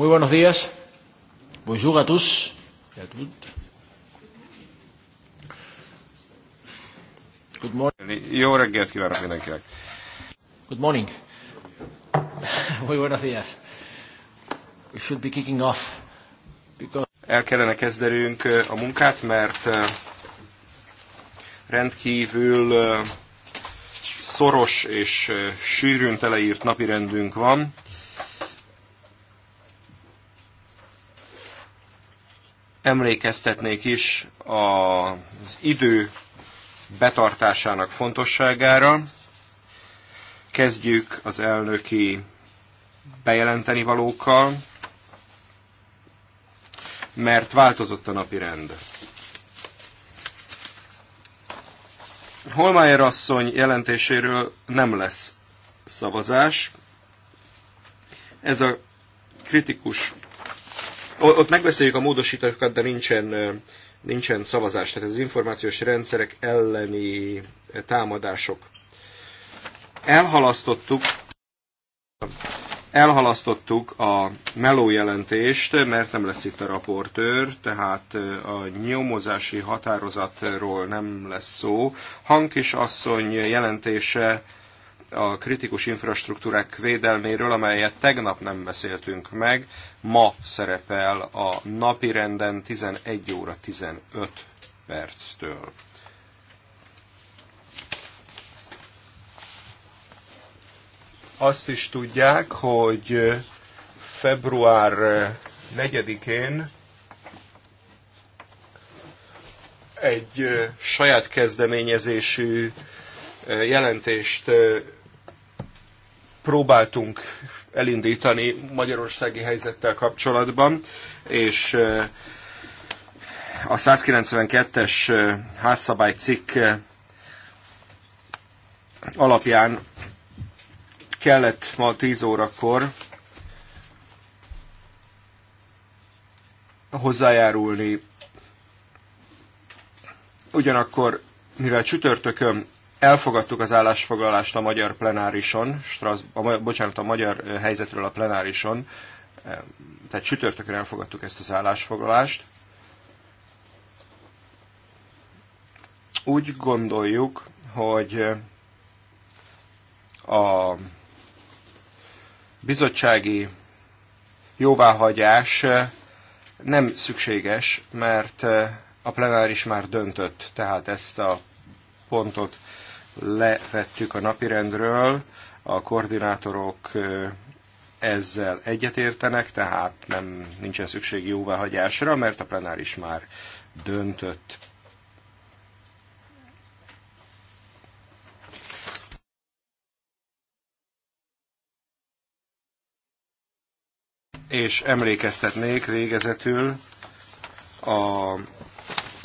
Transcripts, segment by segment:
Muy buenos días. Bonjour à tous Good morning. Jó reggelt kívánok mindenkinek. Good morning. Muy buenos días. We should be kicking off. Because... El kellene kezdenünk eh, a munkát, mert eh, rendkívül eh, szoros és sűrűn teleírt napirendünk van emlékeztetnék is az idő betartásának fontosságára. Kezdjük az elnöki bejelenteni valókkal, mert változott a napi rend. Holmeier asszony jelentéséről nem lesz szavazás. Ez a kritikus ott megbeszéljük a módosítókat, de nincsen, nincsen szavazás. Tehát ez az információs rendszerek elleni támadások. Elhalasztottuk elhalasztottuk a meló jelentést, mert nem lesz itt a raportőr, tehát a nyomozási határozatról nem lesz szó. Hank és asszony jelentése a kritikus infrastruktúrák védelméről, amelyet tegnap nem beszéltünk meg, ma szerepel a napi renden 11 óra 15 perctől. Azt is tudják, hogy február 4-én egy saját kezdeményezésű jelentést próbáltunk elindítani magyarországi helyzettel kapcsolatban, és a 192-es házszabály cikk alapján kellett ma 10 órakor hozzájárulni. Ugyanakkor, mivel csütörtökön elfogadtuk az állásfoglalást a magyar plenárison, Strasz, a, bocsánat, a magyar helyzetről a plenárison, tehát csütörtökön elfogadtuk ezt az állásfoglalást. Úgy gondoljuk, hogy a bizottsági jóváhagyás nem szükséges, mert a plenáris már döntött, tehát ezt a pontot levettük a napirendről, a koordinátorok ezzel egyetértenek, tehát nem nincsen szükség jóváhagyásra, mert a plenáris már döntött. És emlékeztetnék végezetül a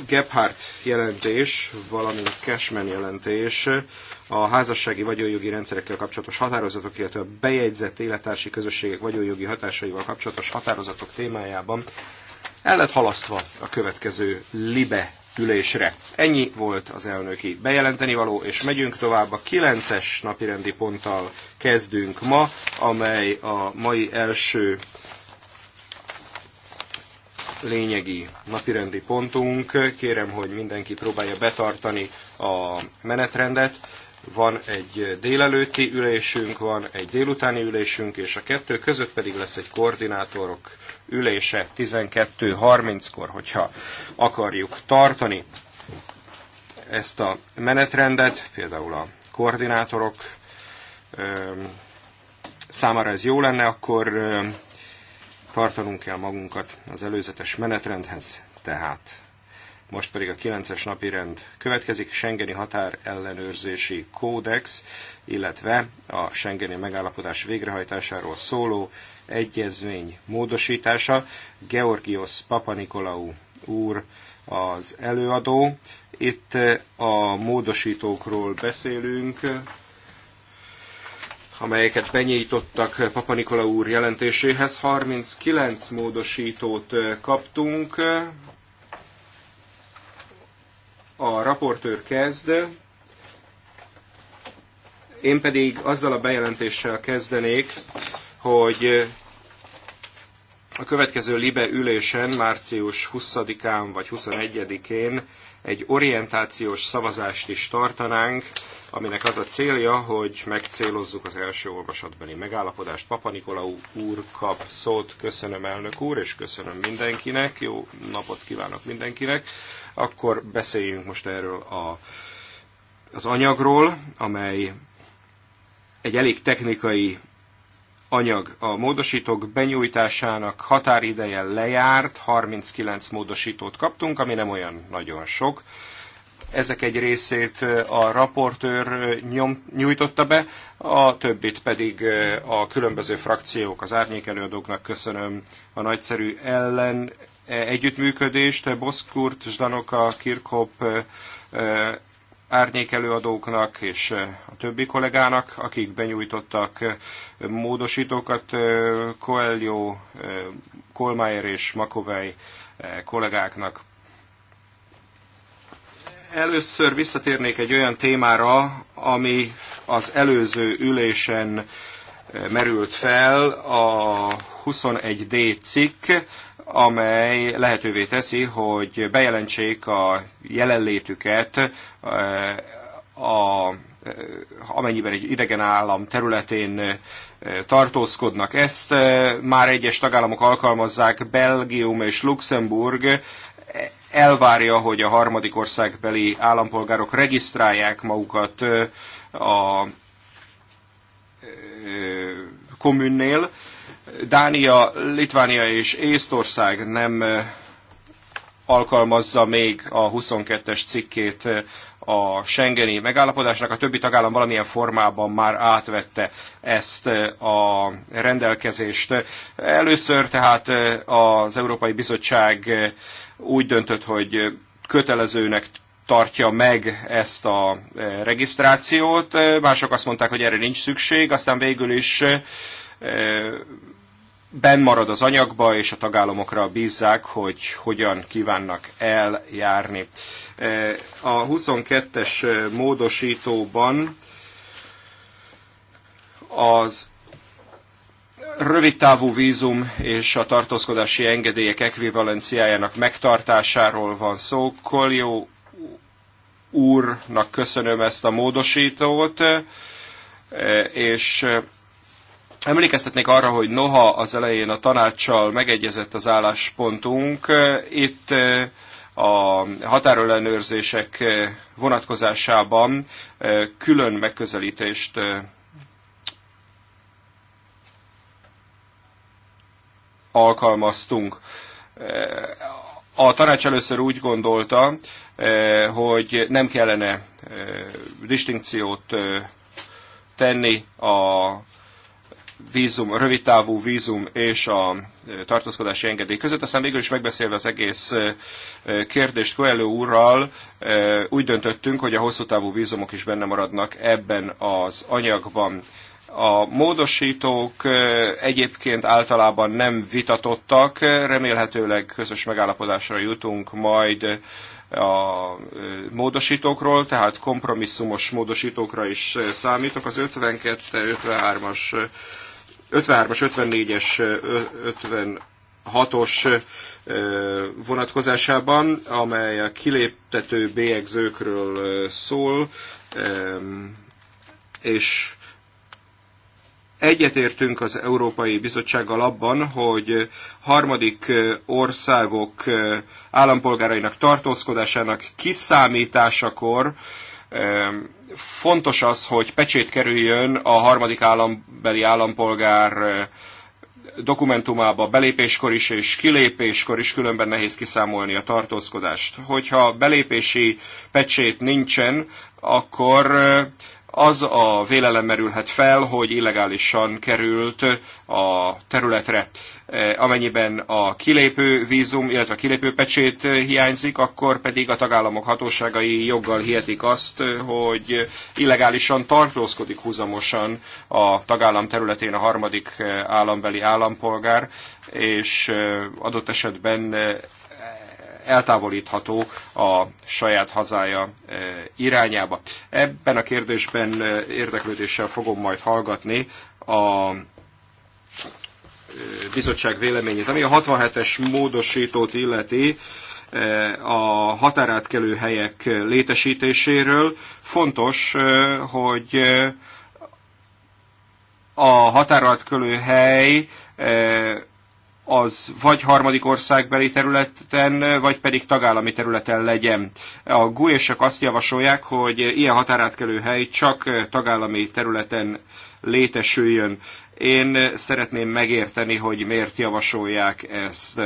Gebhardt jelentés, valamint Cashman jelentés a házassági vagyonjogi rendszerekkel kapcsolatos határozatok, illetve a bejegyzett élettársi közösségek vagyonjogi hatásaival kapcsolatos határozatok témájában el lett halasztva a következő LIBE ülésre. Ennyi volt az elnöki bejelenteni való, és megyünk tovább. A 9-es napirendi ponttal kezdünk ma, amely a mai első lényegi napirendi pontunk. Kérem, hogy mindenki próbálja betartani a menetrendet. Van egy délelőtti ülésünk, van egy délutáni ülésünk, és a kettő között pedig lesz egy koordinátorok ülése 12.30-kor, hogyha akarjuk tartani ezt a menetrendet, például a koordinátorok számára ez jó lenne, akkor Tartanunk kell magunkat az előzetes menetrendhez, tehát most pedig a 9-es napi rend következik, Schengeni határ ellenőrzési kódex, illetve a Schengeni megállapodás végrehajtásáról szóló egyezmény módosítása. Georgios Papanikolaou úr az előadó. Itt eh, a módosítókról beszélünk amelyeket benyújtottak Papa Nikola úr jelentéséhez. 39 módosítót kaptunk. A raportőr kezd. Én pedig azzal a bejelentéssel kezdenék, hogy a következő Libe ülésen, március 20-án vagy 21-én egy orientációs szavazást is tartanánk, aminek az a célja, hogy megcélozzuk az első olvasatbeli megállapodást. Papa Nikolau úr kap szót, köszönöm elnök úr, és köszönöm mindenkinek, jó napot kívánok mindenkinek. Akkor beszéljünk most erről a, az anyagról, amely egy elég technikai anyag a módosítók benyújtásának határideje lejárt, 39 módosítót kaptunk, ami nem olyan nagyon sok. Ezek egy részét a raportőr nyom, nyújtotta be, a többit pedig a különböző frakciók, az árnyékelőadóknak köszönöm a nagyszerű ellen e, együttműködést. Boszkurt, Zdanoka, Kirkhope árnyékelőadóknak és eh, a többi kollégának, akik benyújtottak eh, módosítókat. Eh, Coelho, Kolmeier és Makovej kollégáknak. Először visszatérnék egy olyan témára, ami az előző ülésen merült fel, a 21D cikk, amely lehetővé teszi, hogy bejelentsék a jelenlétüket eh, a eh, amennyiben egy idegen állam területén eh, tartózkodnak. Ezt már egyes tagállamok alkalmazzák, Belgium és Luxemburg elvárja, hogy a harmadik országbeli állampolgárok regisztrálják magukat a kommunnél, Dánia, Litvánia és Észtország nem alkalmazza még a 22-es cikkét a Schengeni megállapodásnak, a többi tagállam valamilyen formában már átvette ezt a rendelkezést. Először tehát az Európai Bizottság úgy döntött, hogy kötelezőnek tartja meg ezt a regisztrációt. Mások azt mondták, hogy erre nincs szükség, aztán végül is ben marad az anyagba, és a tagállamokra bízzák, hogy hogyan kívánnak eljárni. E, a 22-es e, módosítóban az rövidtávú vízum és a tartózkodási engedélyek ekvivalenciájának megtartásáról van szó. Koljó úrnak köszönöm ezt a módosítót, e, és Emlékeztetnék arra, hogy noha az elején a tanácssal megegyezett az álláspontunk, itt a határellenőrzések vonatkozásában külön megközelítést alkalmaztunk. A tanács először úgy gondolta, hogy nem kellene distinkciót tenni a vízum, a rövidtávú vízum és a e, tartózkodási engedély között. Aztán végül is megbeszélve az egész e, e, kérdést Coelho úrral, úgy döntöttünk, hogy a hosszú távú vízumok is benne maradnak ebben az anyagban. A módosítók egyébként általában nem vitatottak, remélhetőleg közös megállapodásra jutunk majd a módosítókról, tehát kompromisszumos módosítókra is számítok. Az 52-53-as 53-as, 54-es, 56-os vonatkozásában, amely a kiléptető bélyegzőkről szól, és egyetértünk az Európai Bizottsággal abban, hogy harmadik országok állampolgárainak tartózkodásának kiszámításakor Fontos az, hogy pecsét kerüljön a harmadik állambeli állampolgár eh, dokumentumába belépéskor is és kilépéskor is, különben nehéz kiszámolni a tartózkodást. Hogyha belépési pecsét nincsen, akkor eh, az a vélelem merülhet fel, hogy illegálisan került a területre. E, amennyiben a kilépő vízum, illetve a kilépő pecsét hiányzik, akkor pedig a tagállamok hatóságai joggal hihetik azt, hogy illegálisan tartózkodik húzamosan a tagállam területén a harmadik e, állambeli állampolgár, és e, adott esetben eltávolítható a saját hazája e, irányába. Ebben a kérdésben e, érdeklődéssel fogom majd hallgatni a e, bizottság véleményét. Ami a 67-es módosítót illeti, a határátkelő helyek létesítéséről. Fontos, hogy a határátkelő hely az vagy harmadik országbeli területen, vagy pedig tagállami területen legyen. A GUE-sek azt javasolják, hogy ilyen határátkelő hely csak tagállami területen létesüljön. Én szeretném megérteni, hogy miért javasolják ezt.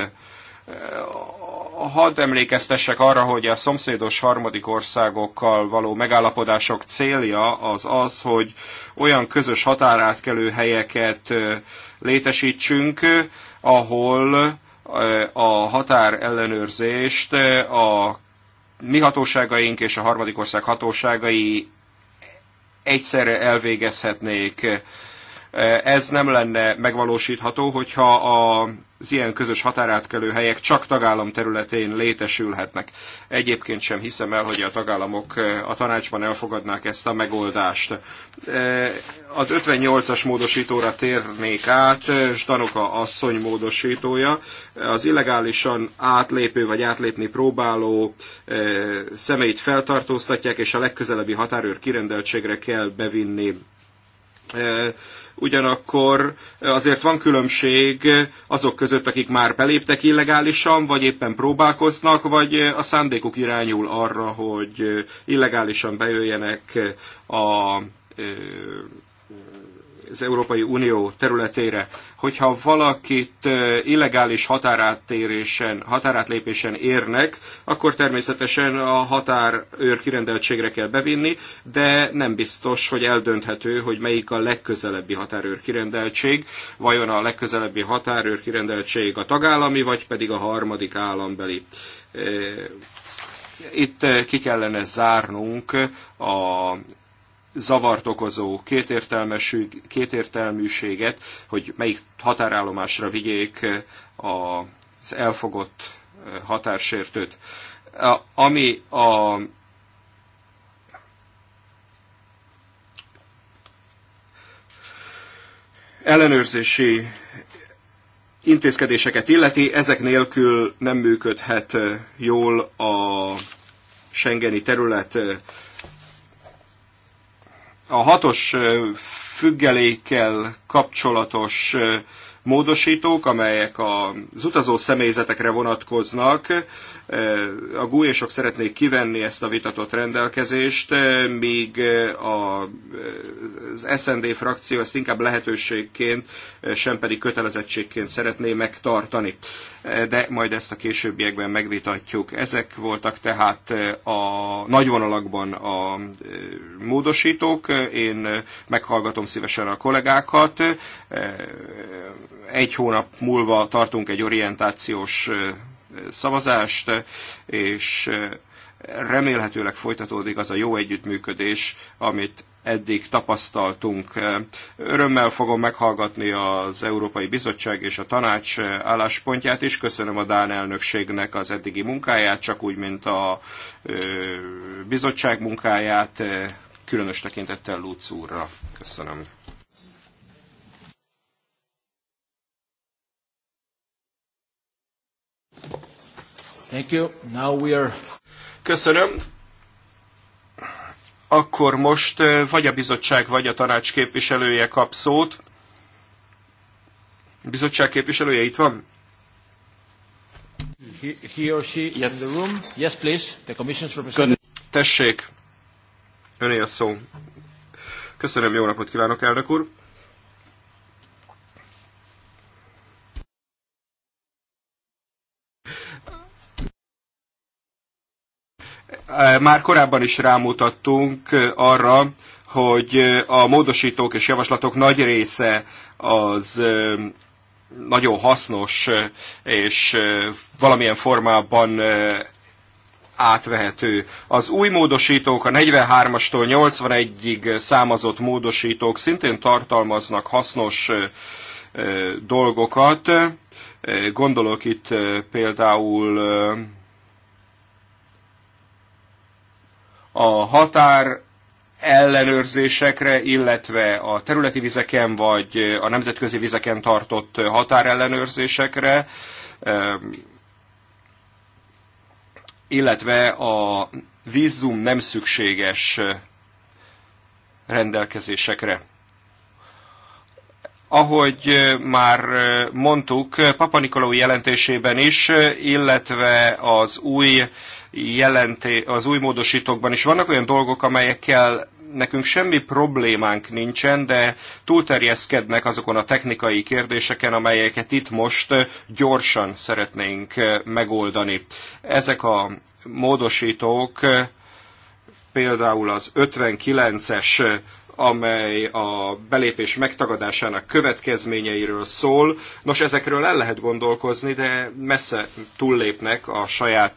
Hadd emlékeztessek arra, hogy a szomszédos harmadik országokkal való megállapodások célja az az, hogy olyan közös határátkelő helyeket létesítsünk, ahol eh, a határ eh, a mi hatóságaink és a harmadik ország hatóságai egyszerre elvégezhetnék. Eh, ez nem lenne megvalósítható, hogyha a az ilyen közös határátkelő helyek csak tagállam területén létesülhetnek. Egyébként sem hiszem el, hogy a tagállamok eh, a tanácsban elfogadnák ezt a megoldást. Eh, az 58-as módosítóra térnék át, eh, Stanoka asszony módosítója. Az illegálisan átlépő vagy átlépni próbáló személyt feltartóztatják, és a legközelebbi határőr kirendeltségre kell bevinni ugyanakkor eh, azért van különbség azok között, akik már beléptek illegálisan, vagy éppen próbálkoznak, vagy eh, a szándékuk irányul arra, hogy eh, illegálisan bejöjjenek a az Európai Unió területére. Hogyha valakit illegális határátérésen, határátlépésen érnek, akkor természetesen a határőr kirendeltségre kell bevinni, de nem biztos, hogy eldönthető, hogy melyik a legközelebbi határőr kirendeltség. Vajon a legközelebbi határőr kirendeltség a tagállami, vagy pedig a harmadik állambeli itt ki kellene zárnunk a zavart okozó kétértelműség, kétértelműséget, hogy melyik határállomásra vigyék eh, az elfogott eh, határsértőt. Ami a ellenőrzési intézkedéseket illeti, ezek nélkül nem működhet eh, jól a Schengeni terület a hatos függelékkel kapcsolatos módosítók, amelyek az utazó személyzetekre vonatkoznak. A gújésok szeretnék kivenni ezt a vitatott rendelkezést, míg az SND frakció ezt inkább lehetőségként, sem pedig kötelezettségként szeretné megtartani. De majd ezt a későbbiekben megvitatjuk. Ezek voltak tehát a nagyvonalakban a módosítók. Én meghallgatom szívesen a kollégákat egy hónap múlva tartunk egy orientációs szavazást, és remélhetőleg folytatódik az a jó együttműködés, amit eddig tapasztaltunk. Örömmel fogom meghallgatni az Európai Bizottság és a Tanács álláspontját is. Köszönöm a Dán elnökségnek az eddigi munkáját, csak úgy, mint a bizottság munkáját, különös tekintettel Lúcz úrra. Köszönöm. Thank you. Now we are... Köszönöm. Akkor most vagy a bizottság, vagy a tanács képviselője kap szót. A bizottság képviselője itt van? He, he or she yes. in the room? Yes, please. The commission's representative. Tessék. Öné a szó. Köszönöm, jó napot kívánok, elnök úr. Már korábban is rámutattunk arra, hogy a módosítók és javaslatok nagy része az nagyon hasznos és valamilyen formában átvehető. Az új módosítók, a 43-astól 81-ig számazott módosítók szintén tartalmaznak hasznos dolgokat. Gondolok itt például a határ ellenőrzésekre, illetve a területi vizeken vagy a nemzetközi vizeken tartott határellenőrzésekre, ehm, illetve a vízum nem szükséges rendelkezésekre ahogy már mondtuk, Papa Nikolaou jelentésében is, illetve az új, jelenté, az új módosítókban is vannak olyan dolgok, amelyekkel nekünk semmi problémánk nincsen, de túlterjeszkednek azokon a technikai kérdéseken, amelyeket itt most gyorsan szeretnénk megoldani. Ezek a módosítók például az 59-es amely a belépés megtagadásának következményeiről szól. Nos, ezekről el lehet gondolkozni, de messze túllépnek a saját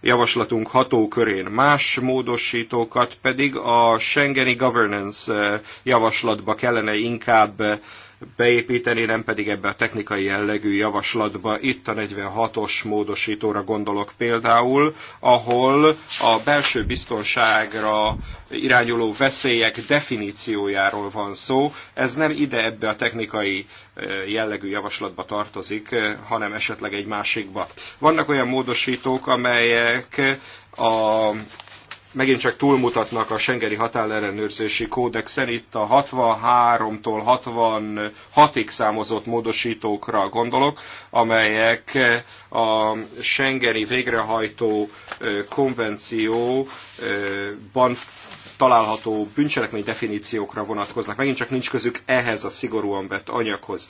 javaslatunk hatókörén. Más módosítókat pedig a Schengeni Governance javaslatba kellene inkább beépíteni, nem pedig ebbe a technikai jellegű javaslatba. Itt a 46-os módosítóra gondolok például, ahol a belső biztonságra irányuló veszélyek definíciójáról van szó. Ez nem ide ebbe a technikai eh, jellegű javaslatba tartozik, eh, hanem esetleg egy másikba. Vannak olyan módosítók, amelyek a megint csak túlmutatnak a Schengeni határellenőrzési kódexen. Itt a 63-tól 66-ig számozott módosítókra gondolok, amelyek a Schengeni végrehajtó konvencióban található bűncselekmény definíciókra vonatkoznak. Megint csak nincs közük ehhez a szigorúan vett anyaghoz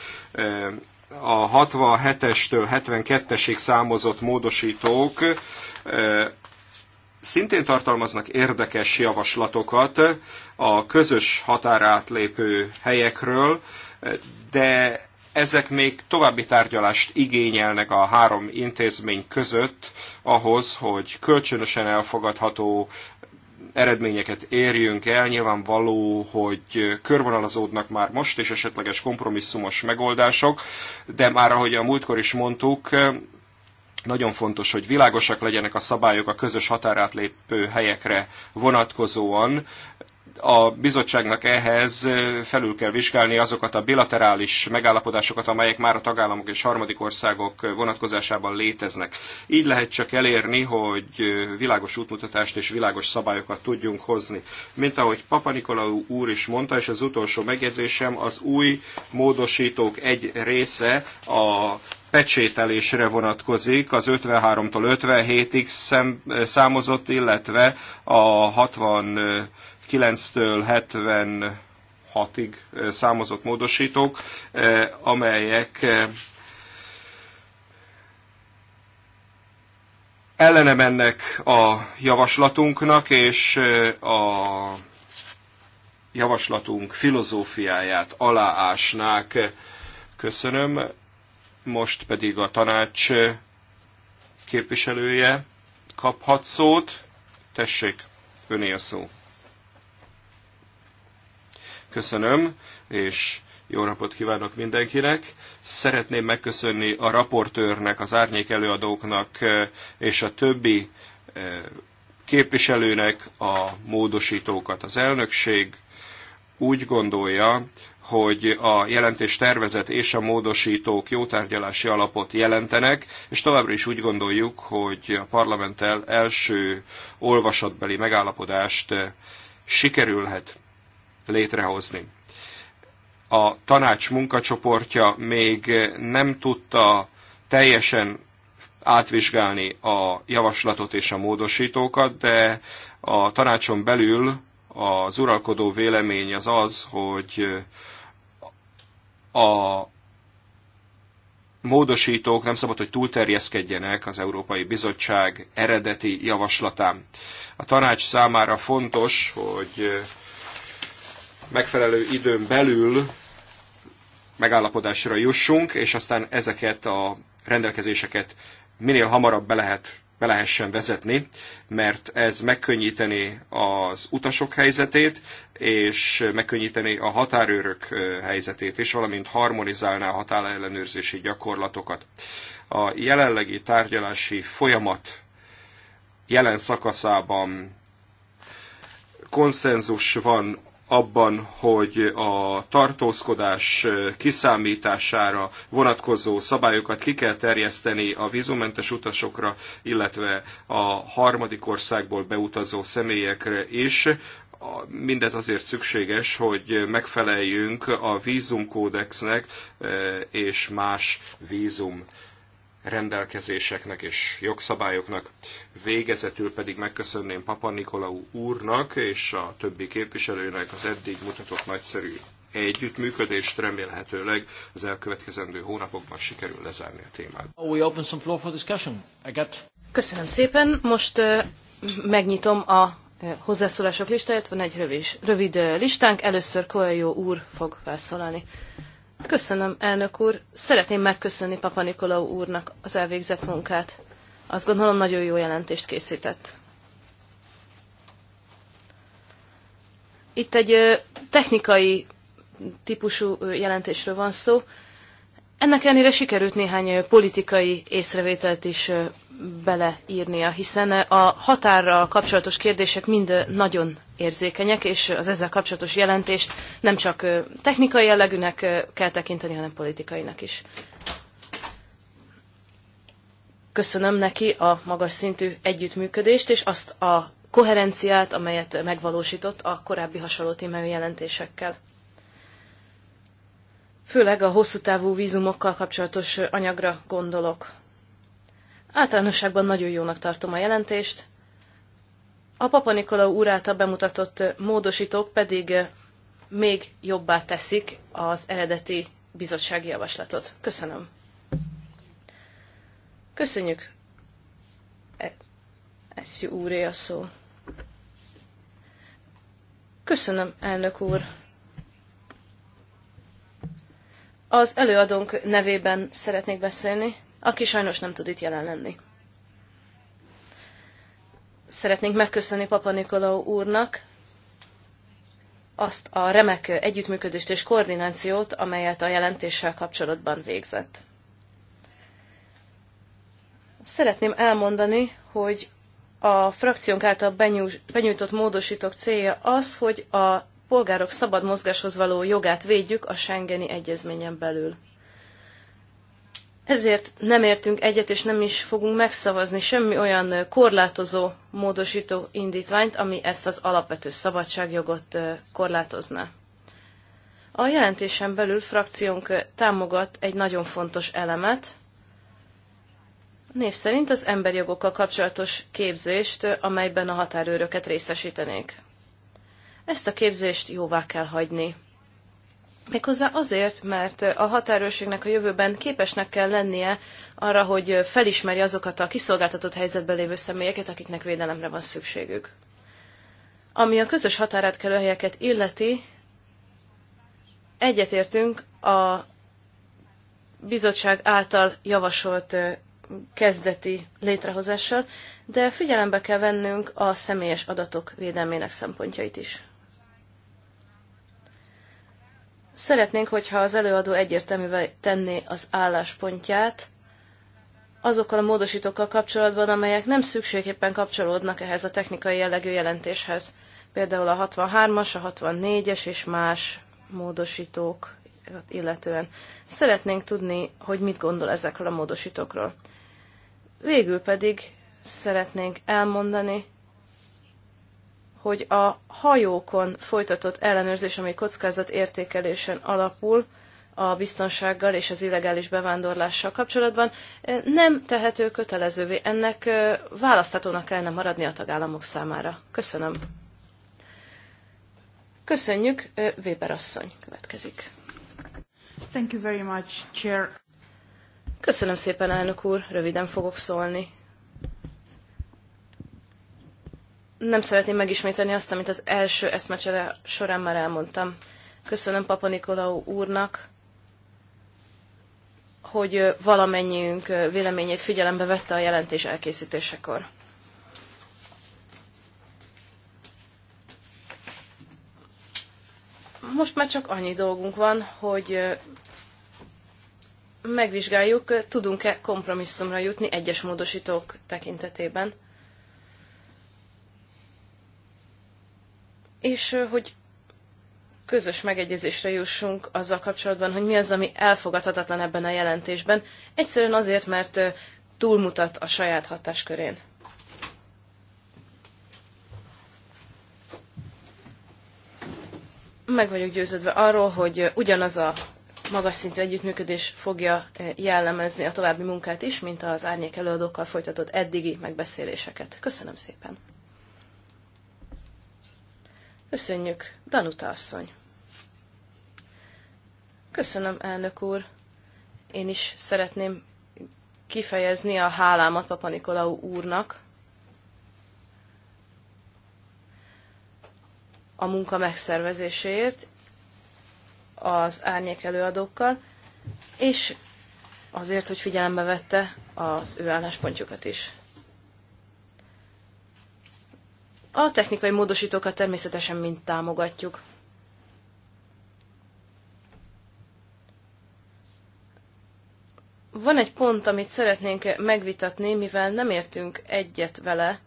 a 67-estől 72-esig számozott módosítók szintén tartalmaznak érdekes javaslatokat a közös határátlépő helyekről, de ezek még további tárgyalást igényelnek a három intézmény között ahhoz, hogy kölcsönösen elfogadható eredményeket érjünk el. Nyilvánvaló, hogy körvonalazódnak már most és esetleges kompromisszumos megoldások, de már ahogy a múltkor is mondtuk, nagyon fontos, hogy világosak legyenek a szabályok a közös határátlépő helyekre vonatkozóan, a bizottságnak ehhez felül kell vizsgálni azokat a bilaterális megállapodásokat, amelyek már a tagállamok és harmadik országok vonatkozásában léteznek. Így lehet csak elérni, hogy világos útmutatást és világos szabályokat tudjunk hozni. Mint ahogy Papa Nikolaou úr is mondta, és az utolsó megjegyzésem, az új módosítók egy része a pecsételésre vonatkozik az 53-tól 57-ig számozott, illetve a 69-től 76 ig számozott módosítók, amelyek ellene mennek a javaslatunknak, és a javaslatunk filozófiáját aláásnák. Köszönöm most pedig a tanács képviselője kaphat szót. Tessék, öné a szó. Köszönöm, és jó napot kívánok mindenkinek! Szeretném megköszönni a raportőrnek, az árnyék előadóknak és a többi képviselőnek a módosítókat. Az elnökség úgy gondolja, hogy a jelentés tervezet és a módosítók jó tárgyalási alapot jelentenek, és továbbra is úgy gondoljuk, hogy a parlamenttel első olvasatbeli megállapodást eh, sikerülhet létrehozni. A tanács munkacsoportja még eh, nem tudta teljesen átvizsgálni a javaslatot és a módosítókat, de a tanácson belül az uralkodó vélemény az az, hogy eh, a módosítók nem szabad, hogy túlterjeszkedjenek az Európai Bizottság eredeti javaslatán. A tanács számára fontos, hogy megfelelő időn belül megállapodásra jussunk, és aztán ezeket a rendelkezéseket minél hamarabb be lehet be lehessen vezetni, mert ez megkönnyíteni az utasok helyzetét, és megkönnyíteni a határőrök helyzetét is, valamint harmonizálná a határellenőrzési gyakorlatokat. A jelenlegi tárgyalási folyamat jelen szakaszában konszenzus van abban, hogy a tartózkodás kiszámítására vonatkozó szabályokat ki kell terjeszteni a vízumentes utasokra, illetve a harmadik országból beutazó személyekre is. Mindez azért szükséges, hogy megfeleljünk a vízumkódexnek e, és más vízum rendelkezéseknek és jogszabályoknak. Végezetül pedig megköszönném Papa Nikolau úrnak és a többi képviselőnek az eddig mutatott nagyszerű együttműködést remélhetőleg az elkövetkezendő hónapokban sikerül lezárni a témát. Köszönöm szépen. Most uh, megnyitom a hozzászólások listáját. Van egy rövid, rövid listánk. Először Koelyó úr fog felszólalni. Köszönöm, elnök úr. Szeretném megköszönni Papa Nikolau úrnak az elvégzett munkát. Azt gondolom, nagyon jó jelentést készített. Itt egy technikai típusú jelentésről van szó. Ennek ellenére sikerült néhány politikai észrevételt is beleírnia, hiszen a határral kapcsolatos kérdések mind nagyon érzékenyek, és az ezzel kapcsolatos jelentést nem csak technikai jellegűnek kell tekinteni, hanem politikainak is. Köszönöm neki a magas szintű együttműködést, és azt a koherenciát, amelyet megvalósított a korábbi hasonló témájú jelentésekkel. Főleg a hosszú távú vízumokkal kapcsolatos anyagra gondolok. Általánosságban nagyon jónak tartom a jelentést, a Papa Nikola úr által bemutatott módosítók pedig még jobbá teszik az eredeti bizottsági javaslatot. Köszönöm. Köszönjük. Eszi úré a szó. Köszönöm, elnök úr. Az előadónk nevében szeretnék beszélni, aki sajnos nem tud itt jelen lenni. Szeretnénk megköszönni Papa Nikolau úrnak azt a remek együttműködést és koordinációt, amelyet a jelentéssel kapcsolatban végzett. Szeretném elmondani, hogy a frakciónk által benyújtott módosítók célja az, hogy a polgárok szabad mozgáshoz való jogát védjük a Schengeni egyezményen belül. Ezért nem értünk egyet, és nem is fogunk megszavazni semmi olyan korlátozó módosító indítványt, ami ezt az alapvető szabadságjogot korlátozná. A jelentésen belül frakciónk támogat egy nagyon fontos elemet, név szerint az emberjogokkal kapcsolatos képzést, amelyben a határőröket részesítenék. Ezt a képzést jóvá kell hagyni. Méghozzá azért, mert a határőrségnek a jövőben képesnek kell lennie arra, hogy felismerje azokat a kiszolgáltatott helyzetben lévő személyeket, akiknek védelemre van szükségük. Ami a közös határátkelő helyeket illeti, egyetértünk a bizottság által javasolt kezdeti létrehozással, de figyelembe kell vennünk a személyes adatok védelmének szempontjait is. Szeretnénk, hogyha az előadó egyértelművé tenné az álláspontját azokkal a módosítókkal kapcsolatban, amelyek nem szükségképpen kapcsolódnak ehhez a technikai jellegű jelentéshez. Például a 63-as, a 64-es és más módosítók illetően. Szeretnénk tudni, hogy mit gondol ezekről a módosítókról. Végül pedig szeretnénk elmondani, hogy a hajókon folytatott ellenőrzés, ami kockázat értékelésen alapul, a biztonsággal és az illegális bevándorlással kapcsolatban nem tehető kötelezővé. Ennek választatónak kellene maradni a tagállamok számára. Köszönöm. Köszönjük, Weber asszony következik. Thank you very much, Chair. Köszönöm szépen, elnök úr, röviden fogok szólni. nem szeretném megismételni azt, amit az első eszmecsere során már elmondtam. Köszönöm Papa Nikolau úrnak, hogy valamennyiünk véleményét figyelembe vette a jelentés elkészítésekor. Most már csak annyi dolgunk van, hogy megvizsgáljuk, tudunk-e kompromisszumra jutni egyes módosítók tekintetében és hogy közös megegyezésre jussunk azzal kapcsolatban, hogy mi az, ami elfogadhatatlan ebben a jelentésben, egyszerűen azért, mert túlmutat a saját hatáskörén. Meg vagyok győződve arról, hogy ugyanaz a magas szintű együttműködés fogja jellemezni a további munkát is, mint az árnyék előadókkal folytatott eddigi megbeszéléseket. Köszönöm szépen! Köszönjük, Danuta asszony. Köszönöm, elnök úr. Én is szeretném kifejezni a hálámat Papa Nikolau úrnak a munka megszervezéséért az árnyék előadókkal, és azért, hogy figyelembe vette az ő álláspontjukat is. A technikai módosítókat természetesen mind támogatjuk. Van egy pont, amit szeretnénk megvitatni, mivel nem értünk egyet vele.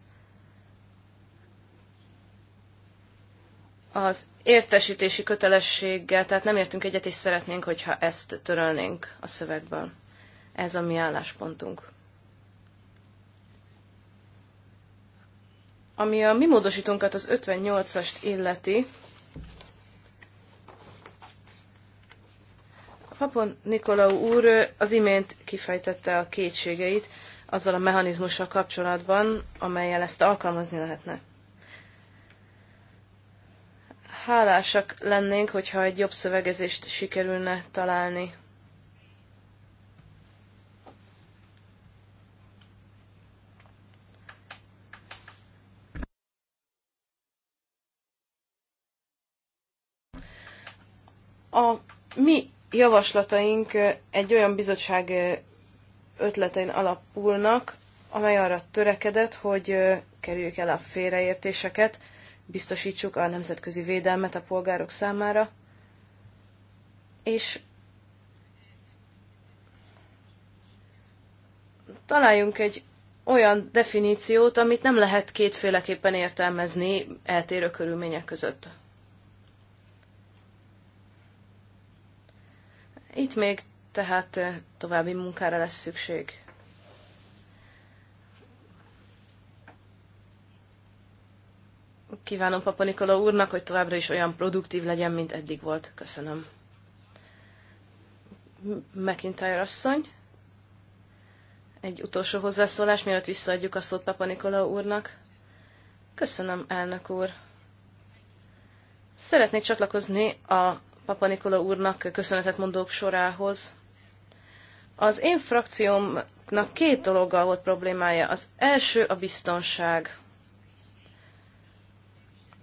Az értesítési kötelességgel, tehát nem értünk egyet, és szeretnénk, hogyha ezt törölnénk a szövegből. Ez a mi álláspontunk. Ami a mi módosítónkat az 58-ast illeti, Papon Nikolau úr az imént kifejtette a kétségeit azzal a mechanizmussal kapcsolatban, amelyel ezt alkalmazni lehetne. Hálásak lennénk, hogyha egy jobb szövegezést sikerülne találni. A mi javaslataink egy olyan bizottság ötletein alapulnak, amely arra törekedett, hogy kerüljük el a félreértéseket, biztosítsuk a nemzetközi védelmet a polgárok számára, és találjunk egy olyan definíciót, amit nem lehet kétféleképpen értelmezni eltérő körülmények között. Itt még tehát további munkára lesz szükség. Kívánom Papa Nikola úrnak, hogy továbbra is olyan produktív legyen, mint eddig volt. Köszönöm. McIntyre asszony. Egy utolsó hozzászólás, mielőtt visszaadjuk a szót Papa Nikola úrnak. Köszönöm, elnök úr. Szeretnék csatlakozni a Papa Nikola úrnak köszönetet mondók sorához. Az én frakciómnak két dologgal volt problémája. Az első a biztonság.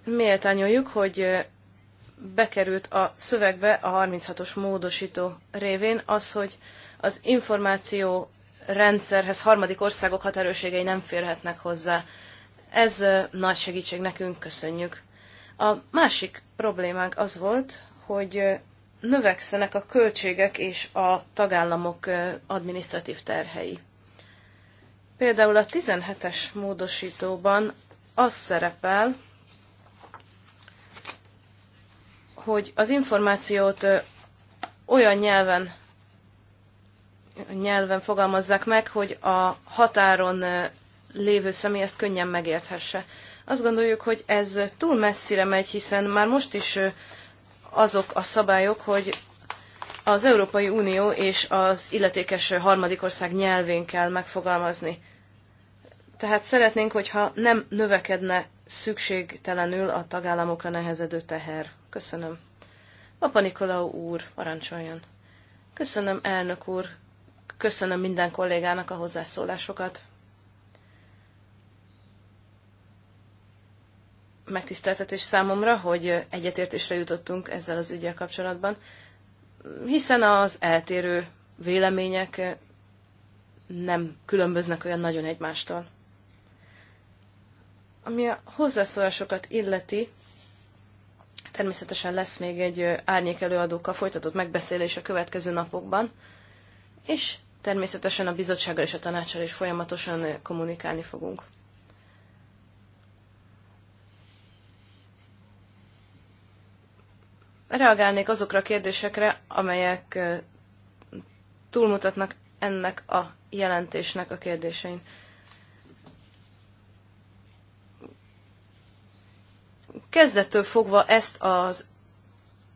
Méltányoljuk, hogy bekerült a szövegbe a 36-os módosító révén az, hogy az információ rendszerhez harmadik országok határőrségei nem férhetnek hozzá. Ez nagy segítség nekünk, köszönjük. A másik problémánk az volt, hogy növekszenek a költségek és a tagállamok adminisztratív terhei. Például a 17-es módosítóban az szerepel, hogy az információt olyan nyelven nyelven fogalmazzák meg, hogy a határon lévő személy ezt könnyen megérthesse. Azt gondoljuk, hogy ez túl messzire megy, hiszen már most is azok a szabályok, hogy az Európai Unió és az illetékes harmadik ország nyelvén kell megfogalmazni. Tehát szeretnénk, hogyha nem növekedne szükségtelenül a tagállamokra nehezedő teher. Köszönöm. Papa Nikolau úr, parancsoljon. Köszönöm, elnök úr. Köszönöm minden kollégának a hozzászólásokat. megtiszteltetés számomra, hogy egyetértésre jutottunk ezzel az ügyel kapcsolatban, hiszen az eltérő vélemények nem különböznek olyan nagyon egymástól. Ami a hozzászólásokat illeti, természetesen lesz még egy árnyék előadókkal folytatott megbeszélés a következő napokban, és természetesen a bizottsággal és a tanácssal is folyamatosan kommunikálni fogunk. reagálnék azokra a kérdésekre, amelyek túlmutatnak ennek a jelentésnek a kérdésein. Kezdettől fogva ezt az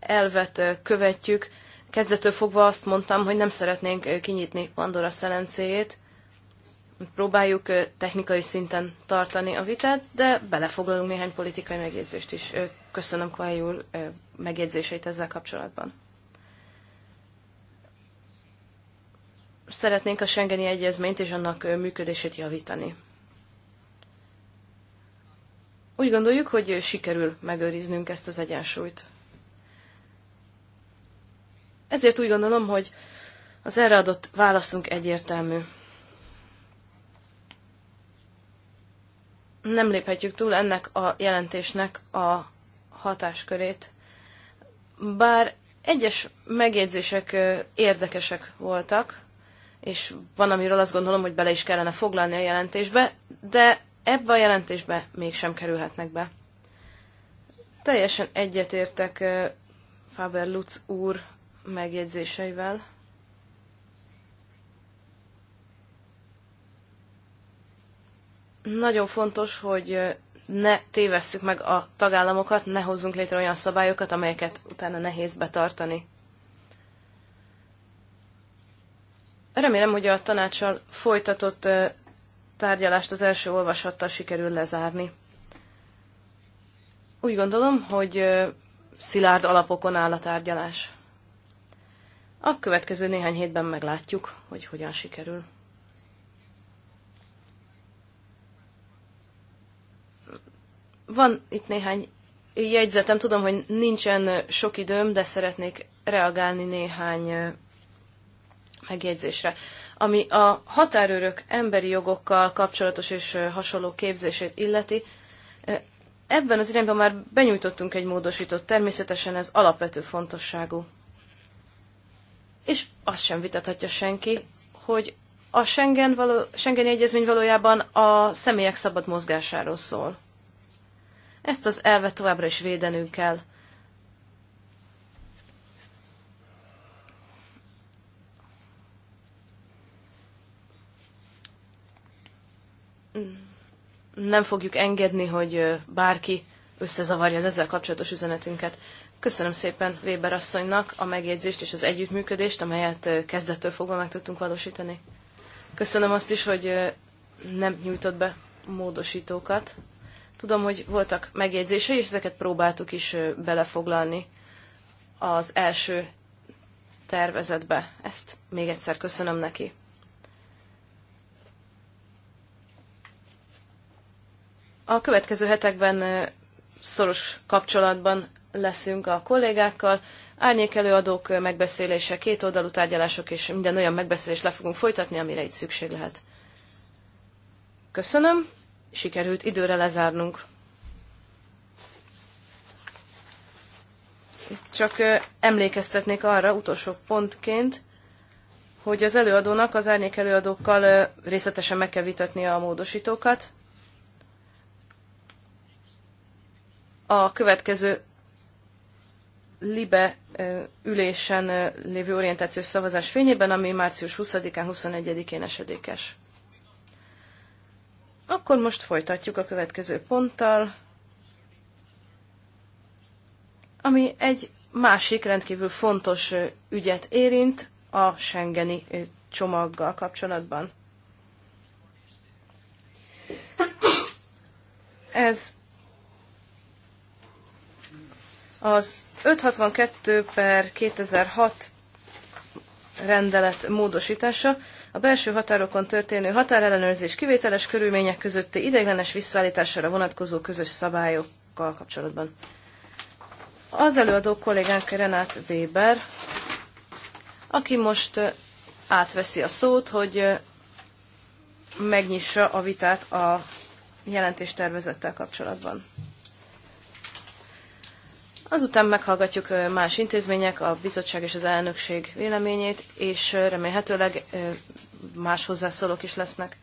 elvet követjük, kezdettől fogva azt mondtam, hogy nem szeretnénk kinyitni Pandora szelencéjét, próbáljuk technikai szinten tartani a vitát, de belefoglalunk néhány politikai megjegyzést is. Köszönöm Kvály úr megjegyzéseit ezzel kapcsolatban. Szeretnénk a Schengeni Egyezményt és annak működését javítani. Úgy gondoljuk, hogy sikerül megőriznünk ezt az egyensúlyt. Ezért úgy gondolom, hogy az erre adott válaszunk egyértelmű. nem léphetjük túl ennek a jelentésnek a hatáskörét. Bár egyes megjegyzések érdekesek voltak, és van, amiről azt gondolom, hogy bele is kellene foglalni a jelentésbe, de ebbe a jelentésbe mégsem kerülhetnek be. Teljesen egyetértek Faber Lutz úr megjegyzéseivel. Nagyon fontos, hogy ne tévesszük meg a tagállamokat, ne hozzunk létre olyan szabályokat, amelyeket utána nehéz betartani. Remélem, hogy a tanácssal folytatott tárgyalást az első olvasattal sikerül lezárni. Úgy gondolom, hogy szilárd alapokon áll a tárgyalás. A következő néhány hétben meglátjuk, hogy hogyan sikerül. Van itt néhány jegyzetem, tudom, hogy nincsen sok időm, de szeretnék reagálni néhány megjegyzésre. Ami a határőrök emberi jogokkal kapcsolatos és hasonló képzését illeti, ebben az irányban már benyújtottunk egy módosítót, természetesen ez alapvető fontosságú. És azt sem vitathatja senki, hogy a Schengen való, Schengeni Egyezmény valójában a személyek szabad mozgásáról szól. Ezt az elvet továbbra is védenünk kell. Nem fogjuk engedni, hogy bárki összezavarja az ezzel kapcsolatos üzenetünket. Köszönöm szépen Weber asszonynak a megjegyzést és az együttműködést, amelyet kezdettől fogva meg tudtunk valósítani. Köszönöm azt is, hogy nem nyújtott be módosítókat. Tudom, hogy voltak megjegyzései, és ezeket próbáltuk is belefoglalni az első tervezetbe. Ezt még egyszer köszönöm neki. A következő hetekben szoros kapcsolatban leszünk a kollégákkal. Árnyékelőadók megbeszélése, két oldalú tárgyalások és minden olyan megbeszélést le fogunk folytatni, amire itt szükség lehet. Köszönöm sikerült időre lezárnunk. Csak emlékeztetnék arra utolsó pontként, hogy az előadónak az árnyék előadókkal részletesen meg kell vitatnia a módosítókat. A következő LIBE ülésen lévő orientációs szavazás fényében, ami március 20-án, 21-én esedékes. Akkor most folytatjuk a következő ponttal, ami egy másik rendkívül fontos ügyet érint a Schengeni csomaggal kapcsolatban. Ez az 562 per 2006 rendelet módosítása, a belső határokon történő határellenőrzés kivételes körülmények közötti ideiglenes visszaállítására vonatkozó közös szabályokkal kapcsolatban. Az előadó kollégánk Renát Weber, aki most átveszi a szót, hogy megnyissa a vitát a jelentéstervezettel kapcsolatban. Azután meghallgatjuk más intézmények, a bizottság és az elnökség véleményét, és remélhetőleg más hozzászólók is lesznek.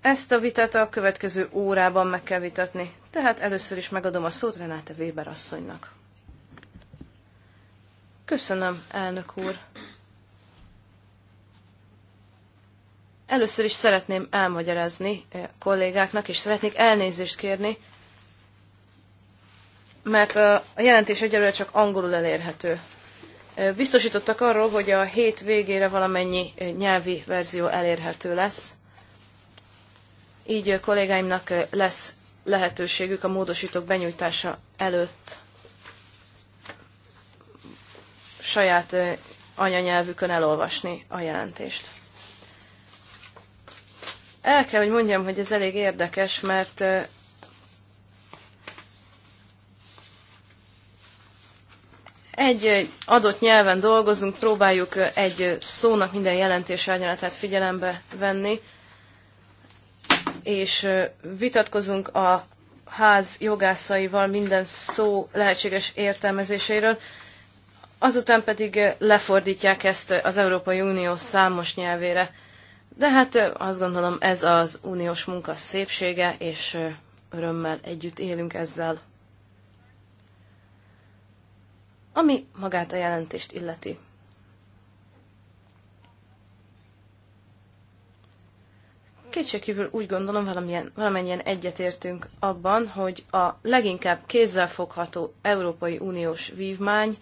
Ezt a vitát a következő órában meg kell vitatni, tehát először is megadom a szót Renáte Weber asszonynak. Köszönöm, elnök úr. Először is szeretném elmagyarázni eh, kollégáknak, és szeretnék elnézést kérni, mert eh, a jelentés egyelőre csak angolul elérhető. Eh, biztosítottak arról, hogy a hét végére valamennyi nyelvi verzió elérhető lesz. Így kollégáimnak lesz lehetőségük a módosítók benyújtása előtt saját anyanyelvükön elolvasni a jelentést. El kell, hogy mondjam, hogy ez elég érdekes, mert egy adott nyelven dolgozunk, próbáljuk egy szónak minden jelentés árnyalatát figyelembe venni, és vitatkozunk a ház jogászaival minden szó lehetséges értelmezéséről, azután pedig lefordítják ezt az Európai Unió számos nyelvére. De hát azt gondolom, ez az uniós munka szépsége, és örömmel együtt élünk ezzel. Ami magát a jelentést illeti. Kétségkívül úgy gondolom, valamilyen, valamennyien egyetértünk abban, hogy a leginkább kézzelfogható Európai Uniós vívmány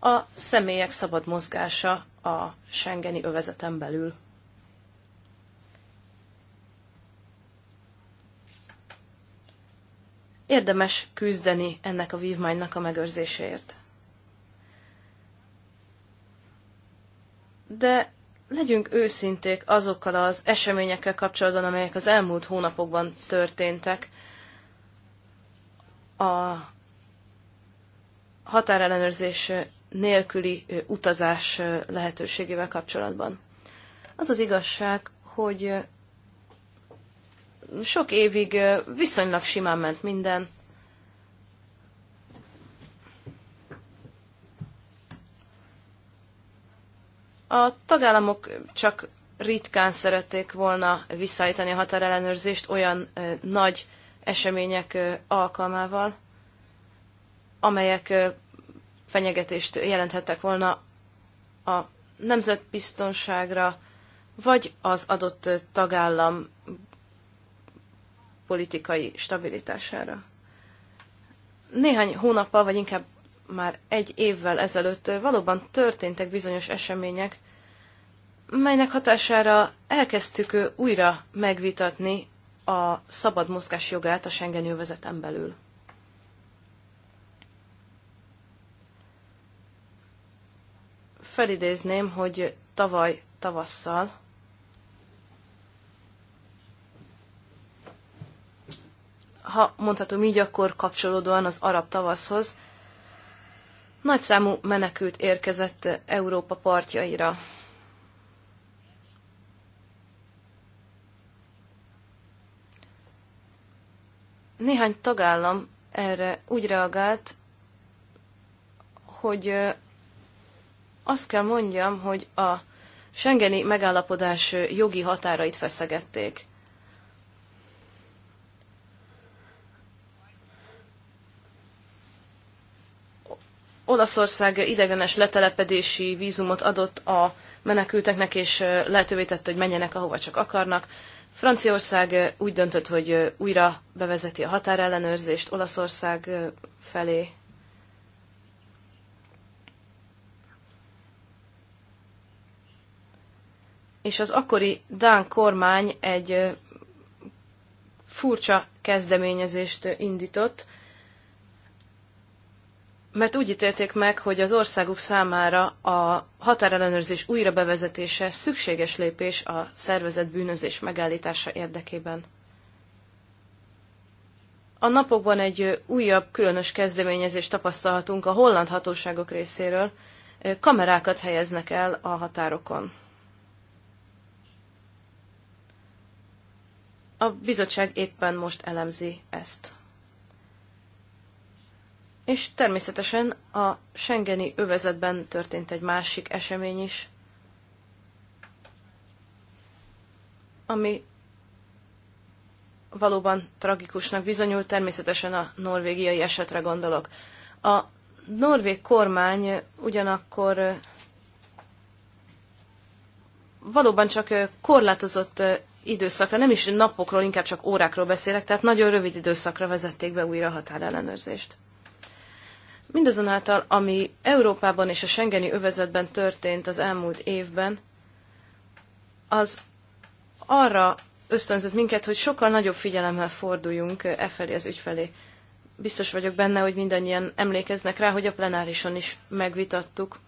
a személyek szabad mozgása a Schengeni övezeten belül. Érdemes küzdeni ennek a vívmánynak a megőrzéséért. De legyünk őszinték azokkal az eseményekkel kapcsolatban, amelyek az elmúlt hónapokban történtek. A határellenőrzés nélküli utazás lehetőségével kapcsolatban. Az az igazság, hogy sok évig viszonylag simán ment minden. A tagállamok csak ritkán szerették volna visszaállítani a határellenőrzést olyan nagy események alkalmával, amelyek fenyegetést jelenthettek volna a nemzetbiztonságra, vagy az adott tagállam politikai stabilitására. Néhány hónappal, vagy inkább már egy évvel ezelőtt valóban történtek bizonyos események, melynek hatására elkezdtük újra megvitatni a szabad mozgás jogát a Schengen jövezeten belül. Felidézném, hogy tavaly tavasszal ha mondhatom így, akkor kapcsolódóan az arab tavaszhoz, nagyszámú menekült érkezett Európa partjaira. Néhány tagállam erre úgy reagált, hogy azt kell mondjam, hogy a Schengeni megállapodás jogi határait feszegették. Olaszország idegenes letelepedési vízumot adott a menekülteknek, és lehetővé tette, hogy menjenek ahova csak akarnak. Franciaország úgy döntött, hogy újra bevezeti a határellenőrzést Olaszország felé. És az akkori Dán kormány egy furcsa kezdeményezést indított, mert úgy ítélték meg, hogy az országuk számára a határellenőrzés újra bevezetése szükséges lépés a szervezett bűnözés megállítása érdekében. A napokban egy újabb különös kezdeményezést tapasztalhatunk a holland hatóságok részéről, kamerákat helyeznek el a határokon. A bizottság éppen most elemzi ezt. És természetesen a Schengeni övezetben történt egy másik esemény is, ami valóban tragikusnak bizonyult, természetesen a norvégiai esetre gondolok. A norvég kormány ugyanakkor valóban csak korlátozott időszakra, nem is napokról, inkább csak órákról beszélek, tehát nagyon rövid időszakra vezették be újra határellenőrzést. Mindazonáltal, ami Európában és a Schengeni övezetben történt az elmúlt évben, az arra ösztönzött minket, hogy sokkal nagyobb figyelemmel forduljunk e felé az ügyfelé. Biztos vagyok benne, hogy mindannyian emlékeznek rá, hogy a plenárison is megvitattuk.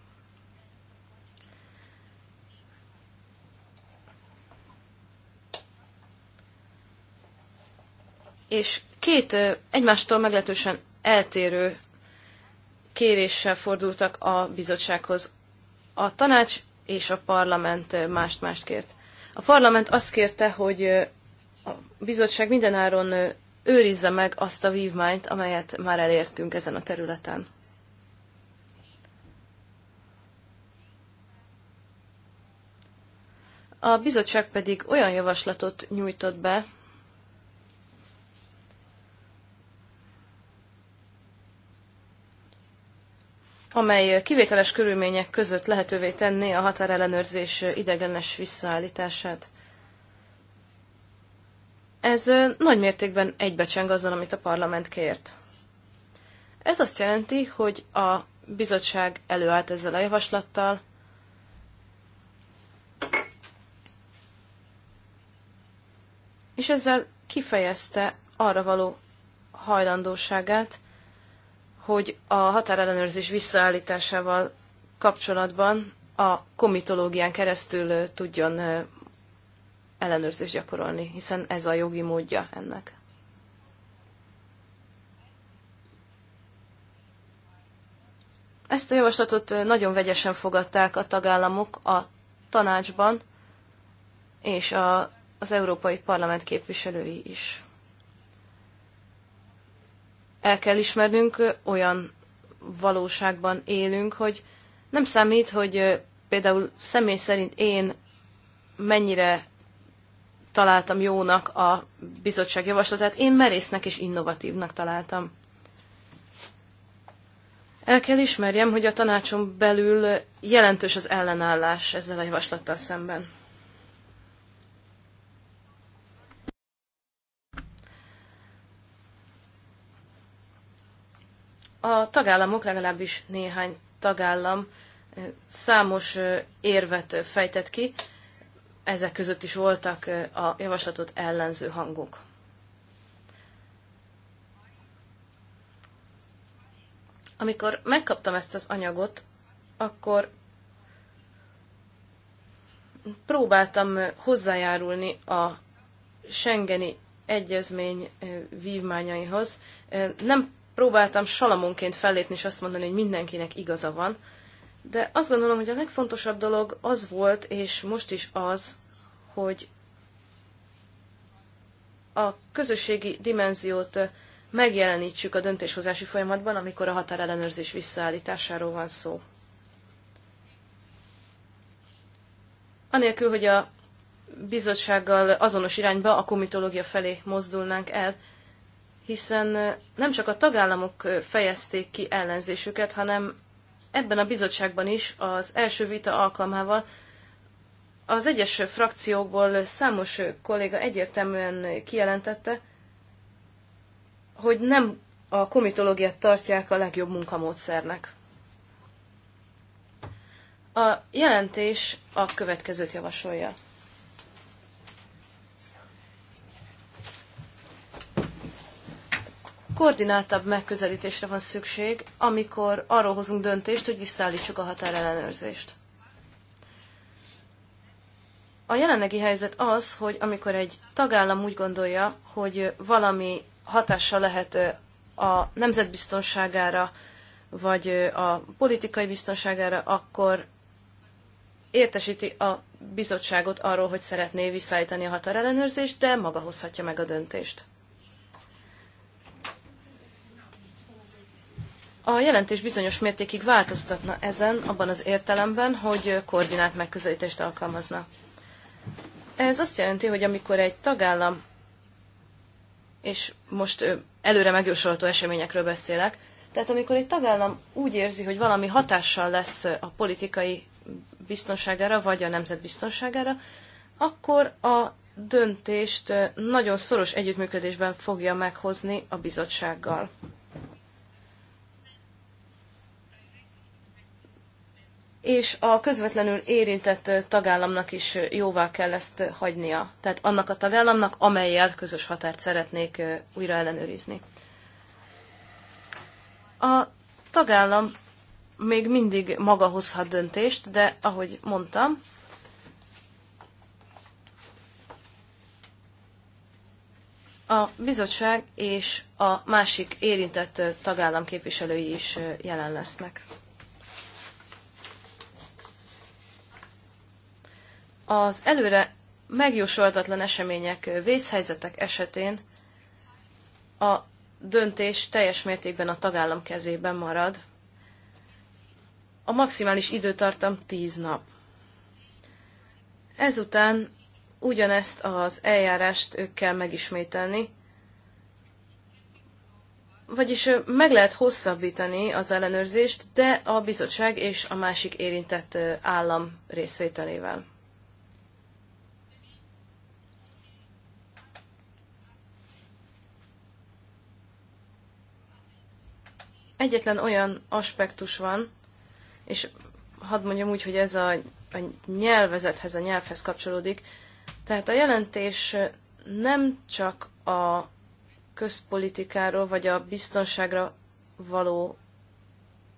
És két egymástól meglehetősen eltérő kéréssel fordultak a bizottsághoz. A tanács és a parlament mást-mást kért. A parlament azt kérte, hogy a bizottság mindenáron őrizze meg azt a vívmányt, amelyet már elértünk ezen a területen. A bizottság pedig olyan javaslatot nyújtott be, amely kivételes körülmények között lehetővé tenné a határellenőrzés ideglenes visszaállítását. Ez nagy mértékben egybecseng azzal, amit a parlament kért. Ez azt jelenti, hogy a bizottság előállt ezzel a javaslattal, és ezzel kifejezte arra való hajlandóságát, hogy a határellenőrzés visszaállításával kapcsolatban a komitológián keresztül tudjon ellenőrzést gyakorolni, hiszen ez a jogi módja ennek. Ezt a javaslatot nagyon vegyesen fogadták a tagállamok a tanácsban, és a, az Európai Parlament képviselői is el kell ismernünk, olyan valóságban élünk, hogy nem számít, hogy például személy szerint én mennyire találtam jónak a bizottság javaslatát, én merésznek és innovatívnak találtam. El kell ismerjem, hogy a tanácson belül jelentős az ellenállás ezzel a javaslattal szemben. A tagállamok, legalábbis néhány tagállam eh, számos eh, érvet eh, fejtett ki, ezek között is voltak a javaslatot ellenző hangok. Amikor megkaptam ezt az anyagot, akkor próbáltam hozzájárulni a Schengeni egyezmény vívmányaihoz. Nem próbáltam salamonként fellépni és azt mondani, hogy mindenkinek igaza van, de azt gondolom, hogy a legfontosabb dolog az volt, és most is az, hogy a közösségi dimenziót megjelenítsük a döntéshozási folyamatban, amikor a határellenőrzés visszaállításáról van szó. Anélkül, hogy a bizottsággal azonos irányba, a komitológia felé mozdulnánk el, hiszen nem csak a tagállamok fejezték ki ellenzésüket, hanem ebben a bizottságban is az első vita alkalmával az egyes frakciókból számos kolléga egyértelműen kijelentette, hogy nem a komitológiát tartják a legjobb munkamódszernek. A jelentés a következőt javasolja. koordináltabb megközelítésre van szükség, amikor arról hozunk döntést, hogy visszaállítsuk a határellenőrzést. A jelenlegi helyzet az, hogy amikor egy tagállam úgy gondolja, hogy valami hatással lehet a nemzetbiztonságára, vagy a politikai biztonságára, akkor értesíti a bizottságot arról, hogy szeretné visszaállítani a határellenőrzést, de maga hozhatja meg a döntést. A jelentés bizonyos mértékig változtatna ezen, abban az értelemben, hogy koordinált megközelítést alkalmazna. Ez azt jelenti, hogy amikor egy tagállam, és most előre megjósolható eseményekről beszélek, tehát amikor egy tagállam úgy érzi, hogy valami hatással lesz a politikai biztonságára, vagy a nemzetbiztonságára, akkor a döntést nagyon szoros együttműködésben fogja meghozni a bizottsággal. és a közvetlenül érintett tagállamnak is jóvá kell ezt hagynia. Tehát annak a tagállamnak, amelyel közös határt szeretnék újra ellenőrizni. A tagállam még mindig maga hozhat döntést, de ahogy mondtam, A bizottság és a másik érintett tagállam képviselői is jelen lesznek. Az előre megjósolhatatlan események, vészhelyzetek esetén a döntés teljes mértékben a tagállam kezében marad. A maximális időtartam 10 nap. Ezután ugyanezt az eljárást ők kell megismételni, vagyis meg lehet hosszabbítani az ellenőrzést, de a bizottság és a másik érintett állam részvételével. egyetlen olyan aspektus van, és hadd mondjam úgy, hogy ez a, a nyelvezethez, a nyelvhez kapcsolódik. Tehát a jelentés nem csak a közpolitikáról, vagy a biztonságra való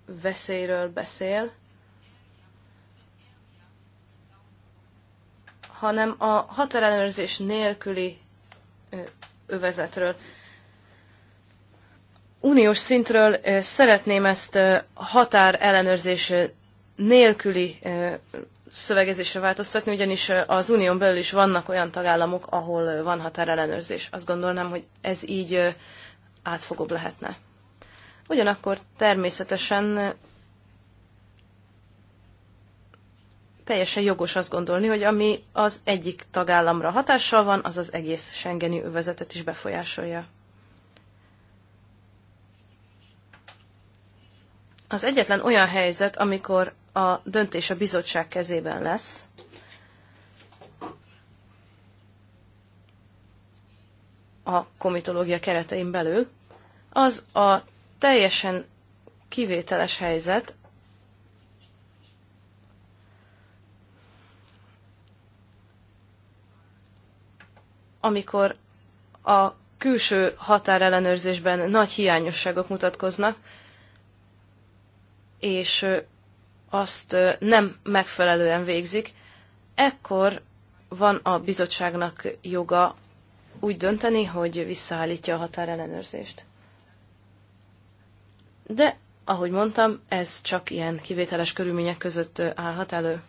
veszélyről beszél, hanem a határellenőrzés nélküli övezetről uniós szintről szeretném ezt határ ellenőrzés nélküli szövegezésre változtatni, ugyanis az unión belül is vannak olyan tagállamok, ahol van határellenőrzés. Azt gondolnám, hogy ez így átfogóbb lehetne. Ugyanakkor természetesen teljesen jogos azt gondolni, hogy ami az egyik tagállamra hatással van, az az egész Schengeni övezetet is befolyásolja. Az egyetlen olyan helyzet, amikor a döntés a bizottság kezében lesz, a komitológia keretein belül, az a teljesen kivételes helyzet, amikor a külső határellenőrzésben nagy hiányosságok mutatkoznak, és azt nem megfelelően végzik, ekkor van a bizottságnak joga úgy dönteni, hogy visszaállítja a határellenőrzést. De, ahogy mondtam, ez csak ilyen kivételes körülmények között állhat elő.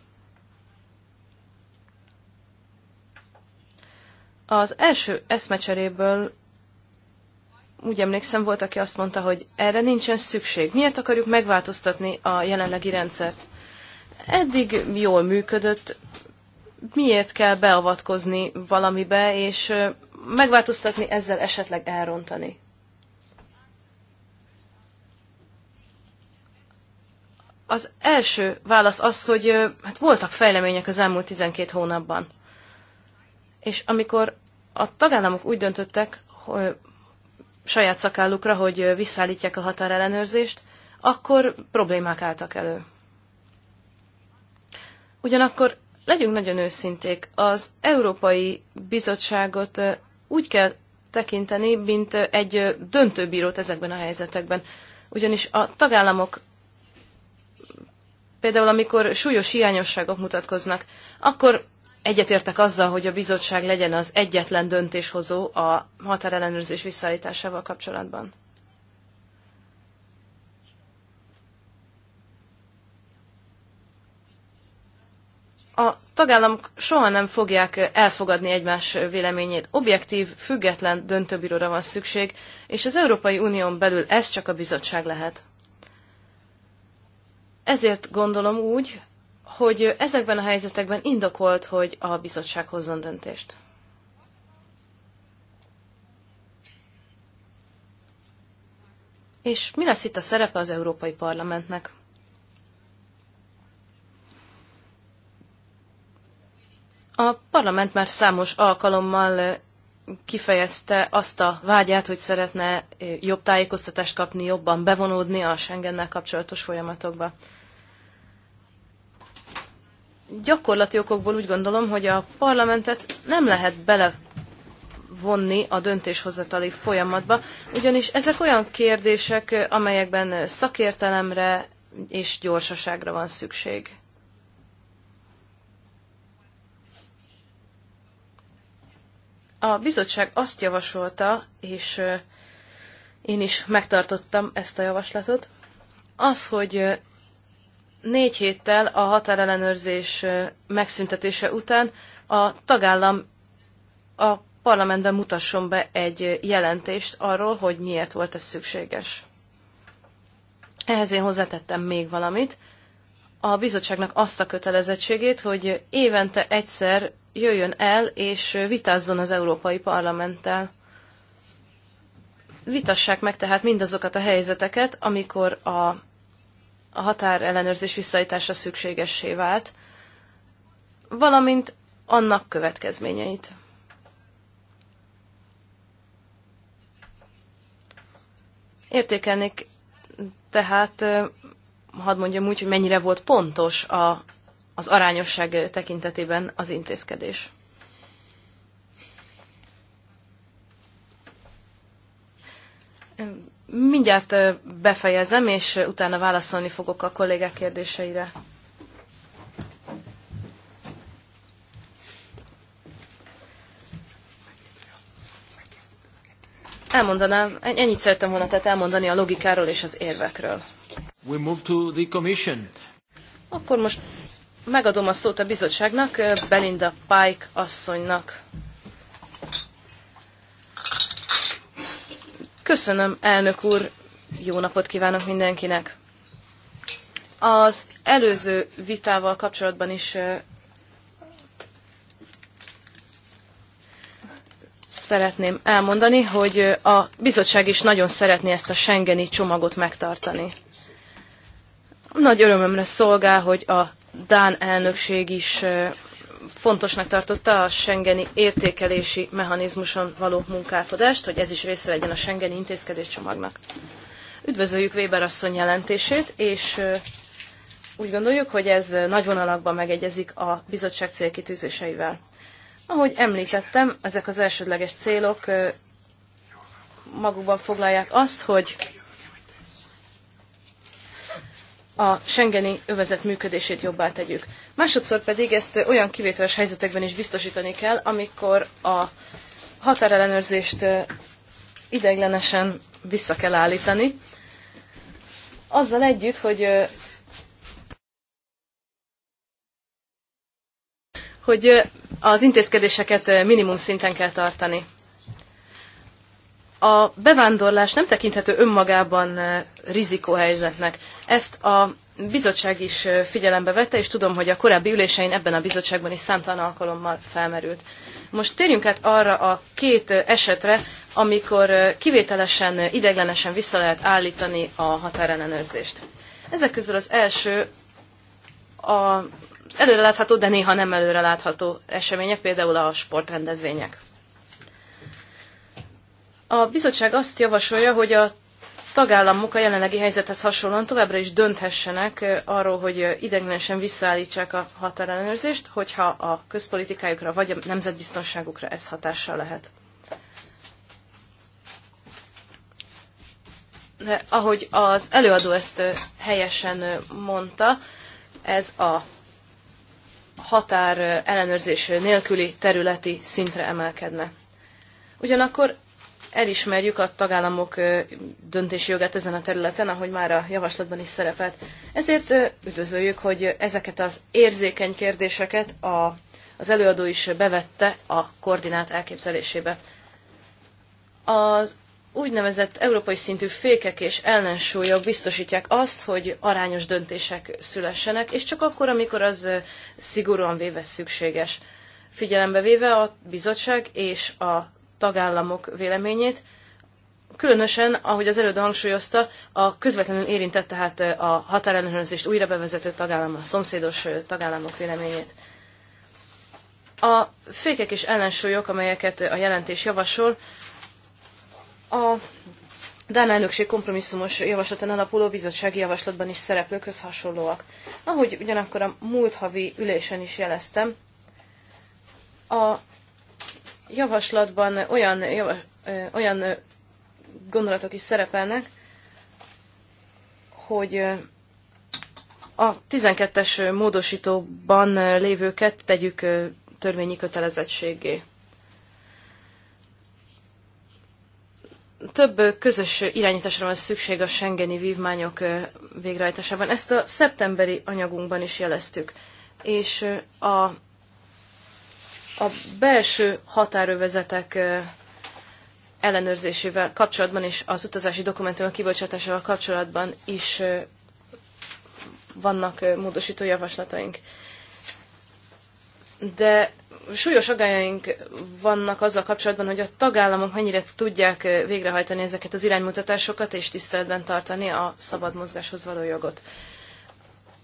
Az első eszmecseréből úgy emlékszem, volt, aki azt mondta, hogy erre nincsen szükség. Miért akarjuk megváltoztatni a jelenlegi rendszert? Eddig jól működött, miért kell beavatkozni valamibe, és megváltoztatni ezzel esetleg elrontani? Az első válasz az, hogy hát voltak fejlemények az elmúlt 12 hónapban. És amikor a tagállamok úgy döntöttek, hogy saját szakállukra, hogy visszaállítják a határellenőrzést, akkor problémák álltak elő. Ugyanakkor legyünk nagyon őszinték, az Európai Bizottságot úgy kell tekinteni, mint egy döntőbírót ezekben a helyzetekben. Ugyanis a tagállamok például amikor súlyos hiányosságok mutatkoznak, akkor egyetértek azzal, hogy a bizottság legyen az egyetlen döntéshozó a határellenőrzés visszaállításával kapcsolatban. a tagállamok soha nem fogják elfogadni egymás véleményét. Objektív, független döntőbíróra van szükség, és az Európai Unión belül ez csak a bizottság lehet. Ezért gondolom úgy, hogy ezekben a helyzetekben indokolt, hogy a bizottság hozzon döntést. És mi lesz itt a szerepe az Európai Parlamentnek? A parlament már számos alkalommal eh, kifejezte azt a vágyát, hogy szeretne eh, jobb tájékoztatást kapni, jobban bevonódni a Schengennel kapcsolatos folyamatokba gyakorlati okokból úgy gondolom, hogy a parlamentet nem lehet belevonni a döntéshozatali folyamatba, ugyanis ezek olyan kérdések, amelyekben szakértelemre és gyorsaságra van szükség. A bizottság azt javasolta, és én is megtartottam ezt a javaslatot, az, hogy Négy héttel a határellenőrzés megszüntetése után a tagállam a parlamentben mutasson be egy jelentést arról, hogy miért volt ez szükséges. Ehhez én hozzátettem még valamit. A bizottságnak azt a kötelezettségét, hogy évente egyszer jöjjön el és vitázzon az Európai Parlamenttel. Vitassák meg tehát mindazokat a helyzeteket, amikor a a határellenőrzés visszaítása szükségessé vált, valamint annak következményeit. Értékelnék tehát, hadd mondjam úgy, hogy mennyire volt pontos a, az arányosság tekintetében az intézkedés. Mindjárt befejezem, és utána válaszolni fogok a kollégák kérdéseire. Elmondanám, ennyit szerettem volna tehát elmondani a logikáról és az érvekről. We move to the commission. Akkor most megadom a szót a bizottságnak, Belinda Pike asszonynak. Köszönöm, elnök úr, jó napot kívánok mindenkinek. Az előző vitával kapcsolatban is szeretném elmondani, hogy a bizottság is nagyon szeretné ezt a Schengeni csomagot megtartani. Nagy örömömre szolgál, hogy a Dán elnökség is fontosnak tartotta a Schengeni értékelési mechanizmuson való munkálkodást, hogy ez is része legyen a Schengeni intézkedés csomagnak. Üdvözöljük Weber asszony jelentését, és úgy gondoljuk, hogy ez nagy vonalakban megegyezik a bizottság célkitűzéseivel. Ahogy említettem, ezek az elsődleges célok magukban foglalják azt, hogy a Schengeni övezet működését jobbá tegyük. Másodszor pedig ezt olyan kivételes helyzetekben is biztosítani kell, amikor a határellenőrzést ideiglenesen vissza kell állítani. Azzal együtt, hogy hogy az intézkedéseket minimum szinten kell tartani. A bevándorlás nem tekinthető önmagában rizikóhelyzetnek. Ezt a bizottság is figyelembe vette, és tudom, hogy a korábbi ülésein ebben a bizottságban is számtalan alkalommal felmerült. Most térjünk át arra a két esetre, amikor kivételesen, ideglenesen vissza lehet állítani a határellenőrzést. Ezek közül az első a az előrelátható, de néha nem előrelátható események, például a sportrendezvények. A bizottság azt javasolja, hogy a tagállamok a jelenlegi helyzethez hasonlóan továbbra is dönthessenek arról, hogy ideiglenesen visszaállítsák a határellenőrzést, hogyha a közpolitikájukra vagy a nemzetbiztonságukra ez hatással lehet. De ahogy az előadó ezt helyesen mondta, ez a határ ellenőrzés nélküli területi szintre emelkedne. Ugyanakkor elismerjük a tagállamok döntési jogát ezen a területen, ahogy már a javaslatban is szerepelt. Ezért üdvözöljük, hogy ezeket az érzékeny kérdéseket a, az előadó is bevette a koordinát elképzelésébe. Az úgynevezett európai szintű fékek és ellensúlyok biztosítják azt, hogy arányos döntések szülessenek, és csak akkor, amikor az szigorúan véve szükséges. Figyelembe véve a bizottság és a tagállamok véleményét, különösen, ahogy az előd hangsúlyozta, a közvetlenül érintett, tehát a határellenőrzést újra bevezető tagállam, a szomszédos tagállamok véleményét. A fékek és ellensúlyok, amelyeket a jelentés javasol, a Dán elnökség kompromisszumos javaslaton alapuló bizottsági javaslatban is szereplőkhöz hasonlóak. Ahogy ugyanakkor a múlt havi ülésen is jeleztem, a javaslatban olyan, olyan gondolatok is szerepelnek, hogy a 12-es módosítóban lévőket tegyük törvényi kötelezettségé. Több közös irányításra van szükség a Schengeni vívmányok végrehajtásában. Ezt a szeptemberi anyagunkban is jeleztük. És a a belső határövezetek ellenőrzésével kapcsolatban és az utazási dokumentumok kibocsátásával kapcsolatban is vannak módosító javaslataink. De súlyos agályaink vannak azzal kapcsolatban, hogy a tagállamok mennyire tudják végrehajtani ezeket az iránymutatásokat és tiszteletben tartani a szabad mozgáshoz való jogot.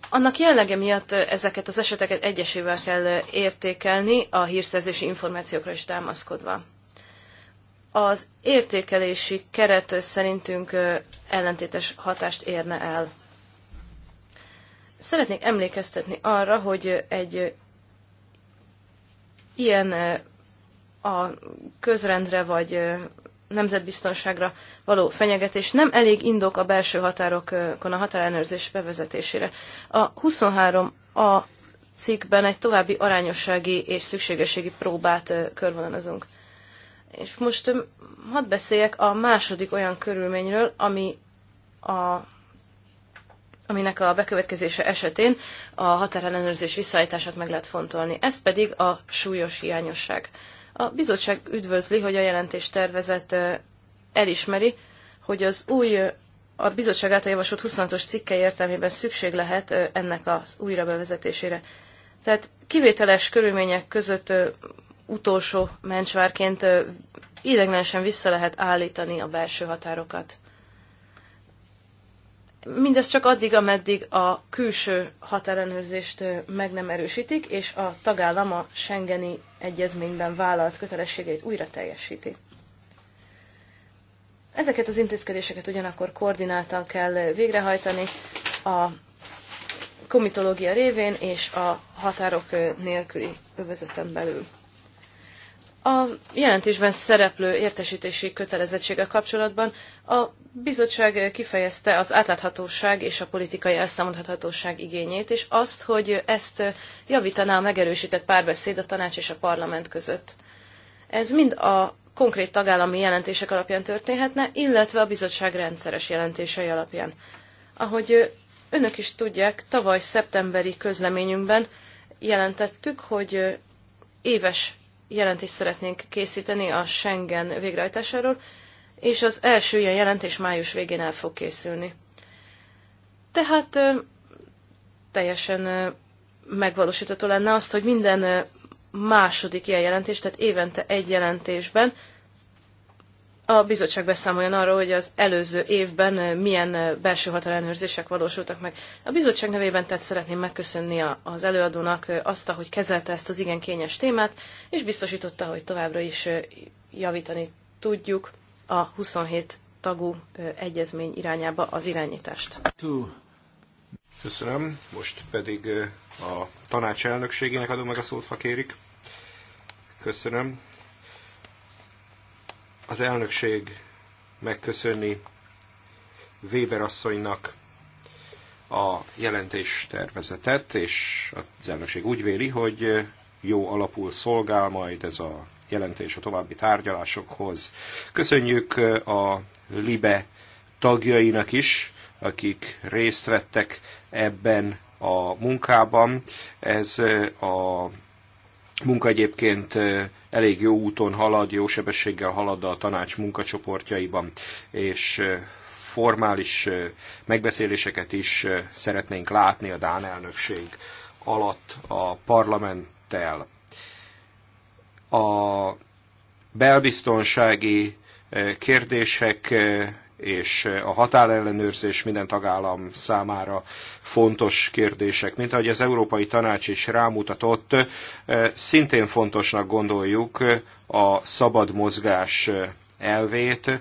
Annak jellege miatt ezeket az eseteket egyesével kell értékelni, a hírszerzési információkra is támaszkodva. Az értékelési keret szerintünk ellentétes hatást érne el. Szeretnék emlékeztetni arra, hogy egy ilyen a közrendre vagy nemzetbiztonságra való fenyegetés, nem elég indok a belső határokon a határellenőrzés bevezetésére. A 23a cikkben egy további arányossági és szükségességi próbát körvonalazunk. És most hadd beszéljek a második olyan körülményről, ami a aminek a bekövetkezése esetén a határellenőrzés visszaállítását meg lehet fontolni. Ez pedig a súlyos hiányosság. A bizottság üdvözli, hogy a jelentés tervezet elismeri, hogy az új, a bizottság által javasolt 26-os cikke értelmében szükség lehet ennek az újra bevezetésére. Tehát kivételes körülmények között utolsó mencsvárként idegenesen vissza lehet állítani a belső határokat. Mindez csak addig, ameddig a külső határenőrzést meg nem erősítik, és a tagállam a Schengeni egyezményben vállalt kötelességeit újra teljesíti. Ezeket az intézkedéseket ugyanakkor koordináltan kell végrehajtani a komitológia révén és a határok nélküli övezeten belül. A jelentésben szereplő értesítési kötelezettsége kapcsolatban a bizottság kifejezte az átláthatóság és a politikai elszámolhatóság igényét, és azt, hogy ezt javítaná a megerősített párbeszéd a tanács és a parlament között. Ez mind a konkrét tagállami jelentések alapján történhetne, illetve a bizottság rendszeres jelentései alapján. Ahogy önök is tudják, tavaly szeptemberi közleményünkben jelentettük, hogy éves jelentést szeretnénk készíteni a Schengen végrehajtásáról, és az első ilyen jelentés május végén el fog készülni. Tehát teljesen megvalósítható lenne azt, hogy minden második ilyen jelentés, tehát évente egy jelentésben a bizottság beszámoljon arról, hogy az előző évben eh, milyen eh, belső határellenőrzések valósultak meg. A bizottság nevében tehát szeretném megköszönni az előadónak eh, azt, hogy kezelte ezt az igen kényes témát, és biztosította, hogy továbbra is javítani tudjuk a 27 tagú egyezmény irányába az irányítást. Köszönöm. Most pedig a tanács elnökségének adom meg a szót, ha kérik. Köszönöm az elnökség megköszönni Weber asszonynak a jelentés tervezetet, és az elnökség úgy véli, hogy jó alapul szolgál majd ez a jelentés a további tárgyalásokhoz. Köszönjük a LIBE tagjainak is, akik részt vettek ebben a munkában. Ez eh, a munka egyébként eh, elég jó úton halad, jó sebességgel halad a tanács munkacsoportjaiban, és formális megbeszéléseket is szeretnénk látni a Dán elnökség alatt a parlamenttel. A belbiztonsági kérdések és a határellenőrzés minden tagállam számára fontos kérdések. Mint ahogy az Európai Tanács is rámutatott, eh, szintén fontosnak gondoljuk a szabad mozgás eh, elvét,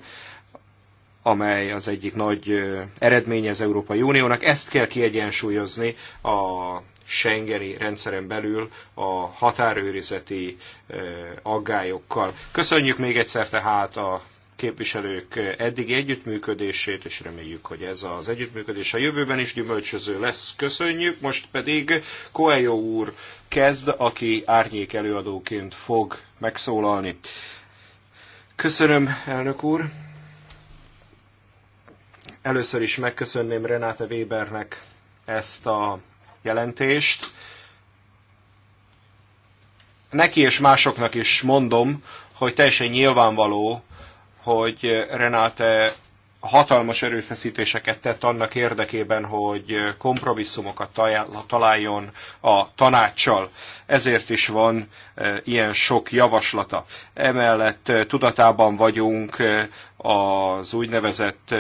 amely az egyik nagy eh, eredménye az Európai Uniónak. Ezt kell kiegyensúlyozni a Schengeni rendszeren belül a határőrizeti aggályokkal. Köszönjük még egyszer tehát a képviselők eddigi együttműködését, és reméljük, hogy ez az együttműködés a jövőben is gyümölcsöző lesz. Köszönjük, most pedig Koelyó úr kezd, aki árnyék előadóként fog megszólalni. Köszönöm, elnök úr! Először is megköszönném Renáte Webernek ezt a jelentést. Neki és másoknak is mondom, hogy teljesen nyilvánvaló, hogy Renate hatalmas erőfeszítéseket tett annak érdekében, hogy kompromisszumokat találjon a tanácssal. Ezért is van eh, ilyen sok javaslata. Emellett eh, tudatában vagyunk eh, az úgynevezett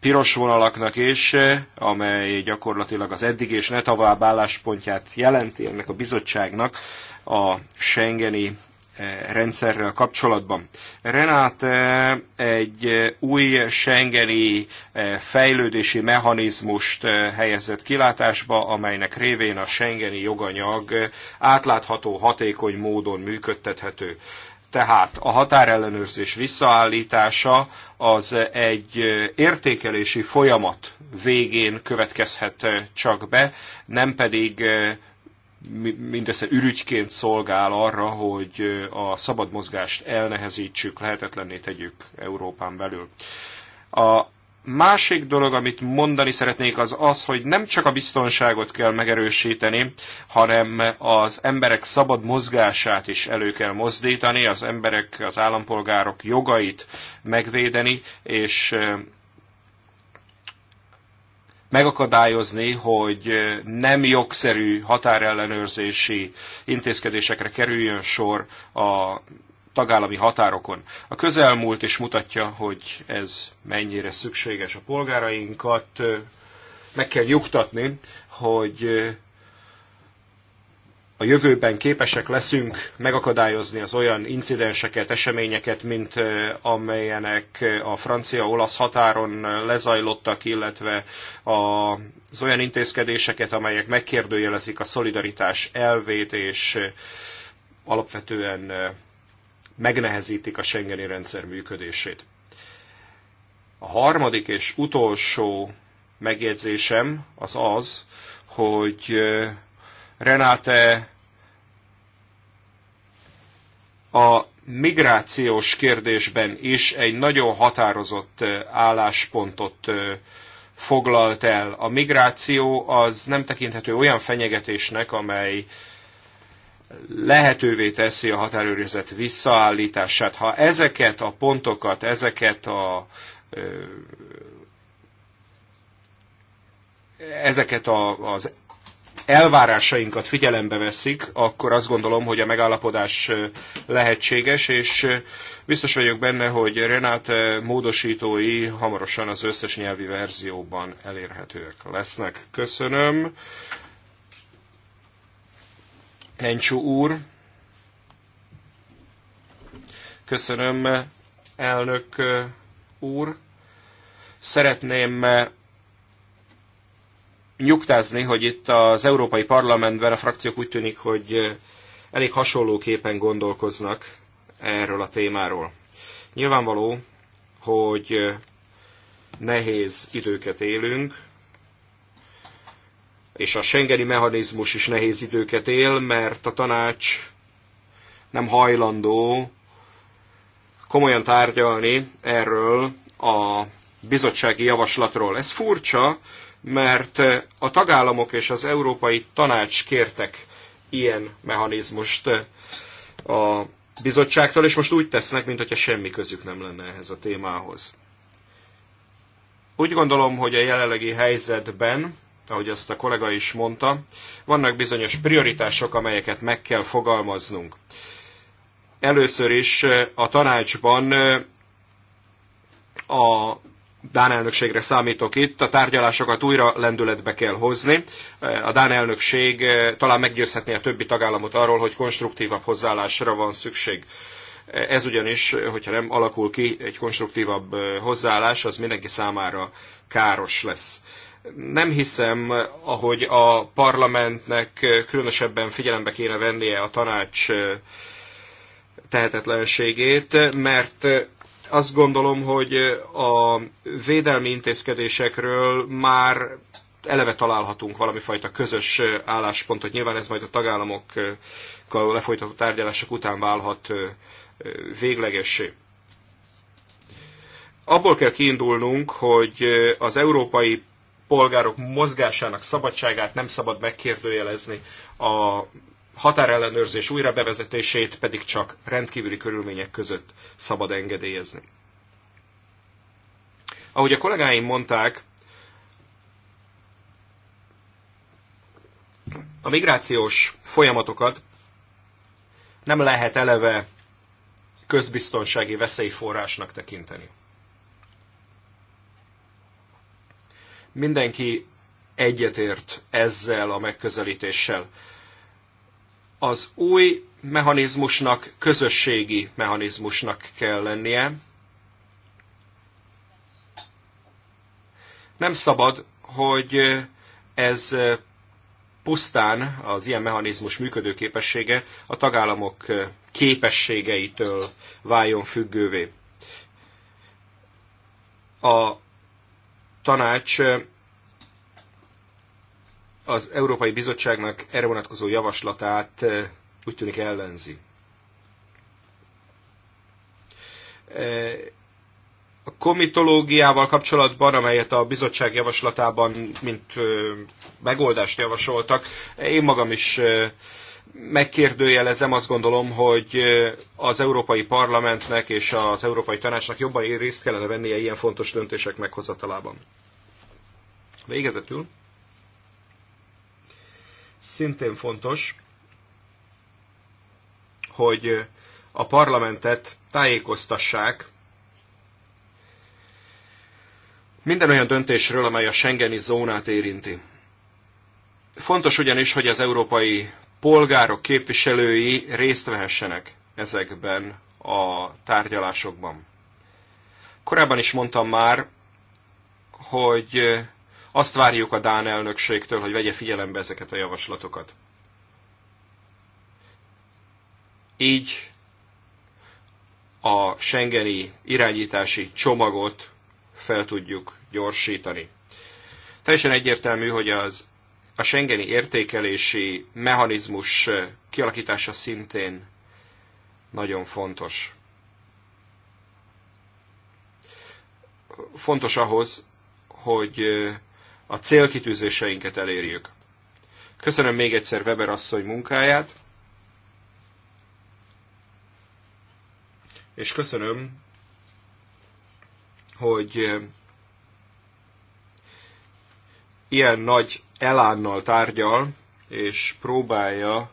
piros vonalaknak is, amely gyakorlatilag az eddig és ne tovább álláspontját jelenti ennek a bizottságnak a Schengeni Eh, rendszerrel kapcsolatban. Renát eh, egy eh, új Schengeni fejlődési mechanizmust helyezett kilátásba, amelynek révén a Schengeni joganyag átlátható, hatékony módon működtethető. Tehát a határellenőrzés visszaállítása az egy értékelési folyamat végén következhet csak be, nem pedig mindössze ürügyként szolgál arra, hogy a szabad mozgást elnehezítsük, lehetetlenné tegyük Európán belül. A másik dolog, amit mondani szeretnék, az az, hogy nem csak a biztonságot kell megerősíteni, hanem az emberek szabad mozgását is elő kell mozdítani, az emberek, az állampolgárok jogait megvédeni, és megakadályozni, hogy nem jogszerű határellenőrzési intézkedésekre kerüljön sor a tagállami határokon. A közelmúlt is mutatja, hogy ez mennyire szükséges a polgárainkat. Meg kell nyugtatni, hogy a jövőben képesek leszünk megakadályozni az olyan incidenseket, eseményeket, mint amelyenek a francia-olasz határon lezajlottak, illetve az olyan intézkedéseket, amelyek megkérdőjelezik a szolidaritás elvét, és alapvetően megnehezítik a Schengeni rendszer működését. A harmadik és utolsó megjegyzésem az az, hogy Renáte a migrációs kérdésben is egy nagyon határozott álláspontot foglalt el. A migráció az nem tekinthető olyan fenyegetésnek, amely lehetővé teszi a határőrizet visszaállítását. Ha ezeket a pontokat, ezeket a ezeket a, az elvárásainkat figyelembe veszik, akkor azt gondolom, hogy a megállapodás lehetséges, és biztos vagyok benne, hogy Renate módosítói hamarosan az összes nyelvi verzióban elérhetőek lesznek. Köszönöm. Nencsú úr. Köszönöm, elnök úr. Szeretném nyugtázni, hogy itt az Európai Parlamentben a frakciók úgy tűnik, hogy elég hasonlóképpen gondolkoznak erről a témáról. Nyilvánvaló, hogy nehéz időket élünk, és a Schengeni mechanizmus is nehéz időket él, mert a tanács nem hajlandó komolyan tárgyalni erről a bizottsági javaslatról. Ez furcsa, mert a tagállamok és az Európai Tanács kértek ilyen mechanizmust a bizottságtól, és most úgy tesznek, mintha semmi közük nem lenne ehhez a témához. Úgy gondolom, hogy a jelenlegi helyzetben, ahogy azt a kollega is mondta, vannak bizonyos prioritások, amelyeket meg kell fogalmaznunk. Először is a tanácsban a Dán elnökségre számítok itt, a tárgyalásokat újra lendületbe kell hozni. A Dán elnökség eh, talán meggyőzhetné a többi tagállamot arról, hogy konstruktívabb hozzáállásra van szükség. Eh, ez ugyanis, hogyha nem alakul ki egy konstruktívabb eh, hozzáállás, az mindenki számára káros lesz. Nem hiszem, ahogy a parlamentnek különösebben figyelembe kéne vennie a tanács tehetetlenségét, mert azt gondolom, hogy a védelmi intézkedésekről már eleve találhatunk valami fajta közös álláspontot. Nyilván ez majd a tagállamokkal lefolytatott tárgyalások után válhat véglegessé. Abból kell kiindulnunk, hogy az európai polgárok mozgásának szabadságát nem szabad megkérdőjelezni a határellenőrzés újra bevezetését pedig csak rendkívüli körülmények között szabad engedélyezni. Ahogy a kollégáim mondták, a migrációs folyamatokat nem lehet eleve közbiztonsági veszélyforrásnak tekinteni. Mindenki egyetért ezzel a megközelítéssel. Az új mechanizmusnak közösségi mechanizmusnak kell lennie. Nem szabad, hogy ez pusztán az ilyen mechanizmus működőképessége a tagállamok képességeitől váljon függővé. A tanács az Európai Bizottságnak erre vonatkozó javaslatát úgy tűnik ellenzi. A komitológiával kapcsolatban, amelyet a bizottság javaslatában, mint megoldást javasoltak, én magam is megkérdőjelezem, azt gondolom, hogy az Európai Parlamentnek és az Európai Tanácsnak jobban részt kellene vennie ilyen fontos döntések meghozatalában. Végezetül szintén fontos, hogy a parlamentet tájékoztassák minden olyan döntésről, amely a Schengeni zónát érinti. Fontos ugyanis, hogy az európai polgárok képviselői részt vehessenek ezekben a tárgyalásokban. Korábban is mondtam már, hogy azt várjuk a Dán elnökségtől, hogy vegye figyelembe ezeket a javaslatokat. Így a Schengeni irányítási csomagot fel tudjuk gyorsítani. Teljesen egyértelmű, hogy az a Schengeni értékelési mechanizmus kialakítása szintén nagyon fontos. Fontos ahhoz, hogy a célkitűzéseinket elérjük. Köszönöm még egyszer Weber asszony munkáját, és köszönöm, hogy eh, ilyen nagy elánnal tárgyal, és próbálja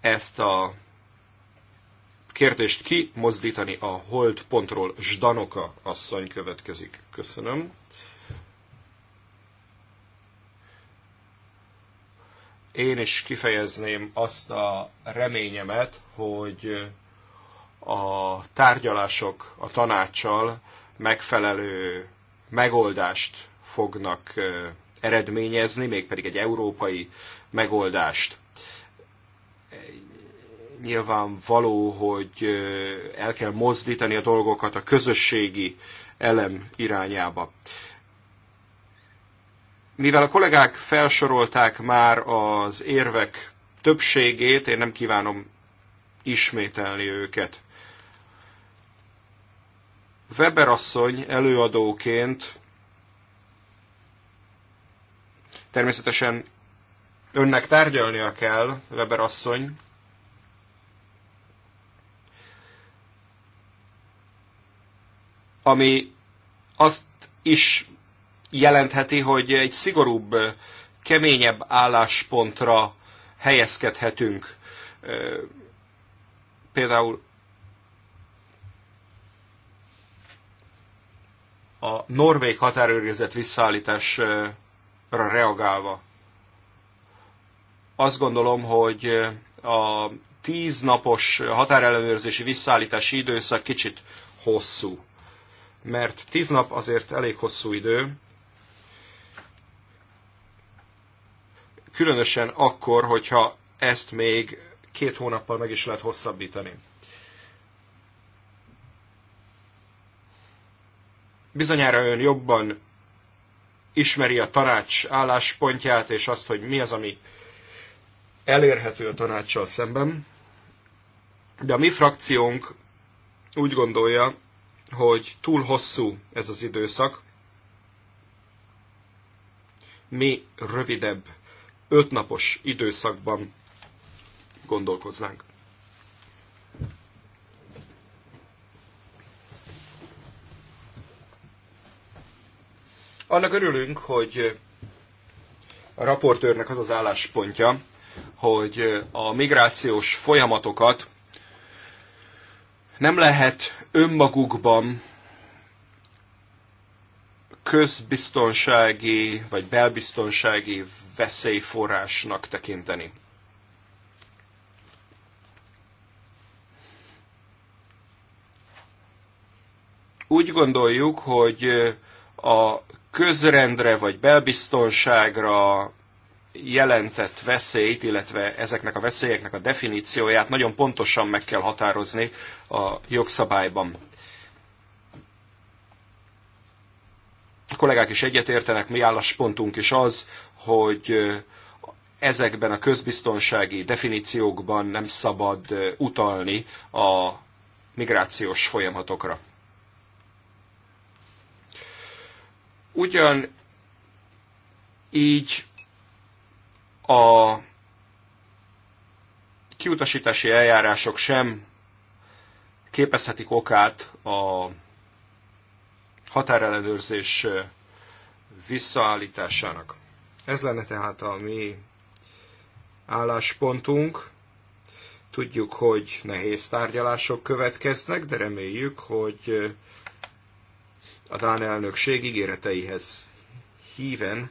ezt a kérdést kimozdítani a hold pontról. Zsdanoka asszony következik. Köszönöm. én is kifejezném azt a reményemet, hogy a tárgyalások a tanácssal megfelelő megoldást fognak eredményezni, mégpedig egy európai megoldást. Nyilván való, hogy el kell mozdítani a dolgokat a közösségi elem irányába. Mivel a kollégák felsorolták már az érvek többségét, én nem kívánom ismételni őket. Weber asszony előadóként természetesen önnek tárgyalnia kell, Weber asszony, ami azt is jelentheti, hogy egy szigorúbb, keményebb álláspontra helyezkedhetünk. Például a norvég határőrizet visszaállításra reagálva. Azt gondolom, hogy a tíz napos határellenőrzési visszaállítási időszak kicsit hosszú. Mert tíz nap azért elég hosszú idő, különösen akkor, hogyha ezt még két hónappal meg is lehet hosszabbítani. Bizonyára ön jobban ismeri a tanács álláspontját, és azt, hogy mi az, ami elérhető a tanácssal szemben. De a mi frakciónk úgy gondolja, hogy túl hosszú ez az időszak, mi rövidebb ötnapos időszakban gondolkoznánk. Annak örülünk, hogy a raportőrnek az az álláspontja, hogy a migrációs folyamatokat nem lehet önmagukban közbiztonsági vagy belbiztonsági veszélyforrásnak tekinteni. Úgy gondoljuk, hogy a közrendre vagy belbiztonságra jelentett veszélyt, illetve ezeknek a veszélyeknek a definícióját nagyon pontosan meg kell határozni a jogszabályban. kollégák is egyetértenek, mi álláspontunk is az, hogy ezekben a közbiztonsági definíciókban nem szabad utalni a migrációs folyamatokra. Ugyan így a kiutasítási eljárások sem képezhetik okát a határellenőrzés visszaállításának. Ez lenne tehát a mi álláspontunk. Tudjuk, hogy nehéz tárgyalások következnek, de reméljük, hogy a Dán elnökség ígéreteihez híven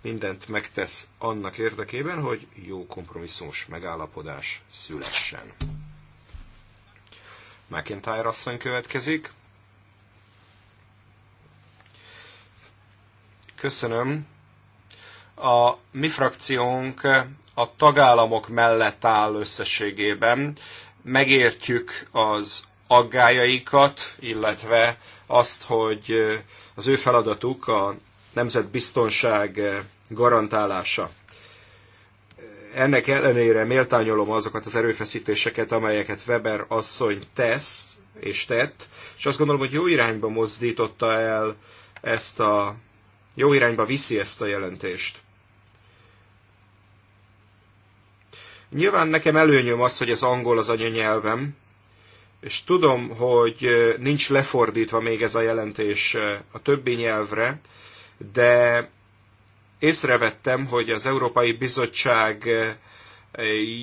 mindent megtesz annak érdekében, hogy jó kompromisszumos megállapodás szülessen. McIntyre asszony következik. Köszönöm. A mi frakciónk a tagállamok mellett áll összességében. Megértjük az aggájaikat, illetve azt, hogy az ő feladatuk a nemzetbiztonság garantálása. Ennek ellenére méltányolom azokat az erőfeszítéseket, amelyeket Weber asszony tesz és tett, és azt gondolom, hogy jó irányba mozdította el ezt a jó irányba viszi ezt a jelentést. Nyilván nekem előnyöm az, hogy az angol az anyanyelvem, és tudom, hogy nincs lefordítva még ez a jelentés a többi nyelvre, de észrevettem, hogy az Európai Bizottság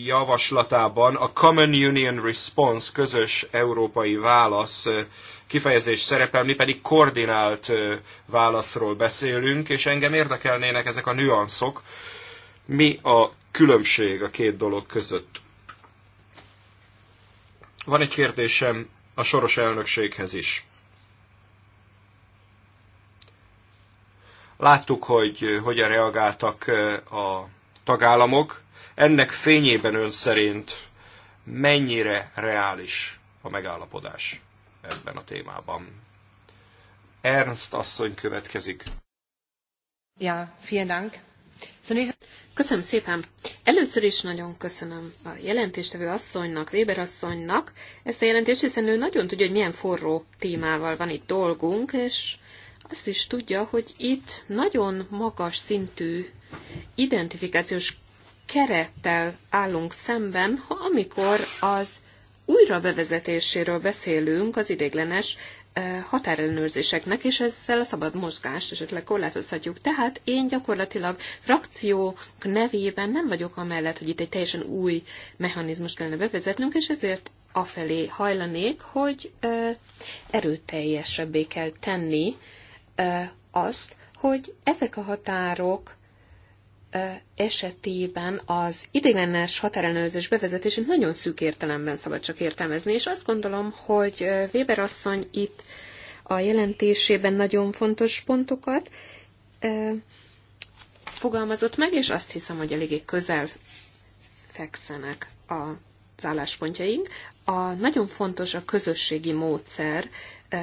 javaslatában a Common Union Response, közös európai válasz kifejezés szerepel, mi pedig koordinált válaszról beszélünk, és engem érdekelnének ezek a nüanszok. Mi a különbség a két dolog között? Van egy kérdésem a soros elnökséghez is. Láttuk, hogy hogyan reagáltak a tagállamok, ennek fényében ön szerint mennyire reális a megállapodás ebben a témában? Ernst asszony következik. Ja, vielen Dank. Köszönöm szépen! Először is nagyon köszönöm a jelentéstevő asszonynak, Weber asszonynak ezt a jelentést, hiszen ő nagyon tudja, hogy milyen forró témával van itt dolgunk, és azt is tudja, hogy itt nagyon magas szintű identifikációs kerettel állunk szemben, ha amikor az újra bevezetéséről beszélünk az idéglenes határellenőrzéseknek, és ezzel a szabad mozgást esetleg korlátozhatjuk. Tehát én gyakorlatilag frakciók nevében nem vagyok amellett, hogy itt egy teljesen új mechanizmus kellene bevezetnünk, és ezért afelé hajlanék, hogy erőteljesebbé kell tenni azt, hogy ezek a határok esetében az ideiglenes határellenőrzés bevezetését nagyon szűk értelemben szabad csak értelmezni, és azt gondolom, hogy Weber asszony itt a jelentésében nagyon fontos pontokat fogalmazott meg, és azt hiszem, hogy eléggé közel fekszenek az álláspontjaink. A, nagyon fontos a közösségi módszer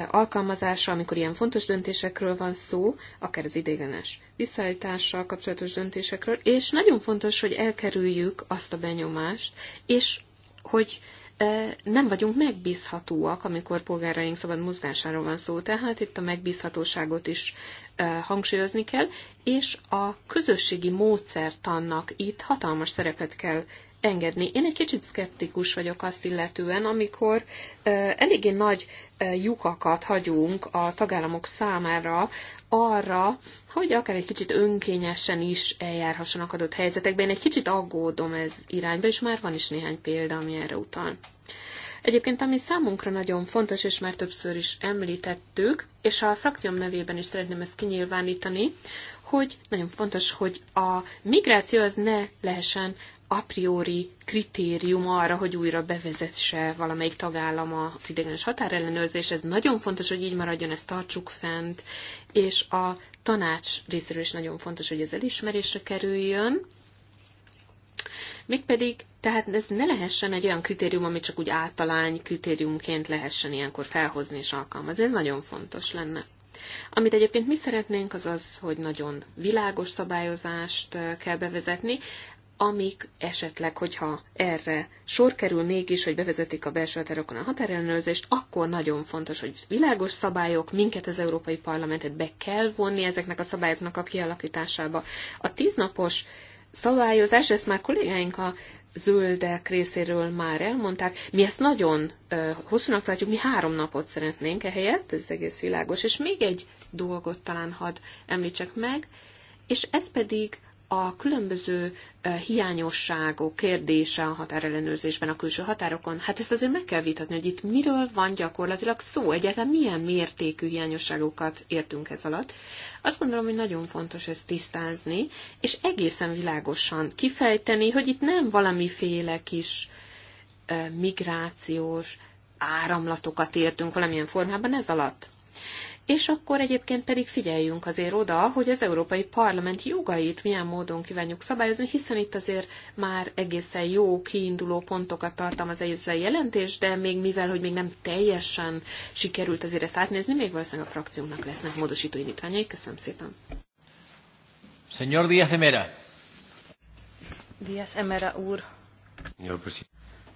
alkalmazása, amikor ilyen fontos döntésekről van szó, akár az idegenes visszaállítással kapcsolatos döntésekről, és nagyon fontos, hogy elkerüljük azt a benyomást, és hogy e, nem vagyunk megbízhatóak, amikor polgáraink szabad mozgásáról van szó, tehát itt a megbízhatóságot is e, hangsúlyozni kell, és a közösségi módszertannak itt hatalmas szerepet kell engedni. Én egy kicsit szkeptikus vagyok azt illetően, amikor eléggé nagy lyukakat hagyunk a tagállamok számára arra, hogy akár egy kicsit önkényesen is eljárhassanak adott helyzetekben. Én egy kicsit aggódom ez irányba, és már van is néhány példa, ami erre utal. Egyébként, ami számunkra nagyon fontos, és már többször is említettük, és a frakcióm nevében is szeretném ezt kinyilvánítani, hogy nagyon fontos, hogy a migráció az ne lehessen a priori kritérium arra, hogy újra bevezetse valamelyik tagállam az idegenes határellenőrzés. Ez nagyon fontos, hogy így maradjon, ezt tartsuk fent, és a tanács részéről is nagyon fontos, hogy ez elismerésre kerüljön. Mégpedig, tehát ez ne lehessen egy olyan kritérium, amit csak úgy általány kritériumként lehessen ilyenkor felhozni és alkalmazni. Ez nagyon fontos lenne. Amit egyébként mi szeretnénk, az az, hogy nagyon világos szabályozást eh, kell bevezetni, amik esetleg, hogyha erre sor kerül mégis, hogy bevezetik a belső határokon a határellenőrzést, akkor nagyon fontos, hogy világos szabályok, minket az Európai Parlamentet be kell vonni ezeknek a szabályoknak a kialakításába. A tíznapos szabályozás, ezt már kollégáink a zöldek részéről már elmondták, mi ezt nagyon ö, hosszúnak tartjuk, mi három napot szeretnénk ehelyett, ez egész világos, és még egy dolgot talán hadd említsek meg, és ez pedig a különböző eh, hiányosságok kérdése a határellenőrzésben a külső határokon, hát ezt azért meg kell vitatni, hogy itt miről van gyakorlatilag szó, egyáltalán milyen mértékű hiányosságokat értünk ez alatt. Azt gondolom, hogy nagyon fontos ezt tisztázni, és egészen világosan kifejteni, hogy itt nem valamiféle kis eh, migrációs áramlatokat értünk valamilyen formában ez alatt és akkor egyébként pedig figyeljünk azért oda, hogy az Európai Parlament jogait milyen módon kívánjuk szabályozni, hiszen itt azért már egészen jó kiinduló pontokat tartam az a jelentés, de még mivel, hogy még nem teljesen sikerült azért ezt átnézni, még valószínűleg a frakciónak lesznek módosító indítványai. Köszönöm szépen. Señor Díaz Emera. Díaz Emera úr.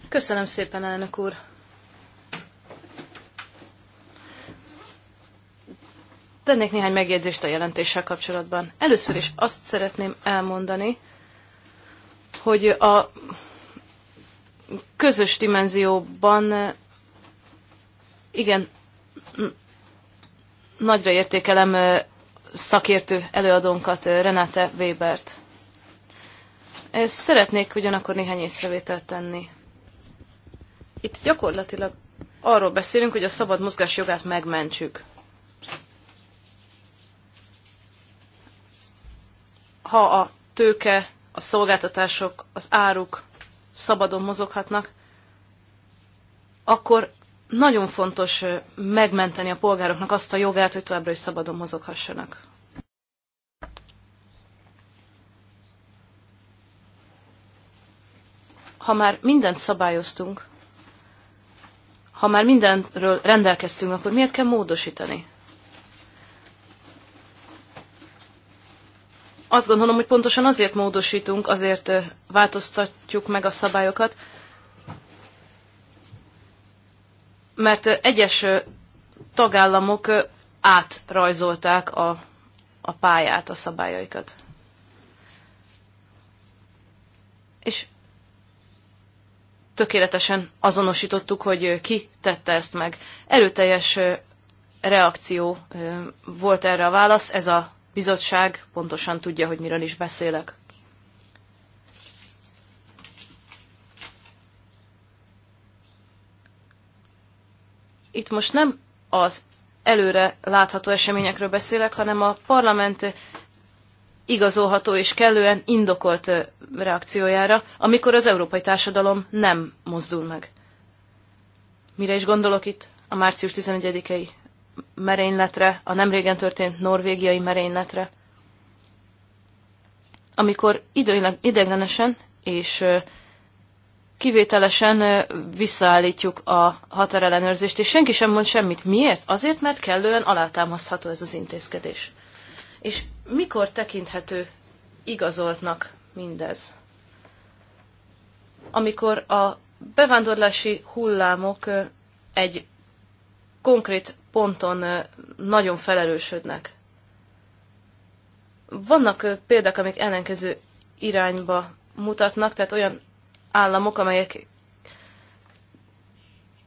Köszönöm szépen, elnök úr. tennék néhány megjegyzést a jelentéssel kapcsolatban. Először is azt szeretném elmondani, hogy a közös dimenzióban igen, nagyra értékelem szakértő előadónkat, Renate Webert. Szeretnék ugyanakkor néhány észrevételt tenni. Itt gyakorlatilag arról beszélünk, hogy a szabad mozgás jogát megmentsük. ha a tőke, a szolgáltatások, az áruk szabadon mozoghatnak, akkor nagyon fontos megmenteni a polgároknak azt a jogát, hogy továbbra is szabadon mozoghassanak. Ha már mindent szabályoztunk, ha már mindenről rendelkeztünk, akkor miért kell módosítani? Azt gondolom, hogy pontosan azért módosítunk, azért változtatjuk meg a szabályokat, mert egyes tagállamok átrajzolták a, a pályát, a szabályaikat. És tökéletesen azonosítottuk, hogy ki tette ezt meg. Erőteljes reakció volt erre a válasz, ez a bizottság pontosan tudja, hogy miről is beszélek. Itt most nem az előre látható eseményekről beszélek, hanem a parlament igazolható és kellően indokolt reakciójára, amikor az európai társadalom nem mozdul meg. Mire is gondolok itt a március 11-i merényletre, a nemrégen történt norvégiai merényletre, amikor időleg, ideglenesen és kivételesen visszaállítjuk a határellenőrzést, és senki sem mond semmit. Miért? Azért, mert kellően alátámasztható ez az intézkedés. És mikor tekinthető igazoltnak mindez? Amikor a bevándorlási hullámok egy konkrét ponton nagyon felerősödnek. Vannak példák, amik ellenkező irányba mutatnak, tehát olyan államok, amelyek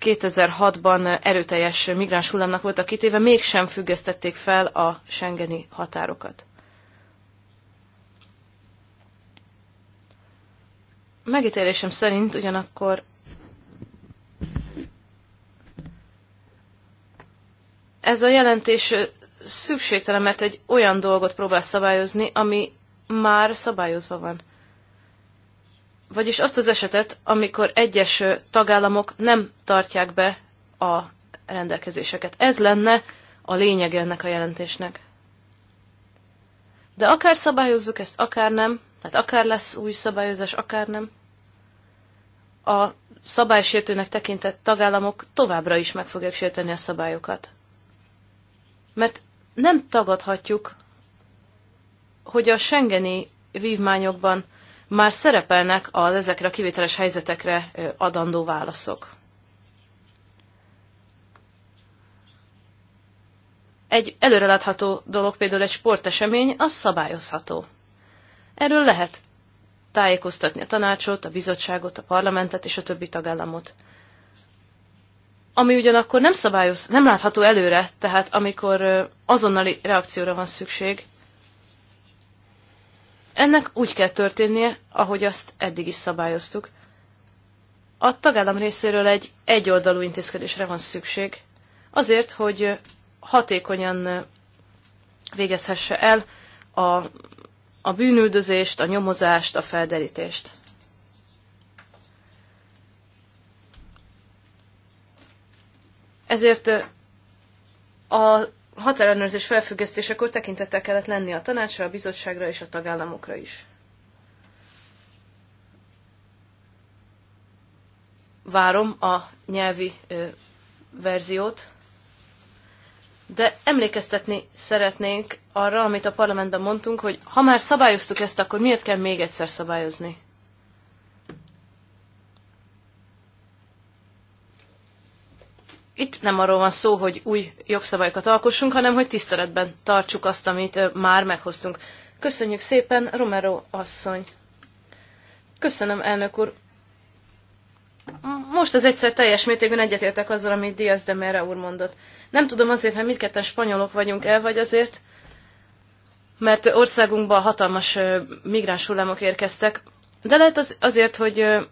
2006-ban erőteljes migráns hullámnak voltak kitéve, mégsem függesztették fel a Schengeni határokat. Megítélésem szerint ugyanakkor Ez a jelentés szükségtelen, mert egy olyan dolgot próbál szabályozni, ami már szabályozva van. Vagyis azt az esetet, amikor egyes tagállamok nem tartják be a rendelkezéseket. Ez lenne a lényeg ennek a jelentésnek. De akár szabályozzuk ezt, akár nem, tehát akár lesz új szabályozás, akár nem, a szabálysértőnek tekintett tagállamok továbbra is meg fogják sérteni a szabályokat. Mert nem tagadhatjuk, hogy a Schengeni vívmányokban már szerepelnek az ezekre a kivételes helyzetekre adandó válaszok. Egy előrelátható dolog, például egy sportesemény, az szabályozható. Erről lehet tájékoztatni a tanácsot, a bizottságot, a parlamentet és a többi tagállamot ami ugyanakkor nem szabályoz, nem látható előre, tehát amikor azonnali reakcióra van szükség, ennek úgy kell történnie, ahogy azt eddig is szabályoztuk. A tagállam részéről egy egyoldalú intézkedésre van szükség, azért, hogy hatékonyan végezhesse el a, a bűnüldözést, a nyomozást, a felderítést. Ezért a határellenőrzés felfüggesztésekor tekintettel kellett lenni a tanácsra, a bizottságra és a tagállamokra is. Várom a nyelvi ö, verziót, de emlékeztetni szeretnénk arra, amit a parlamentben mondtunk, hogy ha már szabályoztuk ezt, akkor miért kell még egyszer szabályozni? itt nem arról van szó, hogy új jogszabályokat alkossunk, hanem hogy tiszteletben tartsuk azt, amit már meghoztunk. Köszönjük szépen, Romero asszony. Köszönöm, elnök úr. Most az egyszer teljes mértékben egyetértek azzal, amit Diaz de Mera úr mondott. Nem tudom azért, mert mindketten spanyolok vagyunk el, vagy azért, mert országunkba hatalmas migráns hullámok érkeztek, de lehet az, azért, hogy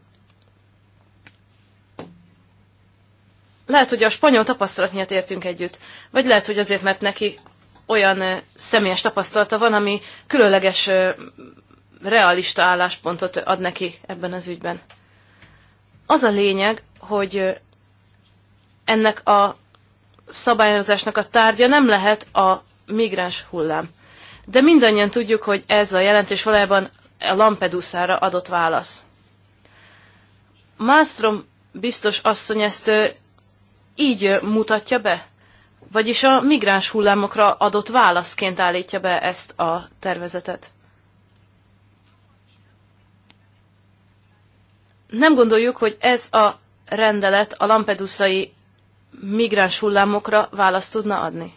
Lehet, hogy a spanyol tapasztalat miatt értünk együtt, vagy lehet, hogy azért, mert neki olyan személyes tapasztalata van, ami különleges, realista álláspontot ad neki ebben az ügyben. Az a lényeg, hogy ennek a szabályozásnak a tárgya nem lehet a migráns hullám. De mindannyian tudjuk, hogy ez a jelentés valójában a Lampedusára adott válasz. Malmström biztos asszony ezt így mutatja be? Vagyis a migráns hullámokra adott válaszként állítja be ezt a tervezetet. Nem gondoljuk, hogy ez a rendelet a lampedusai migráns hullámokra választ tudna adni.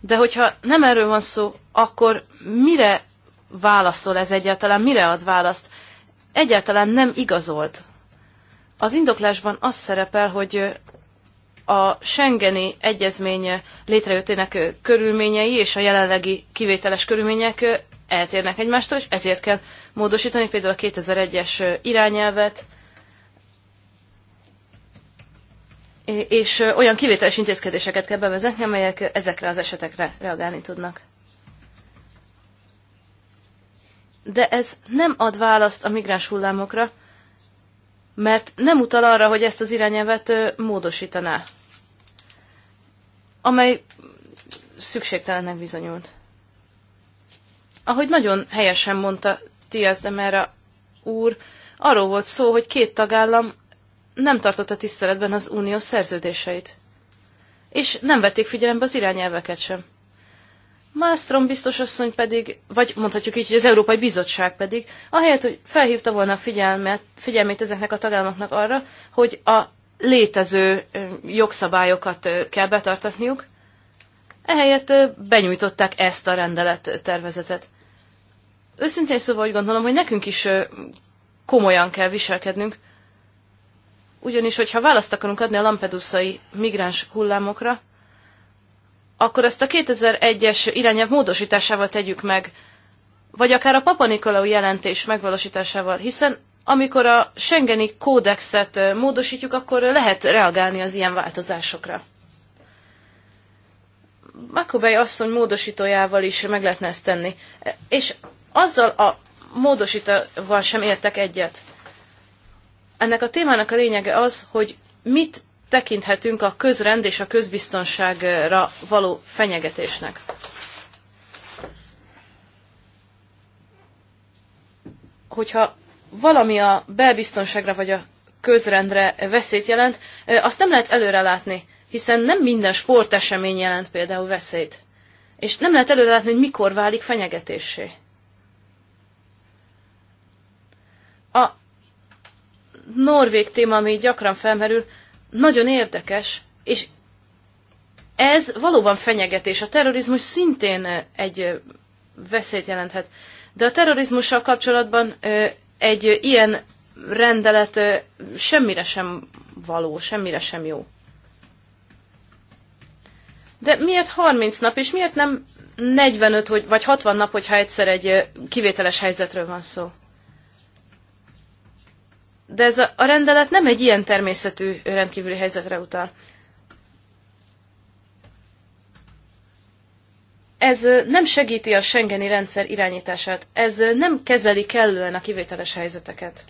De hogyha nem erről van szó, akkor mire válaszol ez egyáltalán, mire ad választ? Egyáltalán nem igazolt. Az indoklásban az szerepel, hogy a Schengeni egyezmény létrejöttének körülményei és a jelenlegi kivételes körülmények eltérnek egymástól, és ezért kell módosítani például a 2001-es irányelvet, és olyan kivételes intézkedéseket kell bevezetni, amelyek ezekre az esetekre reagálni tudnak. De ez nem ad választ a migráns hullámokra, mert nem utal arra, hogy ezt az irányelvet módosítaná, amely szükségtelennek bizonyult. Ahogy nagyon helyesen mondta Tiaz de Mera úr, arról volt szó, hogy két tagállam nem tartotta tiszteletben az unió szerződéseit. És nem vették figyelembe az irányelveket sem. Malmström biztos asszony pedig, vagy mondhatjuk így, hogy az Európai Bizottság pedig, ahelyett, hogy felhívta volna a figyelmet, figyelmét ezeknek a tagállamoknak arra, hogy a létező jogszabályokat kell betartatniuk, ehelyett benyújtották ezt a rendelet tervezetet. Őszintén szóval úgy gondolom, hogy nekünk is komolyan kell viselkednünk, ugyanis, hogyha választ akarunk adni a lampedusai migráns hullámokra, akkor ezt a 2001-es irányelv módosításával tegyük meg, vagy akár a Papa Nikolau jelentés megvalósításával, hiszen amikor a Schengeni kódexet módosítjuk, akkor lehet reagálni az ilyen változásokra. Makubei asszony módosítójával is meg lehetne ezt tenni. E, és azzal a módosítóval sem értek egyet. Ennek a témának a lényege az, hogy mit tekinthetünk a közrend és a közbiztonságra való fenyegetésnek. Hogyha valami a belbiztonságra vagy a közrendre veszélyt jelent, azt nem lehet előrelátni, hiszen nem minden sportesemény jelent például veszélyt. És nem lehet előrelátni, hogy mikor válik fenyegetésé. A norvég téma, ami gyakran felmerül, nagyon érdekes, és ez valóban fenyegetés. A terrorizmus szintén egy veszélyt jelenthet. De a terrorizmussal kapcsolatban egy ilyen rendelet semmire sem való, semmire sem jó. De miért 30 nap, és miért nem 45 vagy 60 nap, hogyha egyszer egy kivételes helyzetről van szó? de ez a, a rendelet nem egy ilyen természetű rendkívüli helyzetre utal. Ez nem segíti a Schengeni rendszer irányítását, ez nem kezeli kellően a kivételes helyzeteket.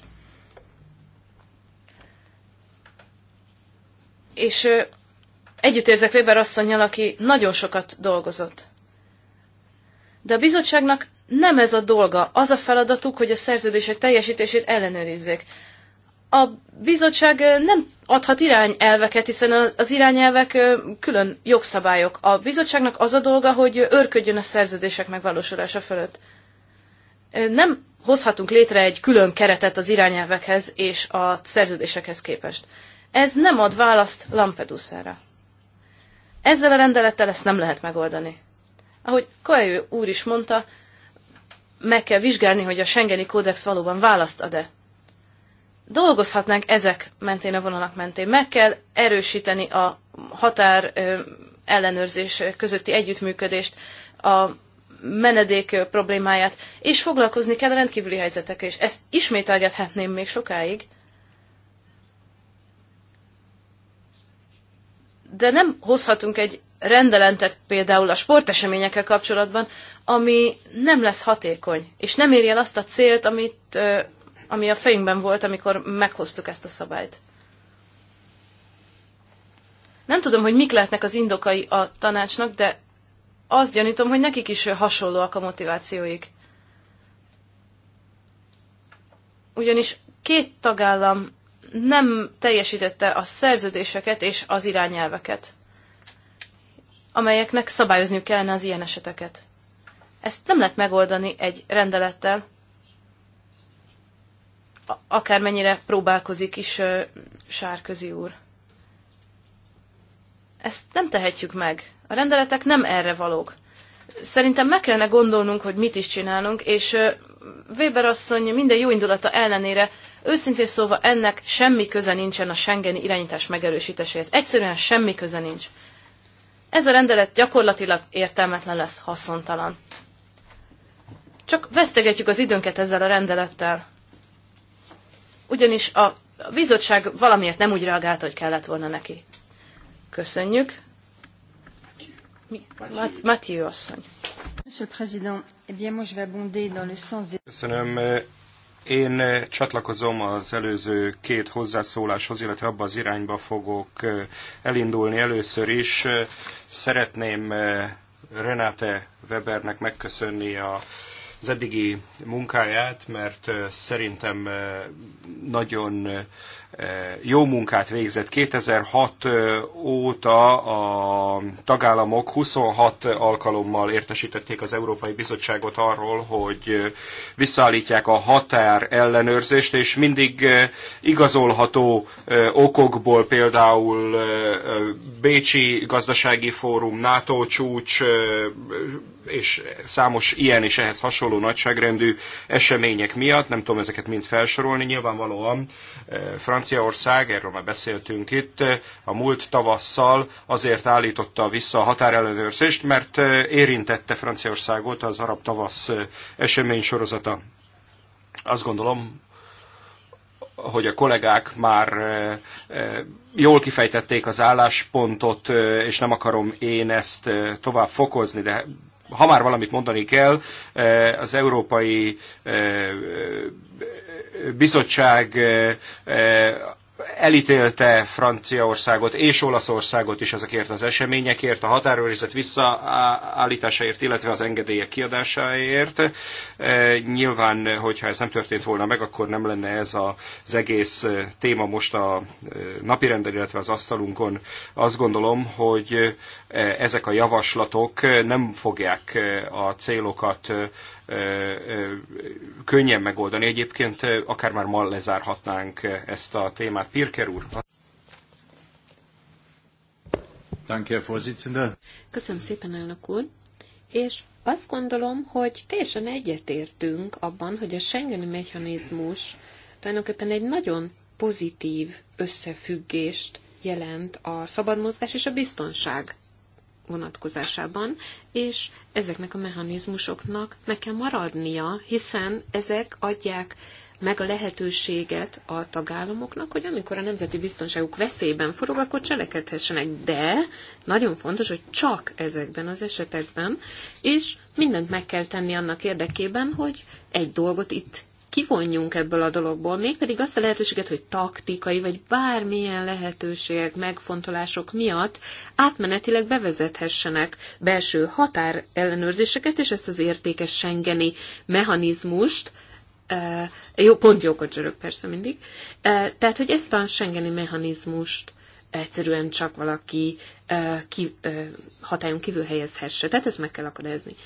És együtt érzek Weber asszonynal, aki nagyon sokat dolgozott. De a bizottságnak nem ez a dolga, az a feladatuk, hogy a szerződések teljesítését ellenőrizzék a bizottság nem adhat irányelveket, hiszen az irányelvek külön jogszabályok. A bizottságnak az a dolga, hogy örködjön a szerződések megvalósulása fölött. Nem hozhatunk létre egy külön keretet az irányelvekhez és a szerződésekhez képest. Ez nem ad választ Lampedusa-ra. Ezzel a rendelettel ezt nem lehet megoldani. Ahogy Koelyő úr is mondta, meg kell vizsgálni, hogy a Schengeni kódex valóban választ ad-e dolgozhatnánk ezek mentén a vonalak mentén. Meg kell erősíteni a határ ellenőrzés közötti együttműködést, a menedék problémáját, és foglalkozni kell a rendkívüli helyzetekkel, és ezt ismételgethetném még sokáig. De nem hozhatunk egy rendelentet például a sporteseményekkel kapcsolatban, ami nem lesz hatékony, és nem éri el azt a célt, amit ami a fejünkben volt, amikor meghoztuk ezt a szabályt. Nem tudom, hogy mik lehetnek az indokai a tanácsnak, de azt gyanítom, hogy nekik is hasonlóak a motivációik. Ugyanis két tagállam nem teljesítette a szerződéseket és az irányelveket, amelyeknek szabályozniuk kellene az ilyen eseteket. Ezt nem lehet megoldani egy rendelettel, akármennyire próbálkozik is Sárközi úr. Ezt nem tehetjük meg. A rendeletek nem erre valók. Szerintem meg kellene gondolnunk, hogy mit is csinálunk, és Weber asszony minden jó indulata ellenére őszintén szólva ennek semmi köze nincsen a Schengeni irányítás megerősítéséhez. Egyszerűen semmi köze nincs. Ez a rendelet gyakorlatilag értelmetlen lesz, haszontalan. Csak vesztegetjük az időnket ezzel a rendelettel ugyanis a bizottság valamiért nem úgy reagált, hogy kellett volna neki. Köszönjük. Mi? Mathieu asszony. Eh Köszönöm. Én eh, csatlakozom az előző két hozzászóláshoz, illetve abba az irányba fogok eh, elindulni először is. Szeretném Renate Webernek megköszönni a az eddigi munkáját, mert szerintem nagyon jó munkát végzett. 2006 óta a tagállamok 26 alkalommal értesítették az Európai Bizottságot arról, hogy visszaállítják a határ ellenőrzést, és mindig igazolható okokból például Bécsi Gazdasági Fórum, NATO csúcs, és számos ilyen és ehhez hasonló nagyságrendű események miatt, nem tudom ezeket mind felsorolni, nyilvánvalóan Franciaország, erről már beszéltünk itt, a múlt tavasszal azért állította vissza a határellenőrzést, mert érintette Franciaországot az arab tavasz esemény sorozata. Azt gondolom, hogy a kollégák már eh, eh, jól kifejtették az álláspontot, eh, és nem akarom én ezt tovább fokozni, de ha már valamit mondani kell, az európai bizottság eh, eh, elítélte Franciaországot és Olaszországot is ezekért az eseményekért, a határőrizet visszaállításáért, illetve az engedélyek kiadásáért. Eh, nyilván, hogyha ez nem történt volna meg, akkor nem lenne ez az egész téma most a napirenden, illetve az asztalunkon. Azt gondolom, hogy ezek a javaslatok nem fogják a célokat könnyen megoldani. Egyébként akár már ma lezárhatnánk ezt a témát. Pirker úr. Köszönöm szépen, elnök úr. És azt gondolom, hogy teljesen egyetértünk abban, hogy a Schengeni mechanizmus tulajdonképpen egy nagyon pozitív összefüggést jelent a szabadmozgás és a biztonság vonatkozásában, és ezeknek a mechanizmusoknak meg kell maradnia, hiszen ezek adják meg a lehetőséget a tagállamoknak, hogy amikor a nemzeti biztonságuk veszélyben forog, akkor cselekedhessenek. De nagyon fontos, hogy csak ezekben az esetekben, és mindent meg kell tenni annak érdekében, hogy egy dolgot itt kivonjunk ebből a dologból, mégpedig azt a lehetőséget, hogy taktikai vagy bármilyen lehetőségek, megfontolások miatt átmenetileg bevezethessenek belső határellenőrzéseket, és ezt az értékes Schengeni mechanizmust e, jó, pont jókot zsörök persze mindig. e, tehát, hogy ezt a Schengeni mechanizmust egyszerűen csak valaki e, ki, e, hatályon kívül helyezhesse. Tehát ezt meg kell akadályozni.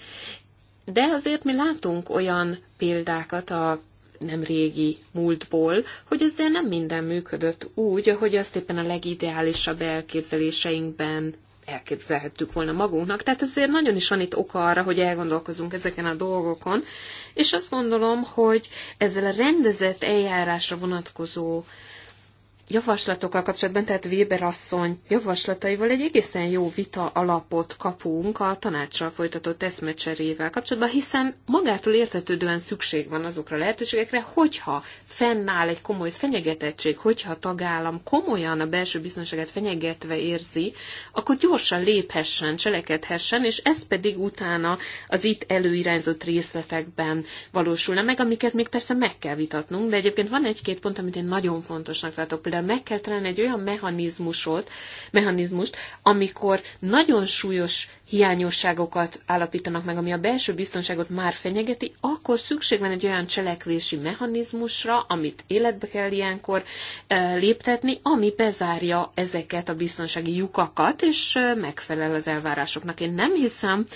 De azért mi látunk olyan példákat a nem régi múltból, hogy ezzel nem minden működött úgy, ahogy azt éppen a legideálisabb elképzeléseinkben elképzelhettük volna magunknak. Tehát ezért nagyon is van itt oka arra, hogy elgondolkozunk ezeken a dolgokon, és azt gondolom, hogy ezzel a rendezett eljárásra vonatkozó javaslatokkal kapcsolatban, tehát Weber asszony javaslataival egy egészen jó vita alapot kapunk a tanácssal folytatott eszmecserével kapcsolatban, hiszen magától értetődően szükség van azokra a lehetőségekre, hogyha fennáll egy komoly fenyegetettség, hogyha a tagállam komolyan a belső biztonságát fenyegetve érzi, akkor gyorsan léphessen, cselekedhessen, és ez pedig utána az itt előirányzott részletekben valósulna meg, amiket még persze meg kell vitatnunk, de egyébként van egy-két pont, amit én nagyon fontosnak tartok, például meg kell találni egy olyan mechanizmusot, mechanizmust, amikor nagyon súlyos hiányosságokat állapítanak meg, ami a belső biztonságot már fenyegeti, akkor szükség van egy olyan cselekvési mechanizmusra, amit életbe kell ilyenkor léptetni, ami bezárja ezeket a biztonsági lyukakat, és megfelel az elvárásoknak. Én nem hiszem,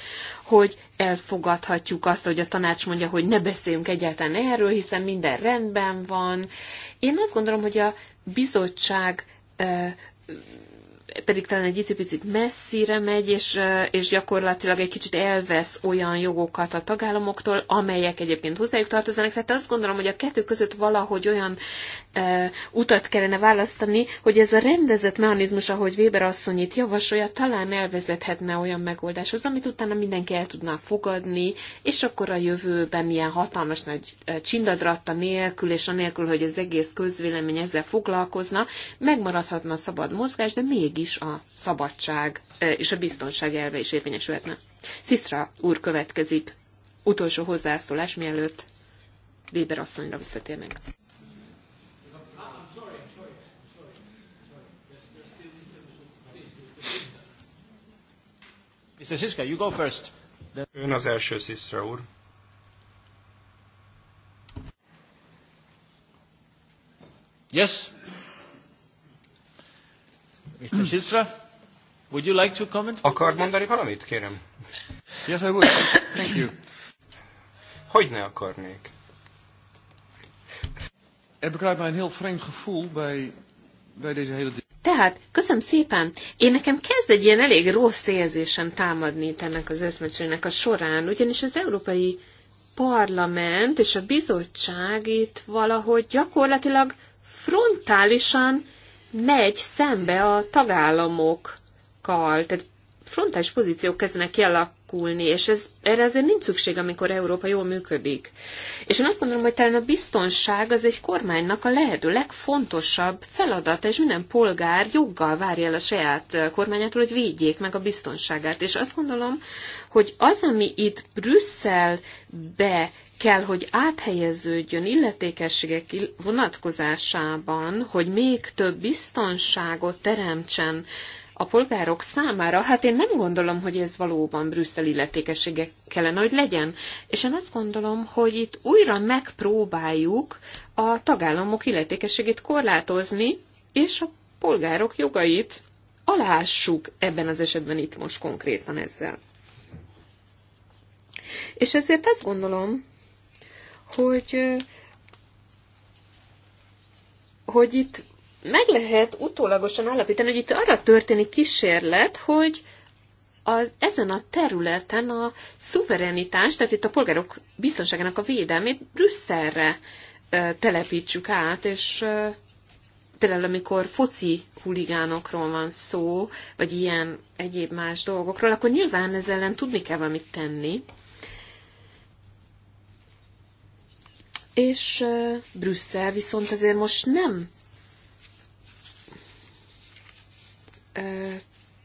hogy elfogadhatjuk azt, hogy a tanács mondja, hogy ne beszéljünk egyáltalán erről, hiszen minden rendben van. Én azt gondolom, hogy a bizottság pedig talán egy icipicit messzire megy, és, és gyakorlatilag egy kicsit elvesz olyan jogokat a tagállamoktól, amelyek egyébként hozzájuk tartozanak. Tehát azt gondolom, hogy a kettő között valahogy olyan e, utat kellene választani, hogy ez a rendezett mechanizmus, ahogy Weber asszony itt javasolja, talán elvezethetne olyan megoldáshoz, amit utána mindenki el tudná fogadni, és akkor a jövőben ilyen hatalmas nagy csindadratta nélkül, és anélkül, hogy az egész közvélemény ezzel foglalkozna, megmaradhatna a szabad mozgás, de mégis is a szabadság és a biztonság elve is érvényesülhetne. Sziszra úr következik. Utolsó hozzászólás, mielőtt Weber asszonyra visszatérnek. Mr. Siska, you go first. Ön az első, Sziszra úr. Yes, Mr. Shisra, would you like to comment? Akar mondani valamit, kérem? Yes, I would. Thank you. Hogy ne akarnék? Er bekruipt mij een heel vreemd gevoel bij, bij deze hele... Tehát, köszönöm szépen! Én nekem kezd egy ilyen elég rossz érzésem támadni itt ennek az eszmecsének a során, ugyanis az Európai Parlament és a bizottság itt valahogy gyakorlatilag frontálisan megy szembe a tagállamokkal, tehát frontális pozíciók kezdenek kialakulni, és ez, erre azért nincs szükség, amikor Európa jól működik. És én azt gondolom, hogy talán a biztonság az egy kormánynak a lehető legfontosabb feladata, és minden polgár joggal várja el a saját kormányától, hogy védjék meg a biztonságát. És azt gondolom, hogy az, ami itt Brüsszelbe kell, hogy áthelyeződjön illetékességek vonatkozásában, hogy még több biztonságot teremtsen a polgárok számára, hát én nem gondolom, hogy ez valóban Brüsszel illetékessége kellene, hogy legyen. És én azt gondolom, hogy itt újra megpróbáljuk a tagállamok illetékességét korlátozni, és a polgárok jogait alássuk ebben az esetben itt most konkrétan ezzel. És ezért azt gondolom, hogy, hogy itt meg lehet utólagosan állapítani, hogy itt arra történik kísérlet, hogy az, ezen a területen a szuverenitás, tehát itt a polgárok biztonságának a védelmét Brüsszelre ö, telepítsük át, és például amikor foci huligánokról van szó, vagy ilyen egyéb más dolgokról, akkor nyilván ezzel ellen tudni kell valamit tenni. és Brüsszel viszont azért most nem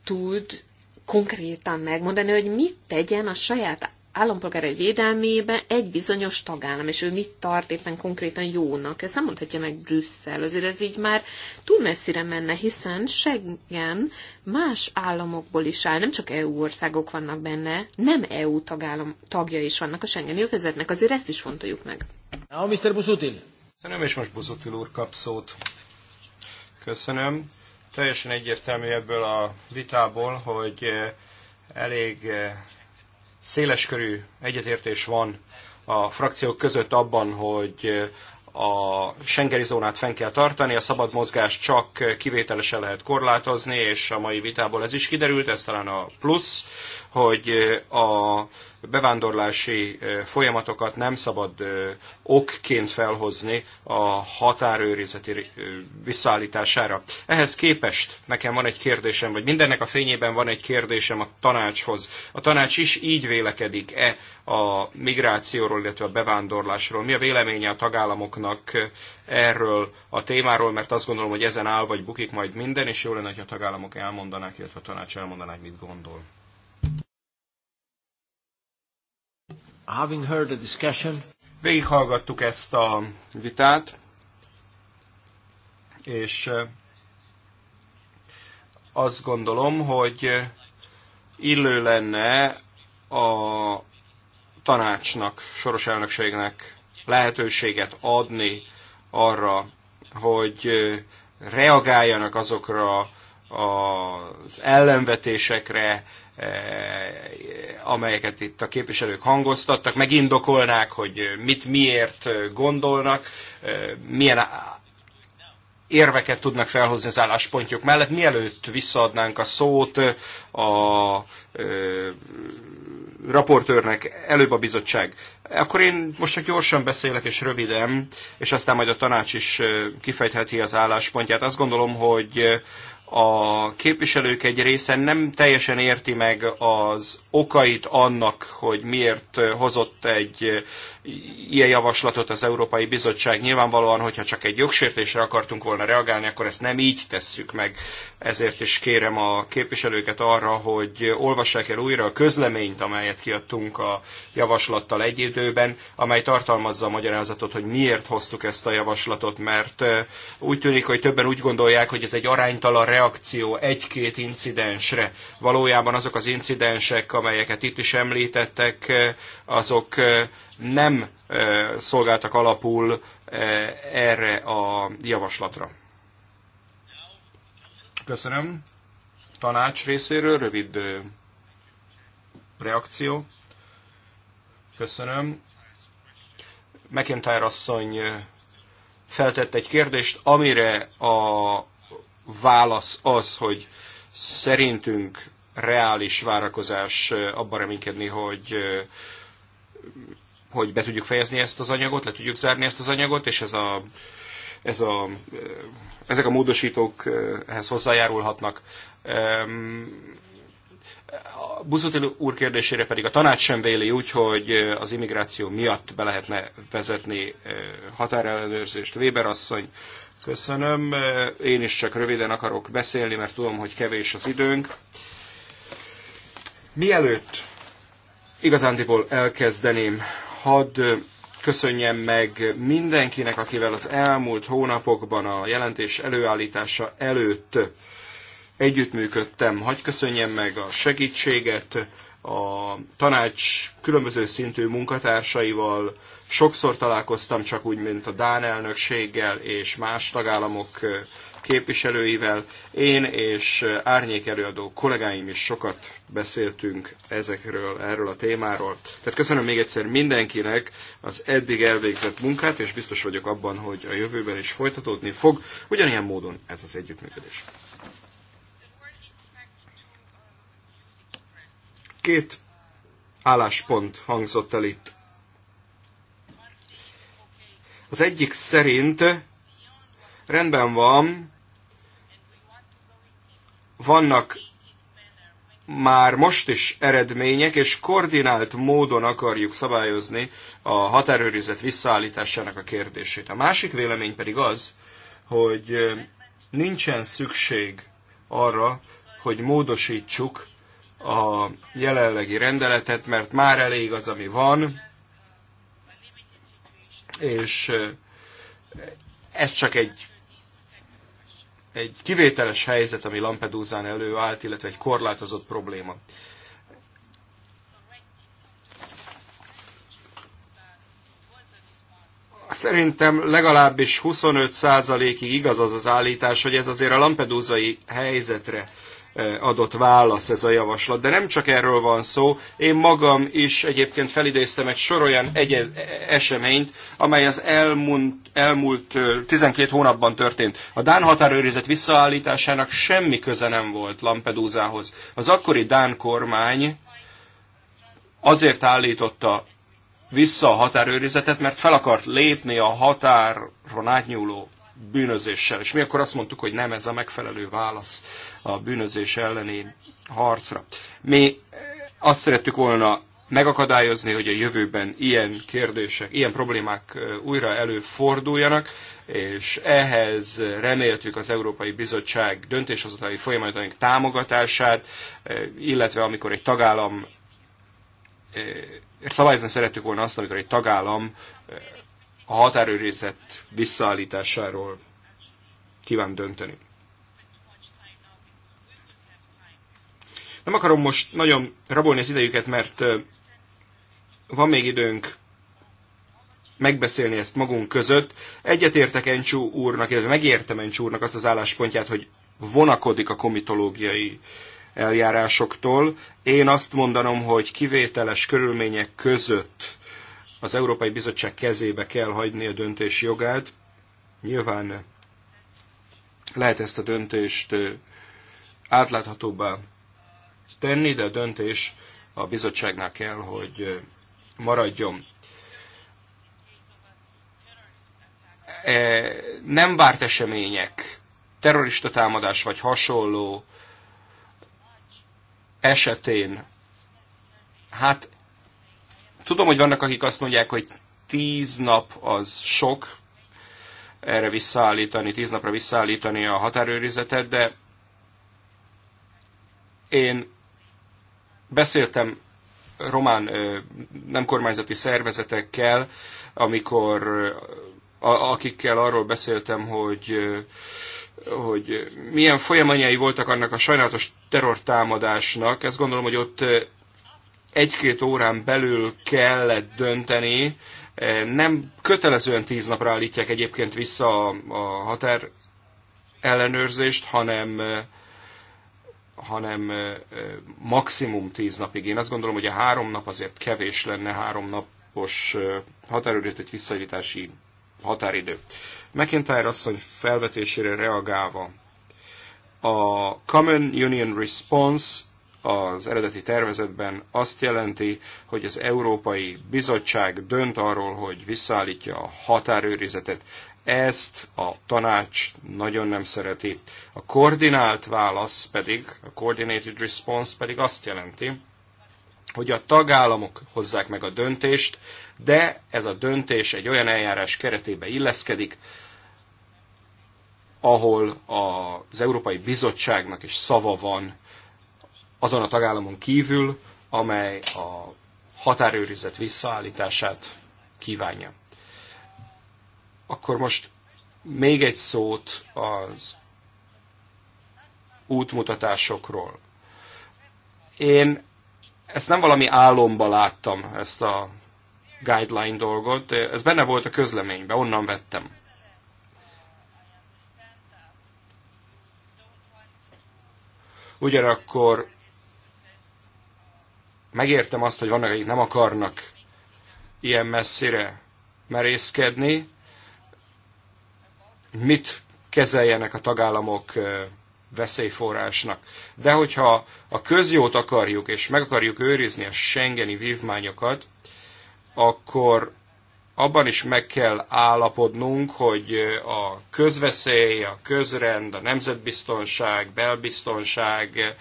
tud konkrétan megmondani, hogy mit tegyen a saját állampolgárai védelmébe egy bizonyos tagállam, és ő mit tart éppen konkrétan jónak. Ezt nem mondhatja meg Brüsszel, azért ez így már túl messzire menne, hiszen Schengen más államokból is áll, nem csak EU országok vannak benne, nem EU tagállam tagja is vannak a Schengen övezetnek, azért ezt is fontoljuk meg. Na, Mr. Busutil. Köszönöm, és most Busutil úr kap szót. Köszönöm. Teljesen egyértelmű ebből a vitából, hogy eh, elég eh, széleskörű egyetértés van a frakciók között abban, hogy a Schengeni zónát fenn kell tartani, a szabad mozgást csak kivételesen lehet korlátozni, és a mai vitából ez is kiderült, ez talán a plusz hogy a bevándorlási folyamatokat nem szabad okként felhozni a határőrizeti visszaállítására. Ehhez képest nekem van egy kérdésem, vagy mindennek a fényében van egy kérdésem a tanácshoz. A tanács is így vélekedik-e a migrációról, illetve a bevándorlásról? Mi a véleménye a tagállamoknak erről a témáról, mert azt gondolom, hogy ezen áll vagy bukik majd minden, és jó lenne, hogy a tagállamok elmondanák, illetve a tanács elmondaná, hogy mit gondol. Having heard the discussion, végighallgattuk ezt a vitát, és azt gondolom, hogy illő lenne a tanácsnak, soros elnökségnek lehetőséget adni arra, hogy reagáljanak azokra az ellenvetésekre, Eh, amelyeket itt a képviselők hangoztattak, megindokolnák, hogy mit miért gondolnak, eh, milyen érveket tudnak felhozni az álláspontjuk mellett. Mielőtt visszaadnánk a szót eh, a raportőrnek, előbb a bizottság, akkor én most csak gyorsan beszélek és röviden, és aztán majd a tanács is kifejtheti az álláspontját. Azt gondolom, hogy a képviselők egy része nem teljesen érti meg az okait annak, hogy miért hozott egy ilyen javaslatot az Európai Bizottság. Nyilvánvalóan, hogyha csak egy jogsértésre akartunk volna reagálni, akkor ezt nem így tesszük meg. Ezért is kérem a képviselőket arra, hogy olvassák el újra a közleményt, amelyet kiadtunk a javaslattal egy időben, amely tartalmazza a magyarázatot, hogy miért hoztuk ezt a javaslatot, mert eh, úgy tűnik, hogy többen úgy gondolják, hogy ez egy aránytalan reakció egy-két incidensre. Valójában azok az incidensek, amelyeket itt is említettek, eh, azok eh, nem eh, szolgáltak alapul erre a javaslatra. Köszönöm. Tanács részéről rövid reakció. Köszönöm. McIntyre asszony feltett egy kérdést, amire a válasz az, hogy szerintünk reális várakozás abban reménykedni, hogy hogy be tudjuk fejezni ezt az anyagot, le tudjuk zárni ezt az anyagot, és ez a, ez a, ezek a módosítók ehhez hozzájárulhatnak. A Buzuti úr kérdésére pedig a tanács sem véli úgy, hogy az immigráció miatt be lehetne vezetni határellenőrzést. Weber asszony Köszönöm. Én is csak röviden akarok beszélni, mert tudom, hogy kevés az időnk. Mielőtt igazándiból elkezdeném, hadd köszönjem meg mindenkinek, akivel az elmúlt hónapokban a jelentés előállítása előtt együttműködtem. Hagy köszönjem meg a segítséget, a tanács különböző szintű munkatársaival, sokszor találkoztam csak úgy, mint a Dán elnökséggel és más tagállamok képviselőivel. Én és árnyék előadó kollégáim is sokat beszéltünk ezekről, erről a témáról. Tehát köszönöm még egyszer mindenkinek az eddig elvégzett munkát, és biztos vagyok abban, hogy a jövőben is folytatódni fog. Ugyanilyen módon ez az együttműködés. Két álláspont hangzott el itt. Az egyik szerint rendben van, vannak már most is eredmények, és koordinált módon akarjuk szabályozni a határőrizet visszaállításának a kérdését. A másik vélemény pedig az, hogy nincsen szükség arra, hogy módosítsuk a jelenlegi rendeletet, mert már elég az, ami van, és ez csak egy, egy kivételes helyzet, ami Lampedusán előállt, illetve egy korlátozott probléma. Szerintem legalábbis 25%-ig igaz az az állítás, hogy ez azért a lampedúzai helyzetre adott válasz ez a javaslat. De nem csak erről van szó, én magam is egyébként felidéztem egy sor olyan egy eseményt, amely az elmúlt, elmúlt 12 hónapban történt. A Dán határőrizet visszaállításának semmi köze nem volt lampedúzához. Az akkori Dán kormány azért állította vissza a határőrizetet, mert fel akart lépni a határon átnyúló bűnözéssel. És mi akkor azt mondtuk, hogy nem ez a megfelelő válasz a bűnözés elleni harcra. Mi azt szerettük volna megakadályozni, hogy a jövőben ilyen kérdések, ilyen problémák újra előforduljanak, és ehhez reméltük az Európai Bizottság döntéshozatai folyamatának támogatását, illetve amikor egy tagállam szabályozni szerettük volna azt, amikor egy tagállam a határőrizet visszaállításáról kíván dönteni. Nem akarom most nagyon rabolni az idejüket, mert van még időnk megbeszélni ezt magunk között. Egyetértek Encsú úrnak, illetve megértem Encsú úrnak azt az álláspontját, hogy vonakodik a komitológiai eljárásoktól. Én azt mondanom, hogy kivételes körülmények között az Európai Bizottság kezébe kell hagyni a döntés jogát. Nyilván lehet ezt a döntést átláthatóbbá tenni, de a döntés a bizottságnál kell, hogy maradjon. E, nem várt események, terrorista támadás vagy hasonló esetén, hát Tudom, hogy vannak, akik azt mondják, hogy tíz nap az sok, erre visszaállítani, tíz napra visszaállítani a határőrizetet, de én beszéltem román nem kormányzati szervezetekkel, amikor akikkel arról beszéltem, hogy hogy milyen folyamányai voltak annak a sajnálatos terrortámadásnak. Ezt gondolom, hogy ott egy-két órán belül kellett dönteni, e, nem kötelezően tíz napra állítják egyébként vissza a, a határ ellenőrzést, hanem, e, hanem e, maximum tíz napig. Én azt gondolom, hogy a három nap azért kevés lenne, három napos határőrzést egy visszaállítási határidő. McIntyre asszony felvetésére reagálva, a Common Union Response az eredeti tervezetben azt jelenti, hogy az Európai Bizottság dönt arról, hogy visszaállítja a határőrizetet. Ezt a tanács nagyon nem szereti. A koordinált válasz pedig, a coordinated response pedig azt jelenti, hogy a tagállamok hozzák meg a döntést, de ez a döntés egy olyan eljárás keretébe illeszkedik, ahol az Európai Bizottságnak is szava van azon a tagállamon kívül, amely a határőrizet visszaállítását kívánja. Akkor most még egy szót az útmutatásokról. Én ezt nem valami álomba láttam, ezt a guideline dolgot, ez benne volt a közleményben, onnan vettem. Ugyanakkor megértem azt, hogy vannak, akik nem akarnak ilyen messzire merészkedni, mit kezeljenek a tagállamok veszélyforrásnak. De hogyha a közjót akarjuk, és meg akarjuk őrizni a Schengeni vívmányokat, akkor abban is meg kell állapodnunk, hogy a közveszély, a közrend, a nemzetbiztonság, belbiztonság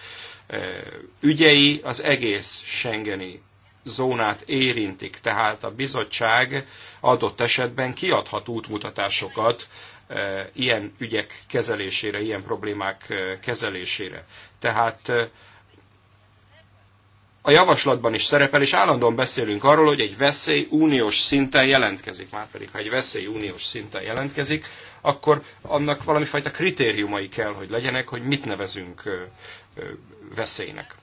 ügyei az egész Schengeni zónát érintik. Tehát a bizottság adott esetben kiadhat útmutatásokat ilyen ügyek kezelésére, ilyen problémák kezelésére. Tehát a javaslatban is szerepel, és állandóan beszélünk arról, hogy egy veszély uniós szinten jelentkezik. Márpedig, ha egy veszély uniós szinten jelentkezik, akkor annak valami fajta kritériumai kell, hogy legyenek, hogy mit nevezünk veszélynek.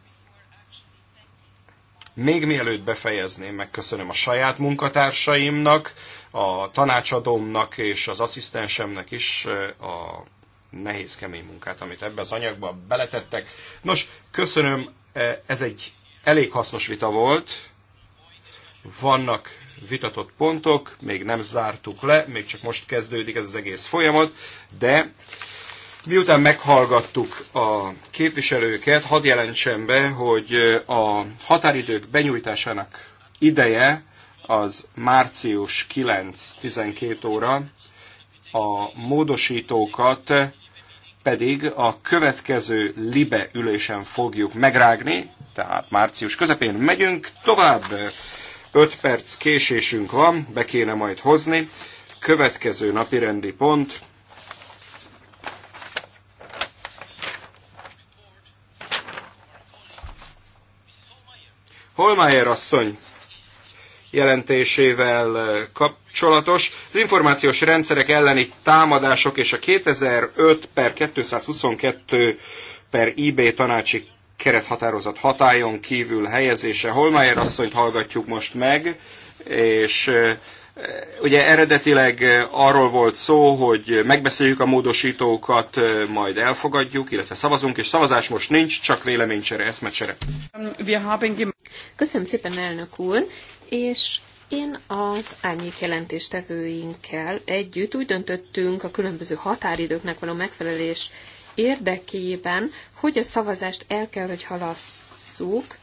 Még mielőtt befejezném, megköszönöm a saját munkatársaimnak, a tanácsadómnak és az asszisztensemnek is a nehéz, kemény munkát, amit ebbe az anyagba beletettek. Nos, köszönöm, ez egy Elég hasznos vita volt, vannak vitatott pontok, még nem zártuk le, még csak most kezdődik ez az egész folyamat, de miután meghallgattuk a képviselőket, hadd jelentsem be, hogy a határidők benyújtásának ideje az március 9-12 óra, a módosítókat pedig a következő libe ülésen fogjuk megrágni, tehát március közepén megyünk tovább. 5 perc késésünk van, be kéne majd hozni. Következő napi rendi pont. Holmeyer asszony jelentésével eh, kapcsolatos. Az információs rendszerek elleni támadások és a 2005 per 222 per IB tanácsi kerethatározat hatályon kívül helyezése. Holmeyer asszonyt hallgatjuk most meg, és ugye eredetileg arról volt szó, hogy megbeszéljük a módosítókat, majd elfogadjuk, illetve szavazunk, és szavazás most nincs, csak véleménycsere, eszmecsere. Köszönöm szépen, elnök úr, és én az árnyék jelentéstevőinkkel együtt úgy döntöttünk a különböző határidőknek való megfelelés érdekében, hogy a szavazást el kell, hogy halasszuk,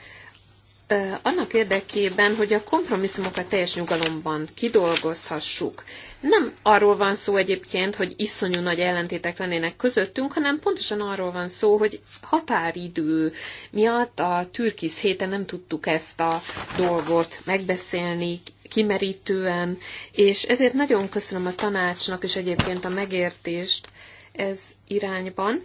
annak érdekében, hogy a kompromisszumokat teljes nyugalomban kidolgozhassuk. Nem arról van szó egyébként, hogy iszonyú nagy ellentétek lennének közöttünk, hanem pontosan arról van szó, hogy határidő miatt a türkisz héten nem tudtuk ezt a dolgot megbeszélni, kimerítően, és ezért nagyon köszönöm a tanácsnak és egyébként a megértést, ez irányban,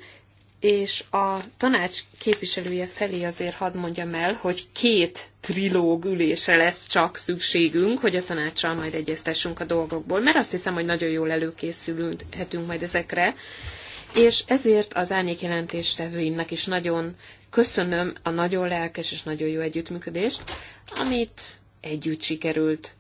és a tanács képviselője felé azért hadd mondjam el, hogy két trilóg ülése lesz csak szükségünk, hogy a tanácssal majd egyeztessünk a dolgokból, mert azt hiszem, hogy nagyon jól előkészülhetünk majd ezekre, és ezért az árnyék jelentéstevőimnek is nagyon köszönöm a nagyon lelkes és nagyon jó együttműködést, amit együtt sikerült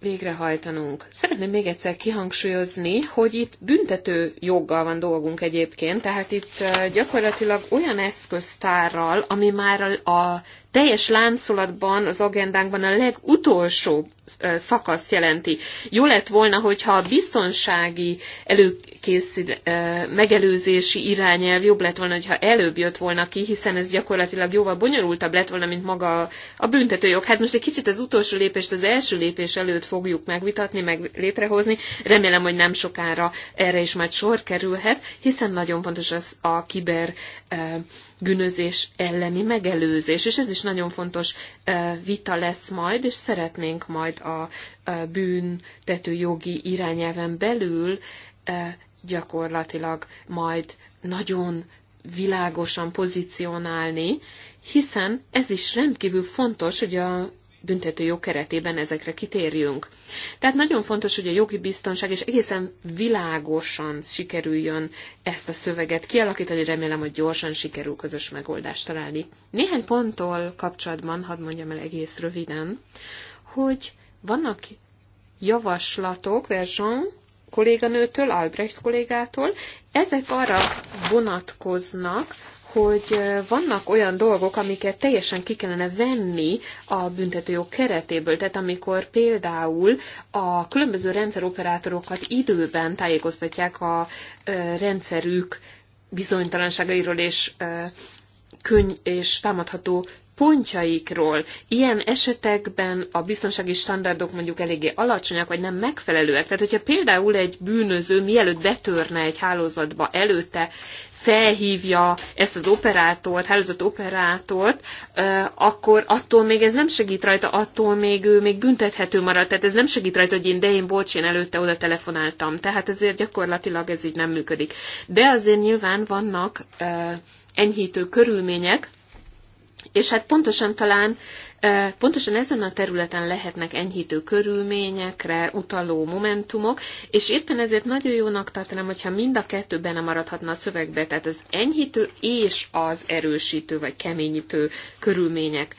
végrehajtanunk. Szeretném még egyszer kihangsúlyozni, hogy itt büntető joggal van dolgunk egyébként, tehát itt gyakorlatilag olyan eszköztárral, ami már a teljes láncolatban, az agendánkban a legutolsó szakasz jelenti. Jó lett volna, hogyha a biztonsági elő megkész, megelőzési irányelv jobb lett volna, ha előbb jött volna ki, hiszen ez gyakorlatilag jóval bonyolultabb lett volna, mint maga a büntetőjog. Hát most egy kicsit az utolsó lépést az első lépés előtt fogjuk megvitatni, meg létrehozni. Remélem, hogy nem sokára erre is majd sor kerülhet, hiszen nagyon fontos az a kiber bűnözés elleni megelőzés, és ez is nagyon fontos vita lesz majd, és szeretnénk majd a büntető jogi irányelven belül gyakorlatilag majd nagyon világosan pozícionálni, hiszen ez is rendkívül fontos, hogy a jog keretében ezekre kitérjünk. Tehát nagyon fontos, hogy a jogi biztonság, és egészen világosan sikerüljön ezt a szöveget kialakítani, remélem, hogy gyorsan sikerül közös megoldást találni. Néhány ponttól kapcsolatban, hadd mondjam el egész röviden, hogy vannak javaslatok, Verzson kolléganőtől, Albrecht kollégától. Ezek arra vonatkoznak, hogy vannak olyan dolgok, amiket teljesen ki kellene venni a büntetőjog keretéből. Tehát amikor például a különböző rendszeroperátorokat időben tájékoztatják a rendszerük bizonytalanságairól és könny és támadható pontjaikról. Ilyen esetekben a biztonsági standardok mondjuk eléggé alacsonyak, vagy nem megfelelőek. Tehát, hogyha például egy bűnöző mielőtt betörne egy hálózatba, előtte felhívja ezt az operátort, hálózat operátort, akkor attól még ez nem segít rajta, attól még ő még büntethető marad, tehát ez nem segít rajta, hogy én, de én bocs, én előtte oda telefonáltam, tehát ezért gyakorlatilag ez így nem működik. De azért nyilván vannak enyhítő körülmények, és hát pontosan talán Pontosan ezen a területen lehetnek enyhítő körülményekre utaló momentumok, és éppen ezért nagyon jónak tartanám, hogyha mind a kettőben nem maradhatna a szövegbe, tehát az enyhítő és az erősítő vagy keményítő körülmények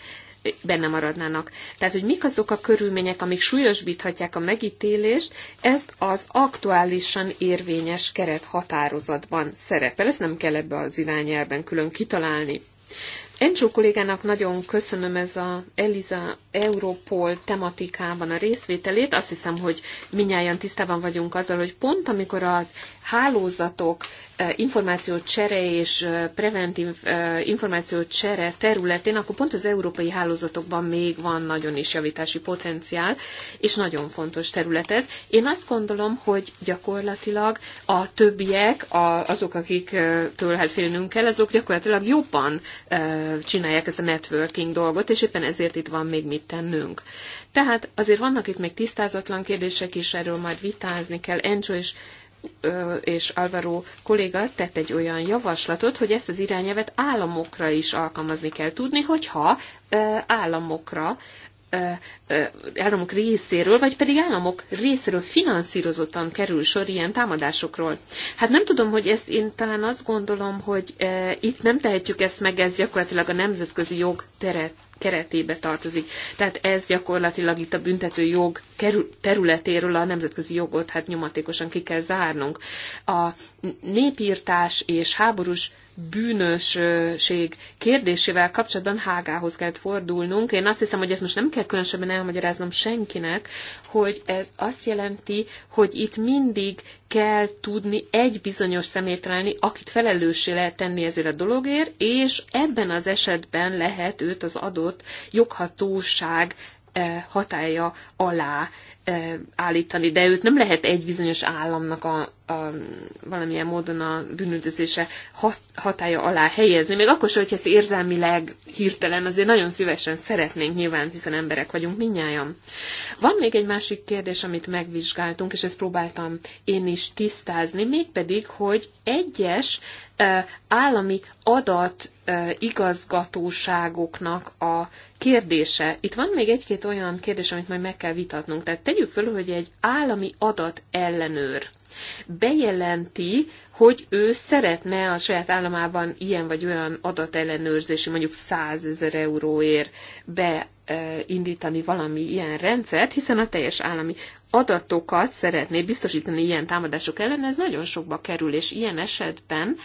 benne maradnának. Tehát, hogy mik azok a körülmények, amik súlyosbíthatják a megítélést, ezt az aktuálisan érvényes keret határozatban szerepel. Ezt nem kell ebbe az irányelben külön kitalálni. Encsó kollégának nagyon köszönöm ez a Eliza Europol tematikában a részvételét. Azt hiszem, hogy minnyáján tisztában vagyunk azzal, hogy pont amikor az hálózatok eh, információcsere és eh, preventív eh, információcsere területén, akkor pont az európai hálózatokban még van nagyon is javítási potenciál, és nagyon fontos terület ez. Én azt gondolom, hogy gyakorlatilag a többiek, azok, akiktől hát félnünk kell, azok gyakorlatilag jobban csinálják ezt a networking dolgot, és éppen ezért itt van még mit tennünk. Tehát azért vannak itt még tisztázatlan kérdések is, erről majd vitázni kell. Encsó és és Alvaro kolléga tett egy olyan javaslatot, hogy ezt az irányelvet államokra is alkalmazni kell tudni, hogyha államokra államok részéről, vagy pedig államok részéről finanszírozottan kerül sor ilyen támadásokról. Hát nem tudom, hogy ezt én talán azt gondolom, hogy itt nem tehetjük ezt meg, ez gyakorlatilag a nemzetközi jog tere keretébe tartozik. Tehát ez gyakorlatilag itt a büntető jog területéről a nemzetközi jogot hát nyomatékosan ki kell zárnunk. A népírtás és háborús bűnösség kérdésével kapcsolatban Hágához kellett fordulnunk. Én azt hiszem, hogy ezt most nem kell különösebben elmagyaráznom senkinek, hogy ez azt jelenti, hogy itt mindig kell tudni egy bizonyos szemét találni, akit felelőssé lehet tenni ezért a dologért, és ebben az esetben lehet őt az adott joghatóság eh, hatája alá állítani, de őt nem lehet egy bizonyos államnak a, a valamilyen módon a bűnüldözése hat, hatája alá helyezni, még akkor sem, hogy ezt érzelmileg hirtelen azért nagyon szívesen szeretnénk nyilván, hiszen emberek vagyunk minnyáján. Van még egy másik kérdés, amit megvizsgáltunk, és ezt próbáltam én is tisztázni, mégpedig, hogy egyes állami adat igazgatóságoknak a kérdése. Itt van még egy-két olyan kérdés, amit majd meg kell vitatnunk. Tehát Tegyük föl, hogy egy állami adat ellenőr bejelenti, hogy ő szeretne a saját államában ilyen vagy olyan adatellenőrzési, mondjuk 100 ezer euróért beindítani valami ilyen rendszert, hiszen a teljes állami adatokat szeretné biztosítani ilyen támadások ellen, ez nagyon sokba kerül, és ilyen esetben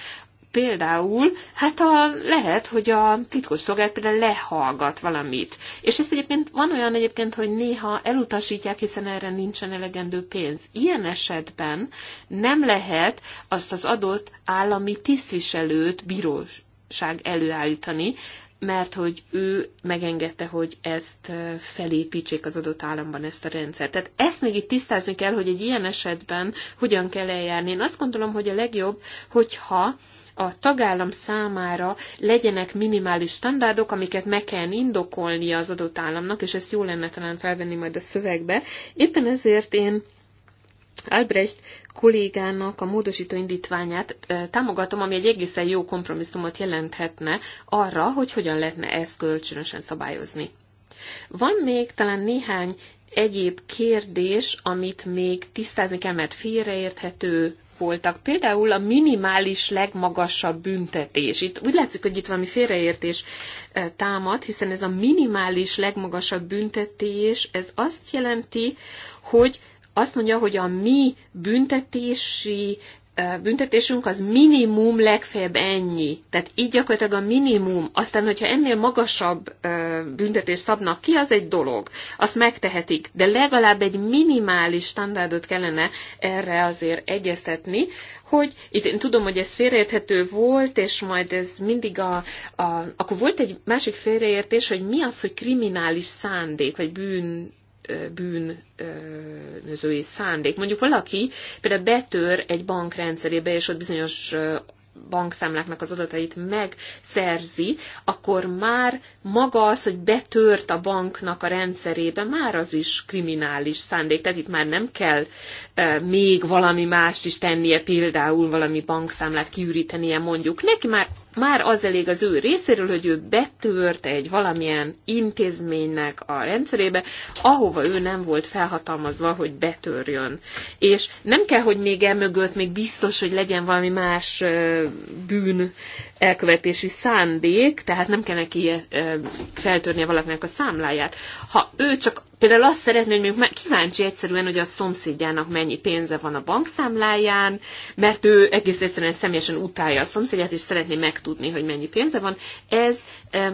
például, hát a, lehet, hogy a titkos szolgált például lehallgat valamit. És ezt egyébként van olyan egyébként, hogy néha elutasítják, hiszen erre nincsen elegendő pénz. Ilyen esetben nem lehet azt az adott állami tisztviselőt bíróság előállítani, mert hogy ő megengedte, hogy ezt felépítsék az adott államban ezt a rendszert. Tehát ezt még itt tisztázni kell, hogy egy ilyen esetben hogyan kell eljárni. Én azt gondolom, hogy a legjobb, hogyha a tagállam számára legyenek minimális standardok, amiket meg kell indokolnia az adott államnak, és ezt jó lenne talán felvenni majd a szövegbe. Éppen ezért én Albrecht kollégának a módosító indítványát támogatom, ami egy egészen jó kompromisszumot jelenthetne arra, hogy hogyan lehetne ezt kölcsönösen szabályozni. Van még talán néhány egyéb kérdés, amit még tisztázni kell, mert félreérthető voltak. Például a minimális legmagasabb büntetés. Itt úgy látszik, hogy itt valami félreértés e, támad, hiszen ez a minimális legmagasabb büntetés, ez azt jelenti, hogy azt mondja, hogy a mi büntetési büntetésünk az minimum legfeljebb ennyi. Tehát így gyakorlatilag a minimum. Aztán, hogyha ennél magasabb büntetés szabnak ki, az egy dolog. Azt megtehetik. De legalább egy minimális standardot kellene erre azért egyeztetni, hogy itt én tudom, hogy ez félreérthető volt, és majd ez mindig a, a... Akkor volt egy másik félreértés, hogy mi az, hogy kriminális szándék, vagy bűn bűnözői szándék. Mondjuk valaki például betör egy bank rendszerébe, és ott bizonyos bankszámláknak az adatait megszerzi, akkor már maga az, hogy betört a banknak a rendszerébe, már az is kriminális szándék. Tehát itt már nem kell e, még valami mást is tennie, például valami bankszámlát kiürítenie mondjuk. Neki már, már az elég az ő részéről, hogy ő betört egy valamilyen intézménynek a rendszerébe, ahova ő nem volt felhatalmazva, hogy betörjön. És nem kell, hogy még emögött, még biztos, hogy legyen valami más e, bűn elkövetési szándék, tehát nem kell neki feltörnie valakinek a számláját. Ha ő csak például azt szeretné, hogy még kíváncsi egyszerűen, hogy a szomszédjának mennyi pénze van a bankszámláján, mert ő egész egyszerűen személyesen utálja a szomszédját, és szeretné megtudni, hogy mennyi pénze van, ez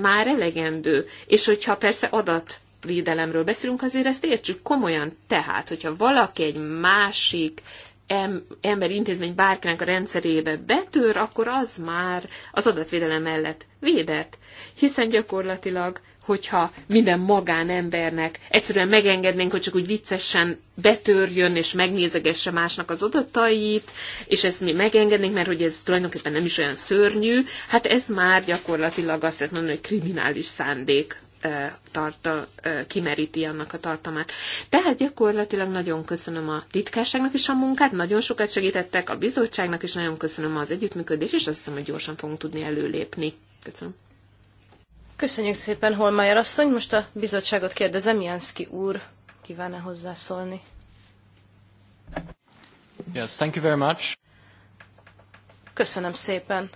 már elegendő. És hogyha persze adat védelemről beszélünk, azért ezt értsük komolyan. Tehát, hogyha valaki egy másik ember intézmény bárkinek a rendszerébe betör, akkor az már az adatvédelem mellett védett. Hiszen gyakorlatilag, hogyha minden magánembernek egyszerűen megengednénk, hogy csak úgy viccesen betörjön és megnézegesse másnak az adatait, és ezt mi megengednénk, mert hogy ez tulajdonképpen nem is olyan szörnyű, hát ez már gyakorlatilag azt lehet mondani, hogy kriminális szándék tarta, kimeríti annak a tartalmát. Tehát gyakorlatilag nagyon köszönöm a titkárságnak is a munkát, nagyon sokat segítettek a bizottságnak, és nagyon köszönöm az együttműködést, és azt hiszem, hogy gyorsan fogunk tudni előlépni. Köszönöm. Köszönjük szépen, Holmájer asszony. Most a bizottságot kérdezem, Jánszki úr kíván-e hozzászólni? Yes, thank you very much. Köszönöm szépen.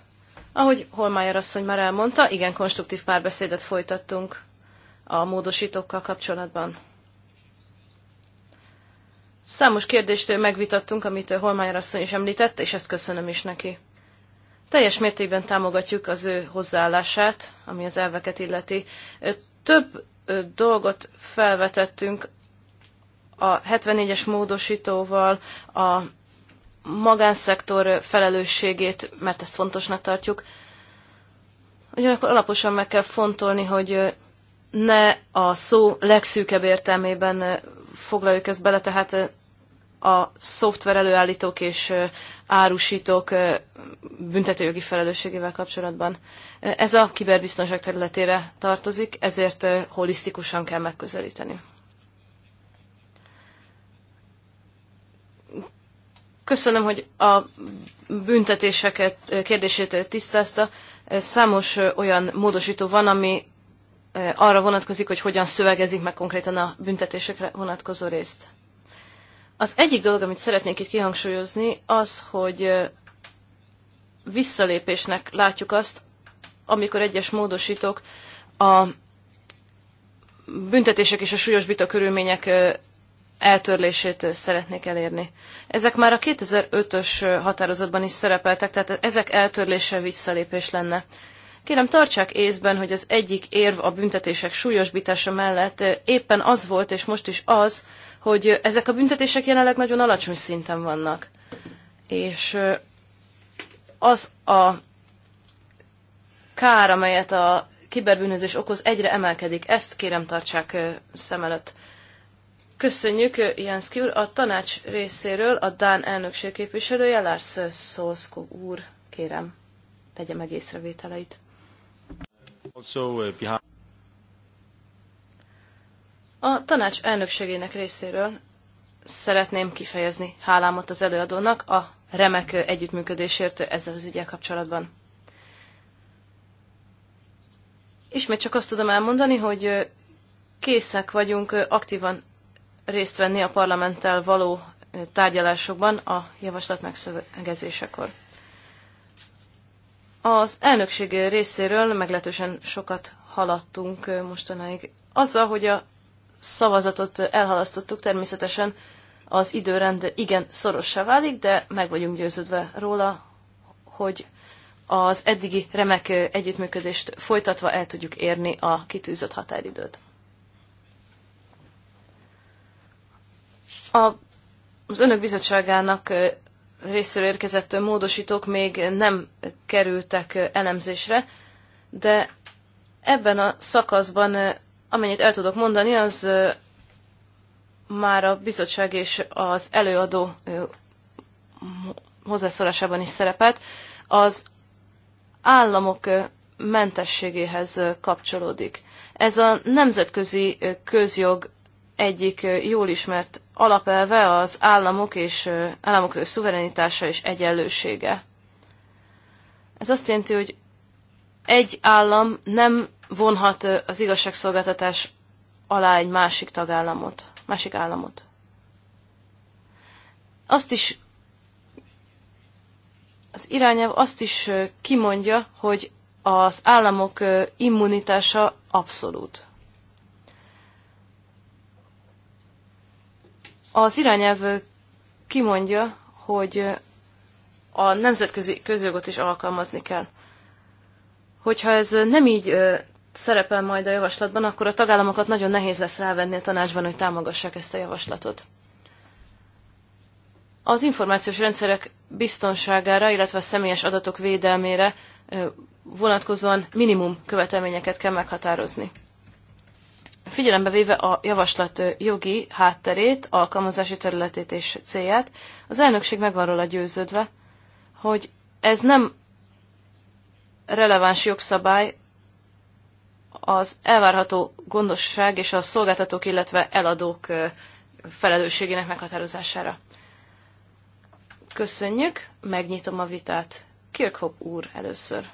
Ahogy Holmájer asszony már elmondta, igen konstruktív párbeszédet folytattunk a módosítókkal kapcsolatban. Számos kérdéstől megvitattunk, amit Holmányra asszony is említett, és ezt köszönöm is neki. Teljes mértékben támogatjuk az ő hozzáállását, ami az elveket illeti. Több dolgot felvetettünk a 74-es módosítóval, a magánszektor felelősségét, mert ezt fontosnak tartjuk. Ugyanakkor alaposan meg kell fontolni, hogy ne a szó legszűkebb értelmében eh, foglaljuk ezt bele, tehát eh, a szoftver előállítók és eh, árusítók büntetőjogi felelősségével kapcsolatban. Ez a kiberbiztonság területére tartozik, ezért holisztikusan kell megközelíteni. Köszönöm, hogy a büntetéseket kérdését tisztázta. Számos olyan módosító van, ami arra vonatkozik, hogy hogyan szövegezik meg konkrétan a büntetésekre vonatkozó részt. Az egyik dolog, amit szeretnék itt kihangsúlyozni, az, hogy visszalépésnek látjuk azt, amikor egyes módosítók a büntetések és a súlyosbító körülmények eltörlését szeretnék elérni. Ezek már a 2005-ös határozatban is szerepeltek, tehát ezek eltörlése visszalépés lenne. Kérem, tartsák észben, hogy az egyik érv a büntetések súlyosbítása mellett eh, éppen az volt, és most is az, hogy eh, ezek a büntetések jelenleg nagyon alacsony szinten vannak. És eh, az a kár, amelyet a kiberbűnözés okoz, egyre emelkedik. Ezt kérem tartsák szem előtt. Köszönjük, Janszki úr. A tanács részéről a Dán elnökség képviselője, Lars Szolszko úr, kérem, tegye meg észrevételeit. Uh, a tanács elnökségének részéről szeretném kifejezni hálámat az előadónak a remek együttműködésért ezzel az ügyel kapcsolatban. Ismét csak azt tudom elmondani, hogy uh, készek vagyunk uh, aktívan részt venni a parlamenttel való tárgyalásokban a javaslat megszövegezésekor. Az elnökség részéről meglehetősen sokat haladtunk mostanáig. Azzal, hogy a szavazatot elhalasztottuk, természetesen az időrend igen szorossá válik, de meg vagyunk győződve róla, hogy az eddigi remek együttműködést folytatva el tudjuk érni a kitűzött határidőt. A, az önök bizottságának részéről érkezett módosítók még nem kerültek elemzésre, de ebben a szakaszban, eh, amennyit el tudok mondani, az eh, már a bizottság és az előadó eh, hozzászólásában is szerepelt, az államok mentességéhez kapcsolódik. Ez a nemzetközi közjog egyik jól ismert alapelve az államok és államok szuverenitása és egyenlősége. Ez azt jelenti, hogy egy állam nem vonhat az igazságszolgáltatás alá egy másik tagállamot, másik államot. Azt is az irányelv azt is kimondja, hogy az államok immunitása abszolút. Az irányelv kimondja, hogy a nemzetközi közjogot is alkalmazni kell. Hogyha ez nem így szerepel majd a javaslatban, akkor a tagállamokat nagyon nehéz lesz rávenni a tanácsban, hogy támogassák ezt a javaslatot. Az információs rendszerek biztonságára, illetve a személyes adatok védelmére vonatkozóan minimum követelményeket kell meghatározni figyelembe véve a javaslat jogi hátterét, alkalmazási területét és célját, az elnökség meg van róla győződve, hogy ez nem releváns jogszabály az elvárható gondosság és a szolgáltatók, illetve eladók felelősségének meghatározására. Köszönjük, megnyitom a vitát. Kirkhope úr először.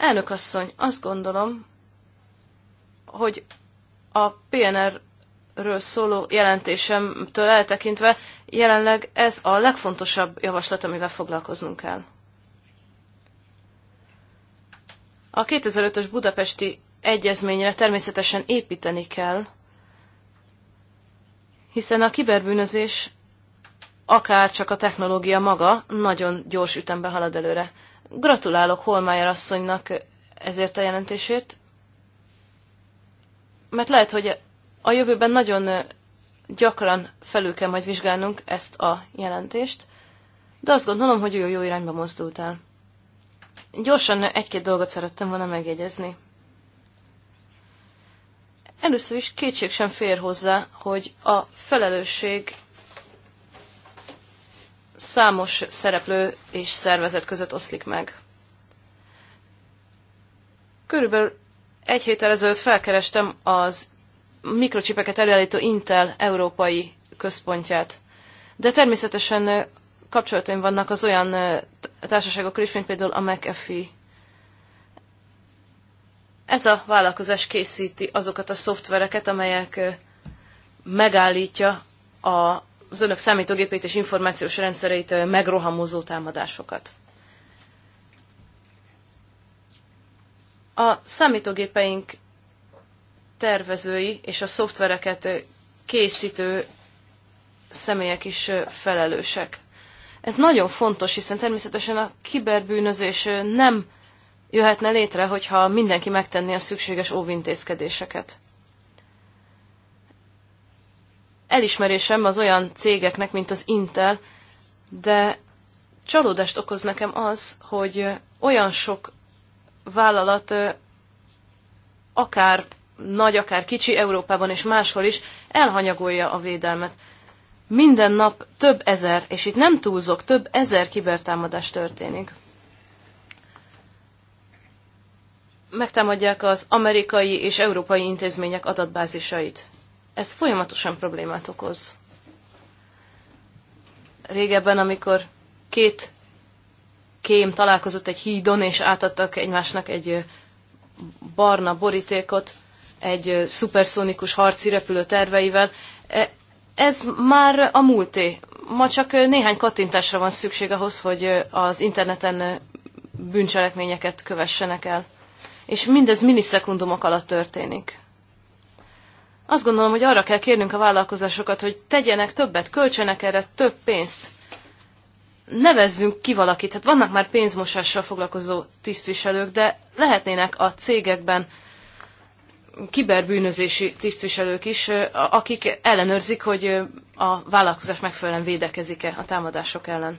Elnök asszony, azt gondolom, hogy a PNR-ről szóló jelentésemtől eltekintve jelenleg ez a legfontosabb javaslat, amivel foglalkoznunk kell. A 2005-ös budapesti egyezményre természetesen építeni kell, hiszen a kiberbűnözés akár csak a technológia maga nagyon gyors ütemben halad előre. Gratulálok Holmájer asszonynak ezért a jelentésért, mert lehet, hogy a jövőben nagyon gyakran felül kell majd vizsgálnunk ezt a jelentést, de azt gondolom, hogy jó, jó irányba mozdult el. Gyorsan egy-két dolgot szerettem volna megjegyezni. Először is kétség sem fér hozzá, hogy a felelősség számos szereplő és szervezet között oszlik meg. Körülbelül egy héttel ezelőtt felkerestem az mikrocsipeket előállító Intel európai központját. De természetesen kapcsolataim vannak az olyan társaságokkal is, mint például a McAfee. Ez a vállalkozás készíti azokat a szoftvereket, amelyek megállítja a az önök számítógépét és információs rendszereit megrohamozó támadásokat. A számítógépeink tervezői és a szoftvereket készítő személyek is felelősek. Ez nagyon fontos, hiszen természetesen a kiberbűnözés nem jöhetne létre, hogyha mindenki megtenné a szükséges óvintézkedéseket. elismerésem az olyan cégeknek, mint az Intel, de csalódást okoz nekem az, hogy olyan sok vállalat akár nagy, akár kicsi Európában és máshol is elhanyagolja a védelmet. Minden nap több ezer, és itt nem túlzok, több ezer kibertámadás történik. Megtámadják az amerikai és európai intézmények adatbázisait ez folyamatosan problémát okoz. Régebben, amikor két kém találkozott egy hídon, és átadtak egymásnak egy barna borítékot egy szuperszónikus harci repülő terveivel, e, ez már a múlté. Ma csak néhány kattintásra van szükség ahhoz, hogy az interneten bűncselekményeket kövessenek el. És mindez millisekundumok alatt történik. Azt gondolom, hogy arra kell kérnünk a vállalkozásokat, hogy tegyenek többet, költsenek erre több pénzt. Nevezzünk ki valakit, hát vannak már pénzmosással foglalkozó tisztviselők, de lehetnének a cégekben kiberbűnözési tisztviselők is, akik ellenőrzik, hogy a vállalkozás megfelelően védekezik-e a támadások ellen.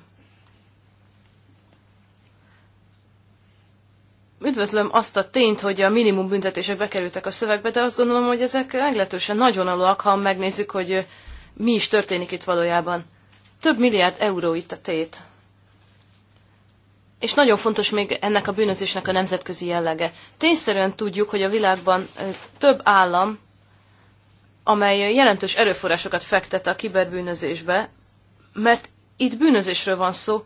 üdvözlöm azt a tényt, hogy a minimum büntetések bekerültek a szövegbe, de azt gondolom, hogy ezek meglehetősen alóak, ha megnézzük, hogy mi is történik itt valójában. Több milliárd euró itt a tét. És nagyon fontos még ennek a bűnözésnek a nemzetközi jellege. Tényszerűen tudjuk, hogy a világban több állam, amely jelentős erőforrásokat fektet a kiberbűnözésbe, mert itt bűnözésről van szó,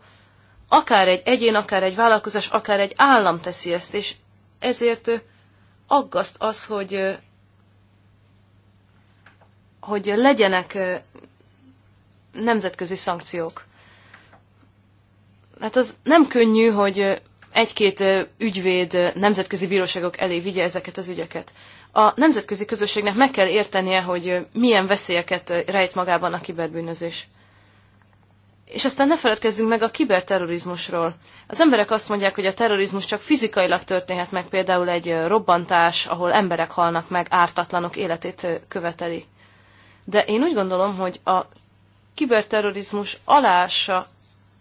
akár egy egyén, akár egy vállalkozás, akár egy állam teszi ezt, és ezért aggaszt az, hogy hogy legyenek nemzetközi szankciók. Hát az nem könnyű, hogy egy-két ügyvéd nemzetközi bíróságok elé vigye ezeket az ügyeket. A nemzetközi közösségnek meg kell értenie, hogy milyen veszélyeket rejt magában a kiberbűnözés. És aztán ne feledkezzünk meg a kiberterrorizmusról. Az emberek azt mondják, hogy a terrorizmus csak fizikailag történhet meg, például egy robbantás, ahol emberek halnak meg, ártatlanok életét követeli. De én úgy gondolom, hogy a kiberterrorizmus alása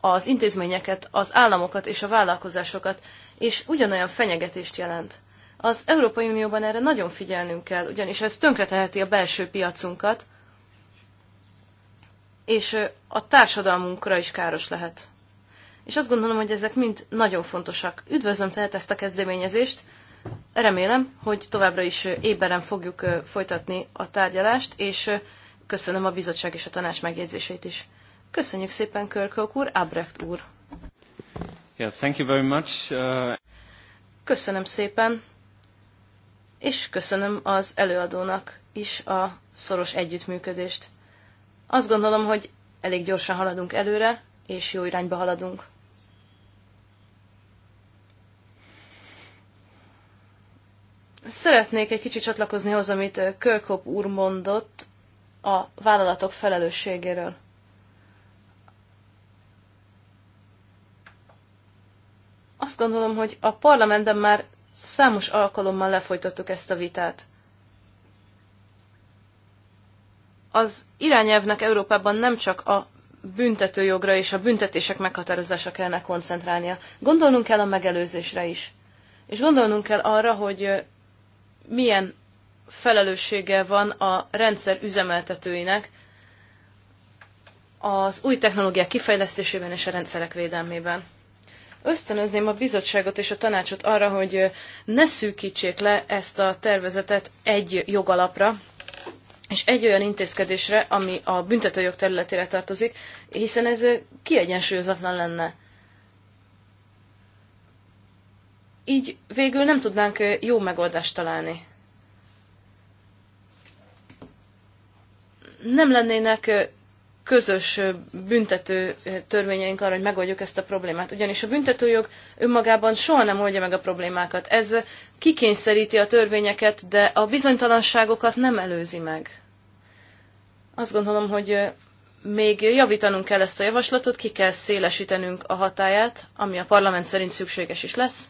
az intézményeket, az államokat és a vállalkozásokat, és ugyanolyan fenyegetést jelent. Az Európai Unióban erre nagyon figyelnünk kell, ugyanis ez tönkreteheti a belső piacunkat, és a társadalmunkra is káros lehet. És azt gondolom, hogy ezek mind nagyon fontosak. Üdvözlöm tehát ezt a kezdeményezést. Remélem, hogy továbbra is éberen fogjuk folytatni a tárgyalást, és köszönöm a bizottság és a tanács megjegyzéseit is. Köszönjük szépen, Körkök úr, Abrecht úr. Yes, thank you very much. Uh... Köszönöm szépen, és köszönöm az előadónak is a szoros együttműködést. Azt gondolom, hogy elég gyorsan haladunk előre, és jó irányba haladunk. Szeretnék egy kicsit csatlakozni hozzá, amit Körkop úr mondott a vállalatok felelősségéről. Azt gondolom, hogy a parlamentben már számos alkalommal lefolytottuk ezt a vitát. Az irányelvnek Európában nem csak a büntetőjogra és a büntetések meghatározása kellene koncentrálnia. Gondolnunk kell a megelőzésre is. És gondolnunk kell arra, hogy milyen felelőssége van a rendszer üzemeltetőinek az új technológiák kifejlesztésében és a rendszerek védelmében. Ösztönözném a bizottságot és a tanácsot arra, hogy ne szűkítsék le ezt a tervezetet egy jogalapra, és egy olyan intézkedésre, ami a büntetőjog területére tartozik, hiszen ez kiegyensúlyozatlan lenne. Így végül nem tudnánk jó megoldást találni. Nem lennének közös büntető törvényeink arra, hogy megoldjuk ezt a problémát. Ugyanis a büntetőjog önmagában soha nem oldja meg a problémákat. Ez kikényszeríti a törvényeket, de a bizonytalanságokat nem előzi meg. Azt gondolom, hogy még javítanunk kell ezt a javaslatot, ki kell szélesítenünk a hatáját, ami a parlament szerint szükséges is lesz,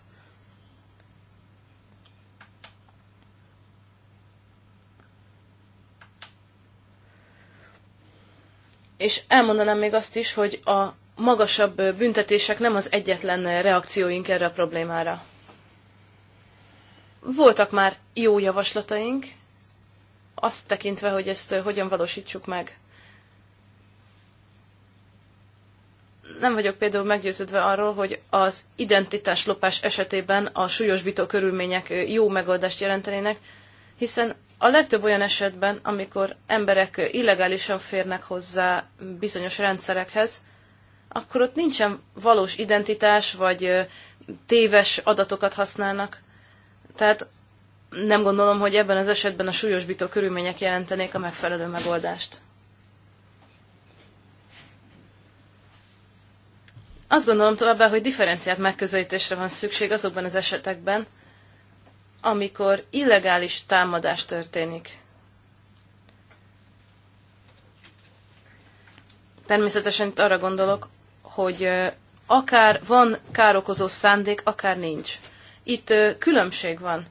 És elmondanám még azt is, hogy a magasabb büntetések nem az egyetlen reakcióink erre a problémára. Voltak már jó javaslataink, azt tekintve, hogy ezt hogyan valósítsuk meg. Nem vagyok például meggyőződve arról, hogy az identitáslopás esetében a súlyosbító körülmények jó megoldást jelentenének, hiszen a legtöbb olyan esetben, amikor emberek illegálisan férnek hozzá bizonyos rendszerekhez, akkor ott nincsen valós identitás, vagy téves adatokat használnak. Tehát nem gondolom, hogy ebben az esetben a súlyosbító körülmények jelentenék a megfelelő megoldást. Azt gondolom továbbá, hogy differenciált megközelítésre van szükség azokban az esetekben, amikor illegális támadás történik. Természetesen itt arra gondolok, hogy akár van károkozó szándék, akár nincs. Itt különbség van.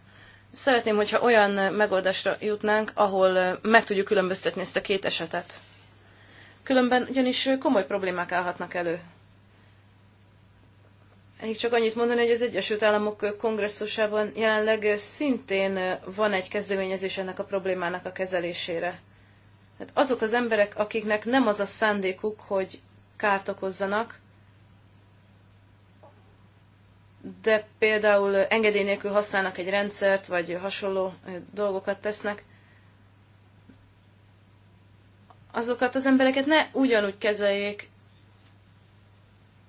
Szeretném, hogyha olyan megoldásra jutnánk, ahol meg tudjuk különböztetni ezt a két esetet. Különben ugyanis komoly problémák állhatnak elő. Elég csak annyit mondani, hogy az Egyesült Államok kongresszusában jelenleg szintén van egy kezdeményezés ennek a problémának a kezelésére. Hát azok az emberek, akiknek nem az a szándékuk, hogy kárt okozzanak, de például engedély nélkül használnak egy rendszert, vagy hasonló dolgokat tesznek, azokat az embereket ne ugyanúgy kezeljék,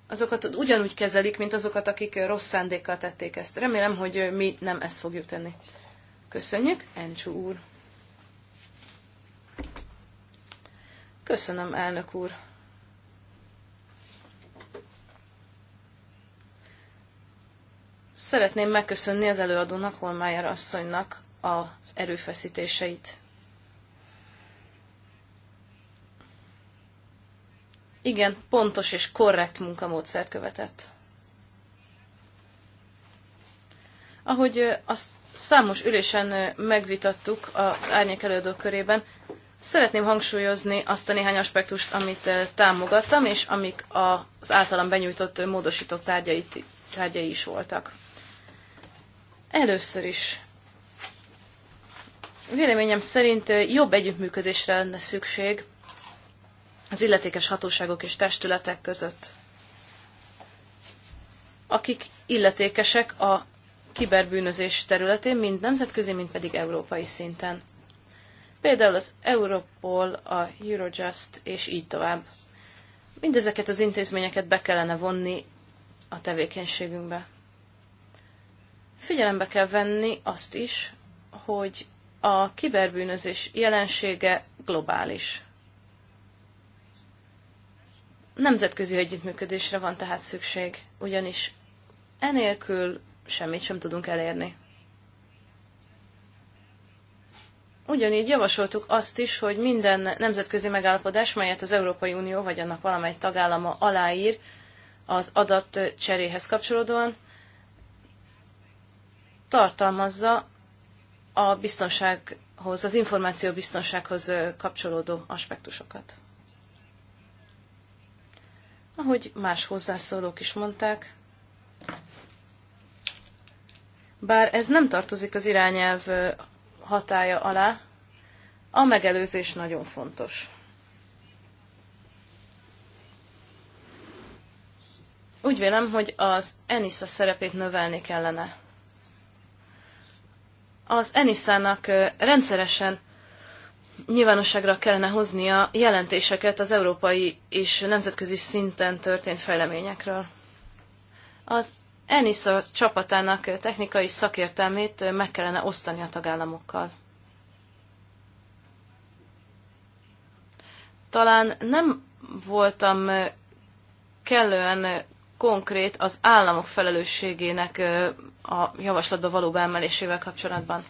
azokat ugyanúgy kezelik, mint azokat, akik rossz szándékkal tették ezt. Remélem, hogy mi nem ezt fogjuk tenni. Köszönjük, Encsú úr. Köszönöm, elnök úr. Szeretném megköszönni az előadónak, Holmájer asszonynak az erőfeszítéseit. igen pontos és korrekt munkamódszert követett. Ahogy azt számos ülésen megvitattuk az árnyék előadók körében, szeretném hangsúlyozni azt a néhány aspektust, amit támogattam, és amik az általam benyújtott módosított tárgyai, tárgyai is voltak. Először is Véleményem szerint jobb együttműködésre lenne szükség az illetékes hatóságok és testületek között, akik illetékesek a kiberbűnözés területén, mind nemzetközi, mind pedig európai szinten. Például az Europol, a Eurojust, és így tovább. Mindezeket az intézményeket be kellene vonni a tevékenységünkbe. Figyelembe kell venni azt is, hogy a kiberbűnözés jelensége globális. Nemzetközi együttműködésre van tehát szükség, ugyanis enélkül semmit sem tudunk elérni. Ugyanígy javasoltuk azt is, hogy minden nemzetközi megállapodás, melyet az Európai Unió vagy annak valamely tagállama aláír az adat cseréhez kapcsolódóan, tartalmazza a biztonsághoz, az információ biztonsághoz kapcsolódó aspektusokat. Ahogy más hozzászólók is mondták, bár ez nem tartozik az irányelv hatája alá, a megelőzés nagyon fontos. Úgy vélem, hogy az Enisza szerepét növelni kellene. Az Enisza-nak rendszeresen nyilvánosságra kellene hoznia jelentéseket az európai és nemzetközi szinten történt fejleményekről. Az ENISA csapatának technikai szakértelmét meg kellene osztani a tagállamokkal. Talán nem voltam kellően konkrét az államok felelősségének a javaslatba való beemelésével kapcsolatban.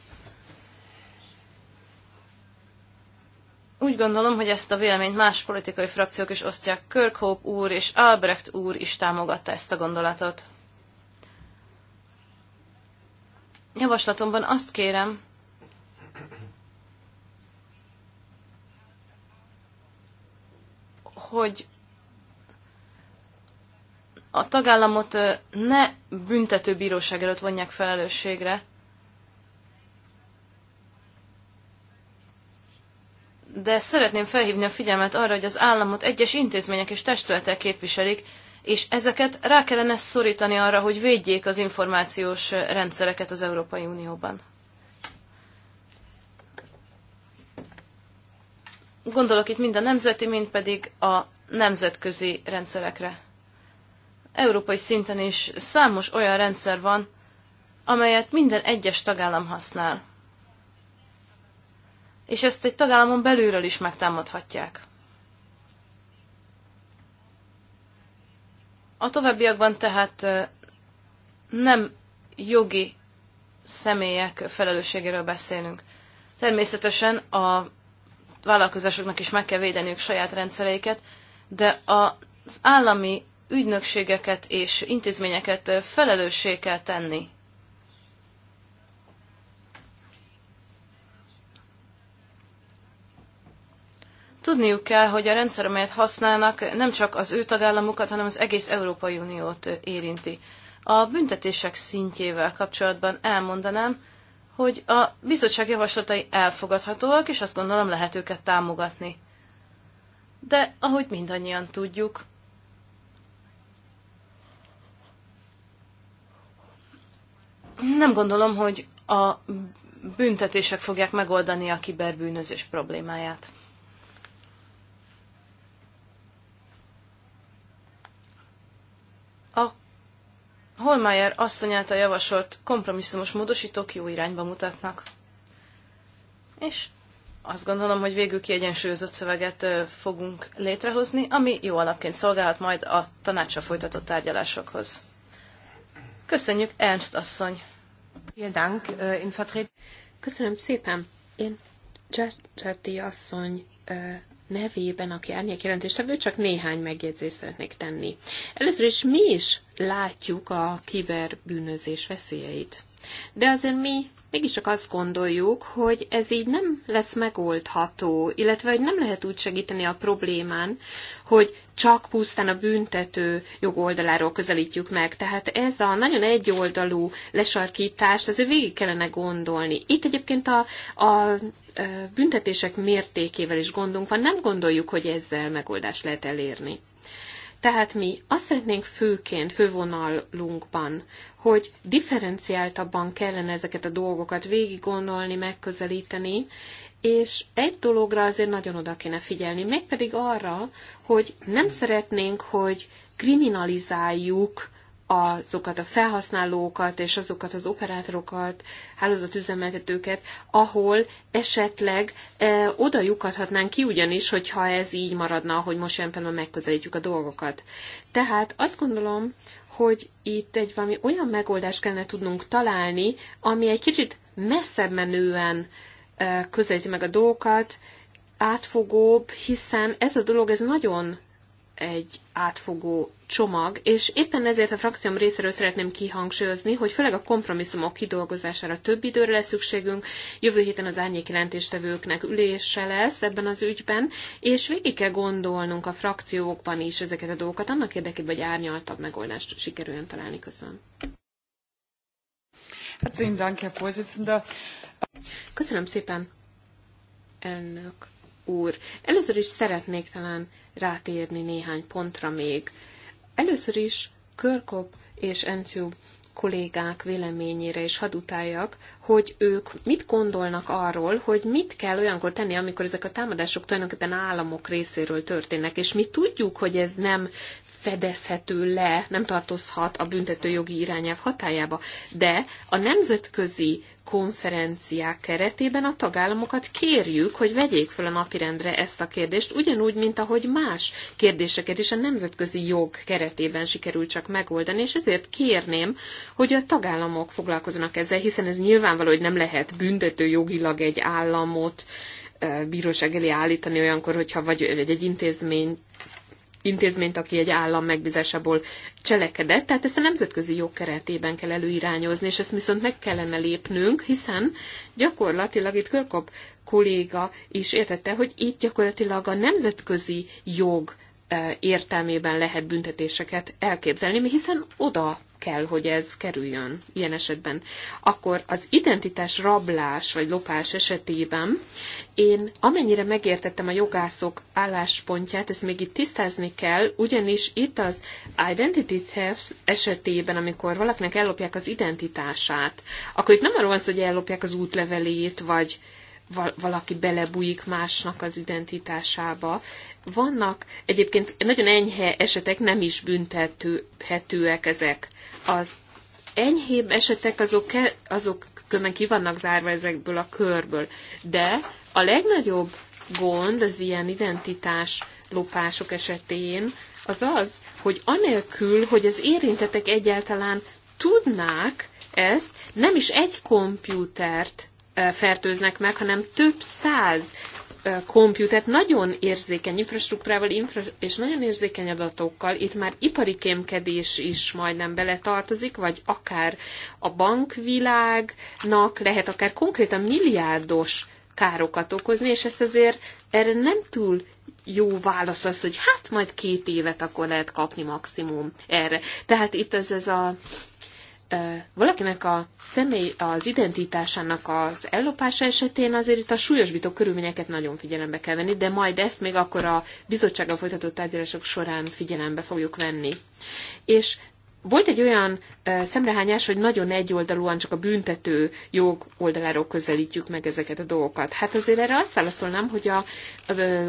Úgy gondolom, hogy ezt a véleményt más politikai frakciók is osztják. Kirkhope úr és Albrecht úr is támogatta ezt a gondolatot. Javaslatomban azt kérem, hogy a tagállamot ne büntető bíróság előtt vonják felelősségre, de szeretném felhívni a figyelmet arra, hogy az államot egyes intézmények és testületek képviselik, és ezeket rá kellene szorítani arra, hogy védjék az információs rendszereket az Európai Unióban. Gondolok itt mind a nemzeti, mind pedig a nemzetközi rendszerekre. Európai szinten is számos olyan rendszer van, amelyet minden egyes tagállam használ és ezt egy tagállamon belülről is megtámadhatják. A továbbiakban tehát nem jogi személyek felelősségéről beszélünk. Természetesen a vállalkozásoknak is meg kell védeniük saját rendszereiket, de az állami ügynökségeket és intézményeket felelősség kell tenni Tudniuk kell, hogy a rendszer, amelyet használnak, nem csak az ő tagállamukat, hanem az egész Európai Uniót érinti. A büntetések szintjével kapcsolatban elmondanám, hogy a bizottság javaslatai elfogadhatóak, és azt gondolom lehet őket támogatni. De ahogy mindannyian tudjuk, nem gondolom, hogy a büntetések fogják megoldani a kiberbűnözés problémáját. A Holmeyer asszony által javasolt kompromisszumos módosítók jó irányba mutatnak. És azt gondolom, hogy végül kiegyensúlyozott szöveget fogunk létrehozni, ami jó alapként szolgálhat majd a tanácsa folytatott tárgyalásokhoz. Köszönjük, Ernst asszony! Äh, Köszönöm szépen! Én Csárti asszony nevében, aki árnyék jelentéstevő, csak néhány megjegyzést szeretnék tenni. Először is mi is látjuk a kiberbűnözés veszélyeit de azért mi mégiscsak azt gondoljuk, hogy ez így nem lesz megoldható, illetve hogy nem lehet úgy segíteni a problémán, hogy csak pusztán a büntető jogoldaláról közelítjük meg. Tehát ez a nagyon egyoldalú lesarkítás, azért végig kellene gondolni. Itt egyébként a, a büntetések mértékével is gondunk van, nem gondoljuk, hogy ezzel megoldást lehet elérni. Tehát mi azt szeretnénk főként, fővonalunkban, hogy differenciáltabban kellene ezeket a dolgokat végig gondolni, megközelíteni, és egy dologra azért nagyon oda kéne figyelni, mégpedig arra, hogy nem szeretnénk, hogy kriminalizáljuk azokat a felhasználókat és azokat az operátorokat, hálózatüzemeltetőket, ahol esetleg e, oda lyukadhatnánk ki ugyanis, hogyha ez így maradna, hogy most jelen pillanatban megközelítjük a dolgokat. Tehát azt gondolom, hogy itt egy valami olyan megoldást kellene tudnunk találni, ami egy kicsit messzebb menően e, közelíti meg a dolgokat, átfogóbb, hiszen ez a dolog ez nagyon egy átfogó csomag, és éppen ezért a frakcióm részéről szeretném kihangsúlyozni, hogy főleg a kompromisszumok kidolgozására több időre lesz szükségünk, jövő héten az árnyék jelentéstevőknek ülése lesz ebben az ügyben, és végig kell gondolnunk a frakciókban is ezeket a dolgokat, annak érdekében, hogy árnyaltabb megoldást sikerüljön találni. Köszönöm. Köszönöm szépen, elnök úr. Először is szeretnék talán rátérni néhány pontra még. Először is Körkop és Entube kollégák véleményére is hadutáljak, hogy ők mit gondolnak arról, hogy mit kell olyankor tenni, amikor ezek a támadások tulajdonképpen államok részéről történnek, és mi tudjuk, hogy ez nem fedezhető le, nem tartozhat a büntetőjogi irányelv hatájába, de a nemzetközi konferenciák keretében a tagállamokat kérjük, hogy vegyék fel a napirendre ezt a kérdést, ugyanúgy, mint ahogy más kérdéseket is a nemzetközi jog keretében sikerül csak megoldani, és ezért kérném, hogy a tagállamok foglalkozzanak ezzel, hiszen ez nyilvánvaló, hogy nem lehet büntető jogilag egy államot bíróság elé állítani olyankor, hogyha vagy egy intézmény intézményt, aki egy állam megbízásából cselekedett. Tehát ezt a nemzetközi jog keretében kell előirányozni, és ezt viszont meg kellene lépnünk, hiszen gyakorlatilag itt Körkop kolléga is értette, hogy itt gyakorlatilag a nemzetközi jog eh, értelmében lehet büntetéseket elképzelni, hiszen oda kell, hogy ez kerüljön ilyen esetben. Akkor az identitás rablás vagy lopás esetében én amennyire megértettem a jogászok álláspontját, ezt még itt tisztázni kell, ugyanis itt az identity theft esetében, amikor valakinek ellopják az identitását, akkor itt nem arról van szó, hogy ellopják az útlevelét, vagy valaki belebújik másnak az identitásába, vannak egyébként nagyon enyhe esetek, nem is büntethetőek ezek. Az enyhébb esetek azok, azok kömen ki vannak zárva ezekből a körből, de a legnagyobb gond az ilyen identitás lopások esetén az az, hogy anélkül, hogy az érintetek egyáltalán tudnák ezt, nem is egy kompjútert eh, fertőznek meg, hanem több száz kompjúter nagyon érzékeny infrastruktúrával infra és nagyon érzékeny adatokkal, itt már ipari kémkedés is majdnem beletartozik, vagy akár a bankvilágnak lehet akár konkrétan milliárdos károkat okozni, és ezt azért erre nem túl jó válasz az, hogy hát majd két évet akkor lehet kapni maximum erre. Tehát itt ez, ez a valakinek a személy, az identitásának az ellopása esetén azért itt a súlyosbító körülményeket nagyon figyelembe kell venni, de majd ezt még akkor a bizottsággal folytatott tárgyalások során figyelembe fogjuk venni. És volt egy olyan szemrehányás, hogy nagyon egyoldalúan csak a büntető jog oldaláról közelítjük meg ezeket a dolgokat. Hát azért erre azt válaszolnám, hogy a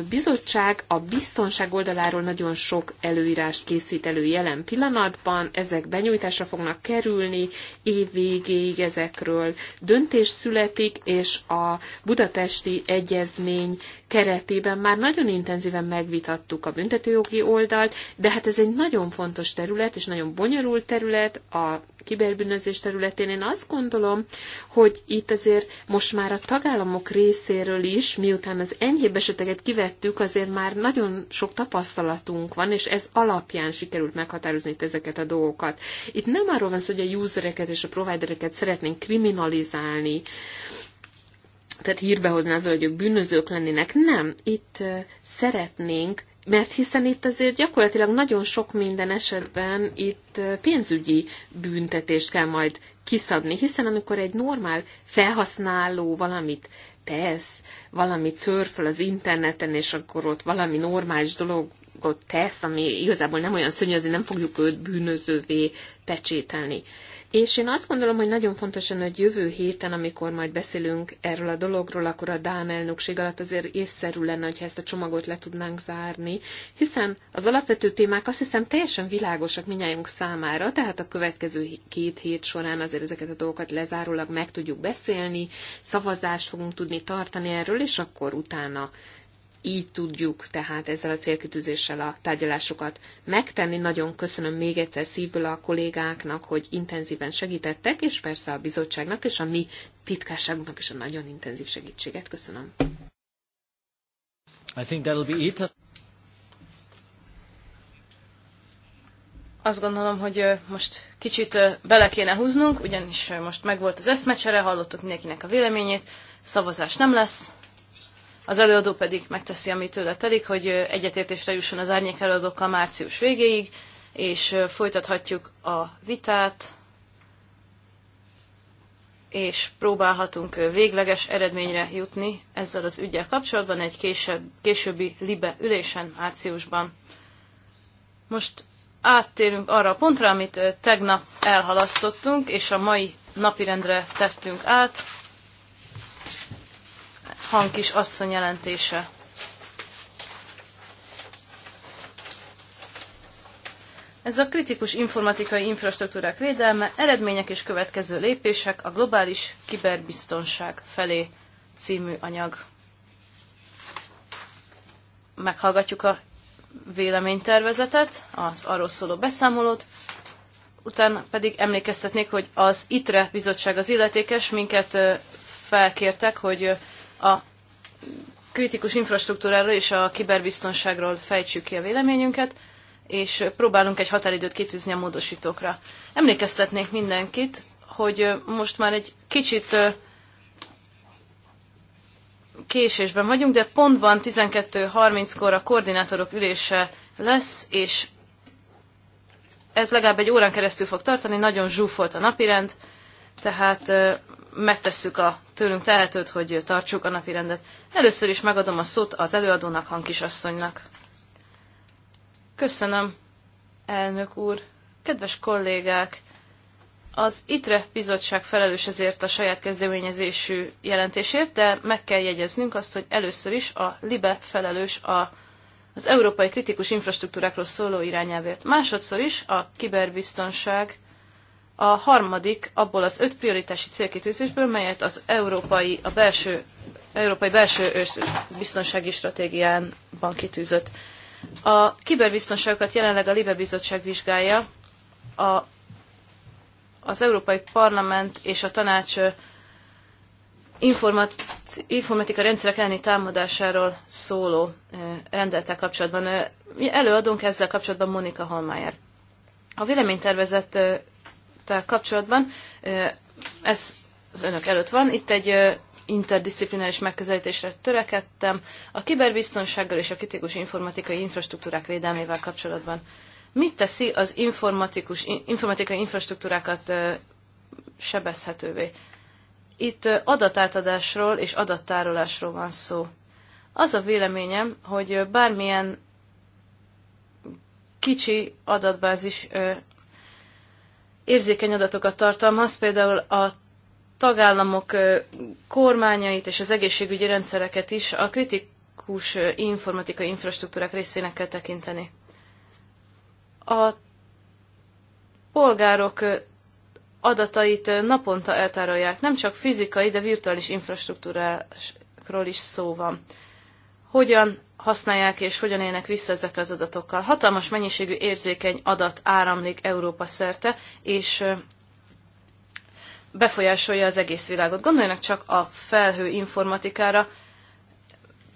bizottság a biztonság oldaláról nagyon sok előírást készít elő jelen pillanatban, ezek benyújtásra fognak kerülni, év végéig ezekről döntés születik, és a budapesti egyezmény keretében már nagyon intenzíven megvitattuk a büntetőjogi oldalt, de hát ez egy nagyon fontos terület, és nagyon bonyolult, bonyolult terület, a kiberbűnözés területén én azt gondolom, hogy itt azért most már a tagállamok részéről is, miután az enyhébb eseteket kivettük, azért már nagyon sok tapasztalatunk van, és ez alapján sikerült meghatározni itt ezeket a dolgokat. Itt nem arról van szó, hogy a usereket és a providereket szeretnénk kriminalizálni, tehát hírbehozni azzal, hogy ők bűnözők lennének. Nem, itt szeretnénk mert hiszen itt azért gyakorlatilag nagyon sok minden esetben itt pénzügyi büntetést kell majd kiszabni, hiszen amikor egy normál felhasználó valamit tesz, valamit szörföl az interneten, és akkor ott valami normális dologot tesz, ami igazából nem olyan szörnyű, azért nem fogjuk őt bűnözővé pecsételni. És én azt gondolom, hogy nagyon fontosan, hogy jövő héten, amikor majd beszélünk erről a dologról, akkor a Dán elnökség alatt azért észszerű lenne, hogyha ezt a csomagot le tudnánk zárni, hiszen az alapvető témák azt hiszem teljesen világosak minnyájunk számára, tehát a következő két hét során azért ezeket a dolgokat lezárólag meg tudjuk beszélni, szavazást fogunk tudni tartani erről, és akkor utána így tudjuk tehát ezzel a célkitűzéssel a tárgyalásokat megtenni. Nagyon köszönöm még egyszer szívből a kollégáknak, hogy intenzíven segítettek, és persze a bizottságnak és a mi titkárságunknak is a nagyon intenzív segítséget. Köszönöm. I think that'll be it. Azt gondolom, hogy most kicsit bele kéne húznunk, ugyanis most megvolt az eszmecsere, hallottuk mindenkinek a véleményét, szavazás nem lesz, az előadó pedig megteszi, amit tőle telik, hogy egyetértésre jusson az árnyék előadókkal március végéig, és folytathatjuk a vitát, és próbálhatunk végleges eredményre jutni ezzel az ügyel kapcsolatban egy később, későbbi libe ülésen márciusban. Most áttérünk arra a pontra, amit tegnap elhalasztottunk, és a mai napirendre tettünk át. Hankis asszony jelentése. Ez a kritikus informatikai infrastruktúrák védelme, eredmények és következő lépések a globális kiberbiztonság felé című anyag. Meghallgatjuk a véleménytervezetet, az arról szóló beszámolót, utána pedig emlékeztetnék, hogy az ITRE bizottság az illetékes, minket felkértek, hogy a kritikus infrastruktúráról és a kiberbiztonságról fejtsük ki a véleményünket, és próbálunk egy határidőt kitűzni a módosítókra. Emlékeztetnék mindenkit, hogy most már egy kicsit késésben vagyunk, de pontban 12.30-kor a koordinátorok ülése lesz, és ez legalább egy órán keresztül fog tartani, nagyon zsúfolt a napirend, tehát megtesszük a tőlünk tehetőt, hogy tartsuk a napi rendet. Először is megadom a szót az előadónak, hangkisasszonynak. Köszönöm, elnök úr. Kedves kollégák, az ITRE bizottság felelős ezért a saját kezdeményezésű jelentésért, de meg kell jegyeznünk azt, hogy először is a LIBE felelős a, az európai kritikus infrastruktúrákról szóló irányelvért. Másodszor is a kiberbiztonság a harmadik abból az öt prioritási célkitűzésből, melyet az európai, a belső, európai belső biztonsági stratégiánban kitűzött. A kiberbiztonságokat jelenleg a Libe Bizottság vizsgálja, a, az Európai Parlament és a Tanács informat, informatika rendszerek elleni támadásáról szóló rendeltel kapcsolatban. Előadunk ezzel kapcsolatban Monika Halmájer. A véleménytervezet javaslattal kapcsolatban. Ez az önök előtt van. Itt egy interdisziplináris megközelítésre törekedtem a kiberbiztonsággal és a kritikus informatikai infrastruktúrák védelmével kapcsolatban. Mit teszi az informatikus, informatikai infrastruktúrákat sebezhetővé? Itt adatátadásról és adattárolásról van szó. Az a véleményem, hogy bármilyen kicsi adatbázis érzékeny adatokat tartalmaz, például a tagállamok kormányait és az egészségügyi rendszereket is a kritikus informatikai infrastruktúrák részének kell tekinteni. A polgárok adatait naponta eltárolják, nem csak fizikai, de virtuális infrastruktúrákról is szó van. Hogyan használják és hogyan élnek vissza ezek az adatokkal. Hatalmas mennyiségű érzékeny adat áramlik Európa szerte, és befolyásolja az egész világot. Gondoljanak csak a felhő informatikára.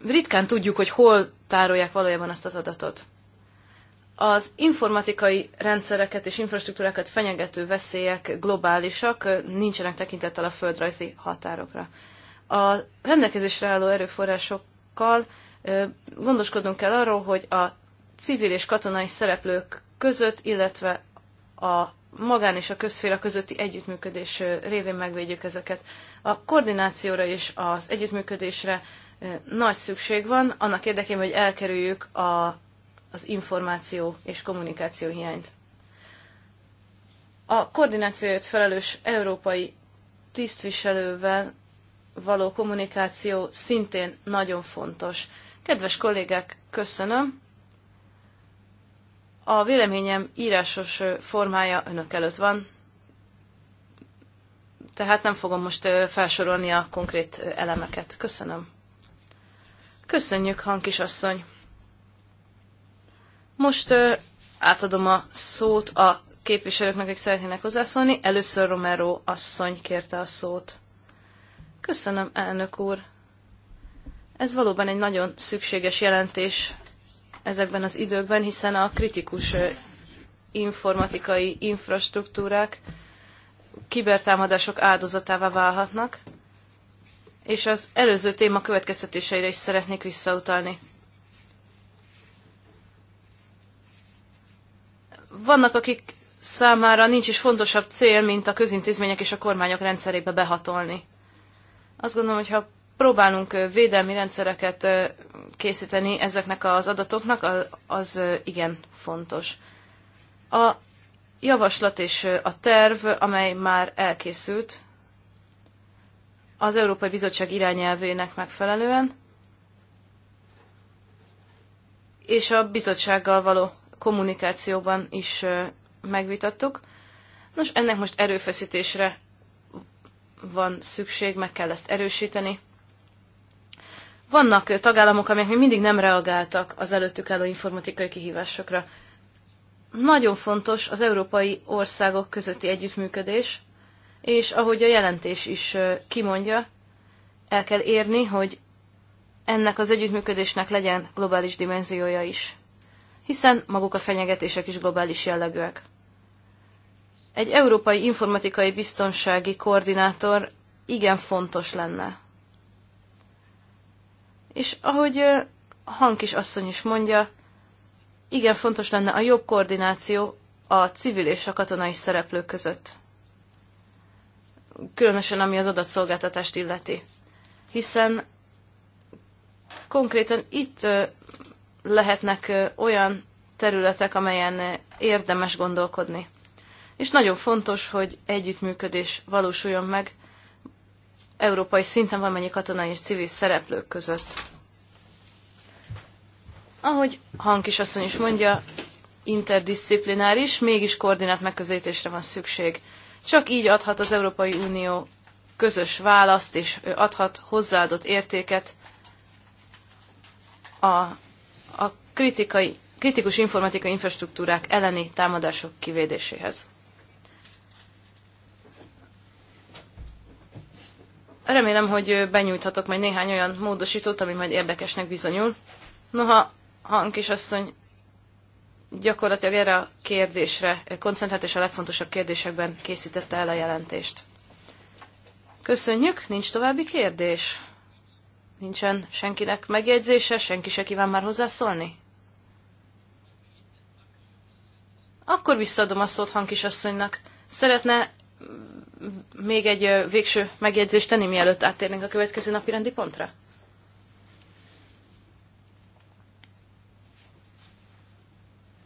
Ritkán tudjuk, hogy hol tárolják valójában azt az adatot. Az informatikai rendszereket és infrastruktúrákat fenyegető veszélyek globálisak, nincsenek tekintettel a földrajzi határokra. A rendelkezésre álló erőforrásokkal gondoskodnunk kell arról, hogy a civil és katonai szereplők között, illetve a magán és a közféra közötti együttműködés révén megvédjük ezeket. A koordinációra és az együttműködésre nagy szükség van, annak érdekében, hogy elkerüljük a, az információ és kommunikáció hiányt. A koordinációért felelős európai tisztviselővel való kommunikáció szintén nagyon fontos. Kedves kollégák, köszönöm. A véleményem írásos formája önök előtt van, tehát nem fogom most felsorolni a konkrét elemeket. Köszönöm. Köszönjük, Hankis asszony. Most átadom a szót a képviselőknek, akik szeretnének hozzászólni. Először Romero asszony kérte a szót. Köszönöm, elnök úr. Ez valóban egy nagyon szükséges jelentés ezekben az időkben, hiszen a kritikus informatikai infrastruktúrák kibertámadások áldozatává válhatnak, és az előző téma következtetéseire is szeretnék visszautalni. Vannak, akik számára nincs is fontosabb cél, mint a közintézmények és a kormányok rendszerébe behatolni. Azt gondolom, hogy ha próbálunk védelmi rendszereket készíteni ezeknek az adatoknak, az igen fontos. A javaslat és a terv, amely már elkészült, az Európai Bizottság irányelvének megfelelően, és a bizottsággal való kommunikációban is megvitattuk. Nos, ennek most erőfeszítésre van szükség, meg kell ezt erősíteni. Vannak tagállamok, amelyek még mindig nem reagáltak az előttük álló informatikai kihívásokra. Nagyon fontos az európai országok közötti együttműködés, és ahogy a jelentés is kimondja, el kell érni, hogy ennek az együttműködésnek legyen globális dimenziója is. Hiszen maguk a fenyegetések is globális jellegűek. Egy európai informatikai biztonsági koordinátor igen fontos lenne. És ahogy Hankis asszony is mondja, igen fontos lenne a jobb koordináció a civil és a katonai szereplők között. Különösen ami az adatszolgáltatást illeti. Hiszen konkrétan itt lehetnek olyan területek, amelyen érdemes gondolkodni. És nagyon fontos, hogy együttműködés valósuljon meg európai szinten valamennyi katonai és civil szereplők között. Ahogy Hank is asszony is mondja, interdisziplináris, mégis koordinált megközelítésre van szükség. Csak így adhat az Európai Unió közös választ, és adhat hozzáadott értéket a, a kritikai, kritikus informatikai infrastruktúrák elleni támadások kivédéséhez. Remélem, hogy benyújthatok majd néhány olyan módosítót, ami majd érdekesnek bizonyul. Noha, Hank is asszony gyakorlatilag erre a kérdésre koncentrált és a legfontosabb kérdésekben készítette el a jelentést. Köszönjük, nincs további kérdés? Nincsen senkinek megjegyzése, senki se kíván már hozzászólni? Akkor visszaadom a szót hangkisasszonynak. Szeretne még egy végső megjegyzést tenni, mielőtt áttérnénk a következő napi rendi pontra?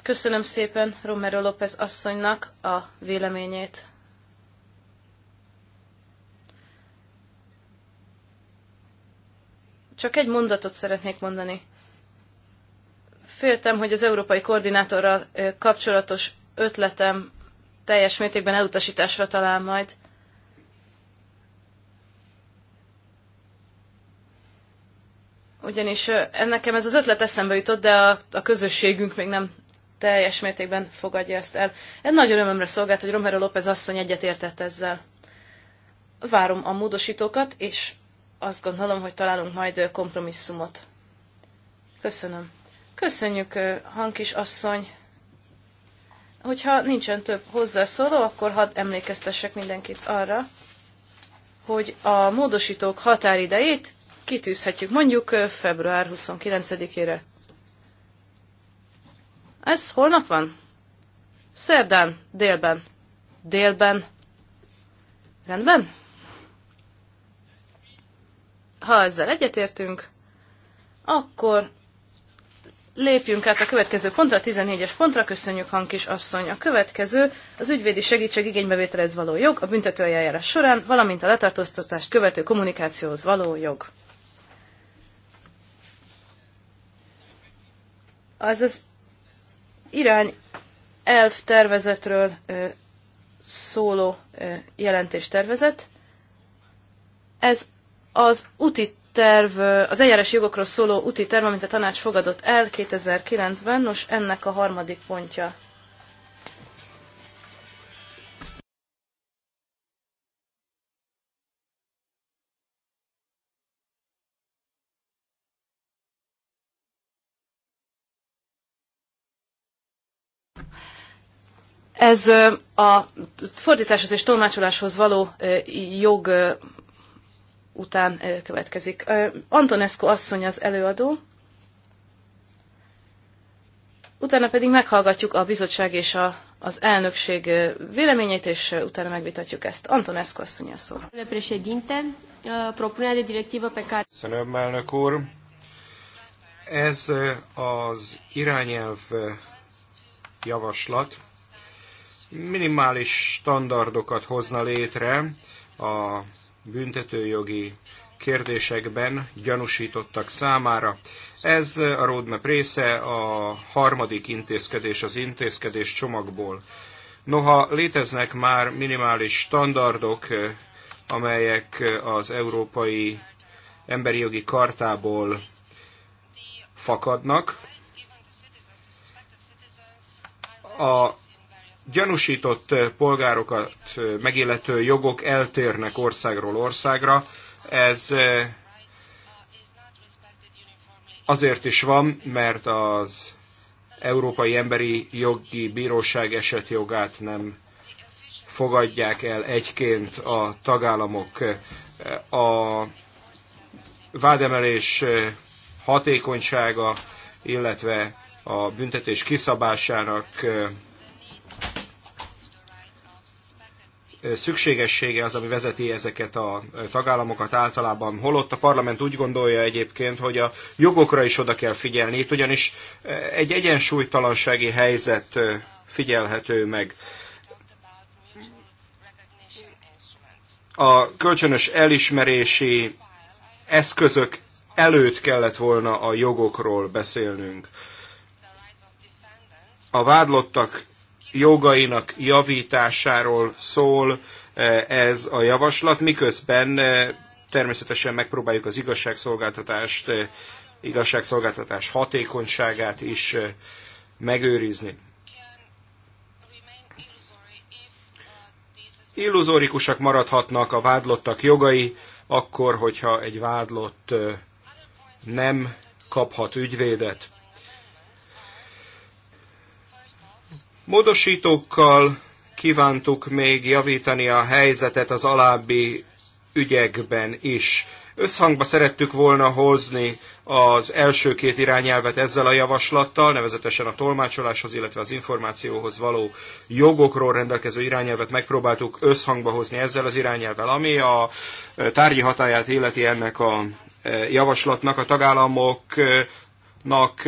Köszönöm szépen Romero López asszonynak a véleményét. Csak egy mondatot szeretnék mondani. Féltem, hogy az európai koordinátorral kapcsolatos ötletem teljes mértékben elutasításra talál majd. ugyanis nekem ez az ötlet eszembe jutott, de a, a közösségünk még nem teljes mértékben fogadja ezt el. Egy nagy örömömre szolgált, hogy Romero López asszony egyetértett ezzel. Várom a módosítókat, és azt gondolom, hogy találunk majd kompromisszumot. Köszönöm. Köszönjük, Hankis asszony. Hogyha nincsen több hozzászóló, akkor hadd emlékeztessek mindenkit arra, hogy a módosítók határidejét kitűzhetjük mondjuk február 29-ére. Ez holnap van? Szerdán, délben. Délben. Rendben? Ha ezzel egyetértünk, akkor lépjünk át a következő pontra, a 14-es pontra, köszönjük Hankis asszony. A következő az ügyvédi segítség igénybevételhez való jog, a büntetőeljárás során, valamint a letartóztatást követő kommunikációhoz való jog. az az irány elf tervezetről szóló jelentés tervezet. Ez az úti terv, az eljárás jogokról szóló úti terv, amit a tanács fogadott el 2009-ben, nos ennek a harmadik pontja. Ez a fordításhoz és tolmácsoláshoz való jog után következik. Antonescu asszony az előadó, utána pedig meghallgatjuk a bizottság és a, az elnökség véleményét, és utána megvitatjuk ezt. Antonescu asszony a szó. Köszönöm, elnök úr. Ez az irányelv javaslat, minimális standardokat hozna létre a büntetőjogi kérdésekben gyanúsítottak számára. Ez a roadmap része a harmadik intézkedés az intézkedés csomagból. Noha léteznek már minimális standardok, amelyek az Európai Emberi Jogi Kartából fakadnak, a gyanúsított eh, polgárokat eh, megillető jogok eltérnek országról országra. Ez eh, azért is van, mert az Európai Emberi Jogi Bíróság esetjogát nem fogadják el egyként a tagállamok. A vádemelés hatékonysága, illetve a büntetés kiszabásának szükségessége az, ami vezeti ezeket a tagállamokat általában. Holott a parlament úgy gondolja egyébként, hogy a jogokra is oda kell figyelni, itt ugyanis eh, egy egyensúlytalansági helyzet eh, figyelhető meg. A kölcsönös elismerési eszközök előtt kellett volna a jogokról beszélnünk. A vádlottak jogainak javításáról szól e, ez a javaslat, miközben e, természetesen megpróbáljuk az igazságszolgáltatást, e, igazságszolgáltatás hatékonyságát is megőrizni. Illuzórikusak maradhatnak a vádlottak jogai, akkor, hogyha egy vádlott nem kaphat ügyvédet. Módosítókkal kívántuk még javítani a helyzetet az alábbi ügyekben is. Összhangba szerettük volna hozni az első két irányelvet ezzel a javaslattal, nevezetesen a tolmácsoláshoz, illetve az információhoz való jogokról rendelkező irányelvet megpróbáltuk összhangba hozni ezzel az irányelvel, ami a tárgyi hatáját illeti ennek a e, javaslatnak. A tagállamok e, Nak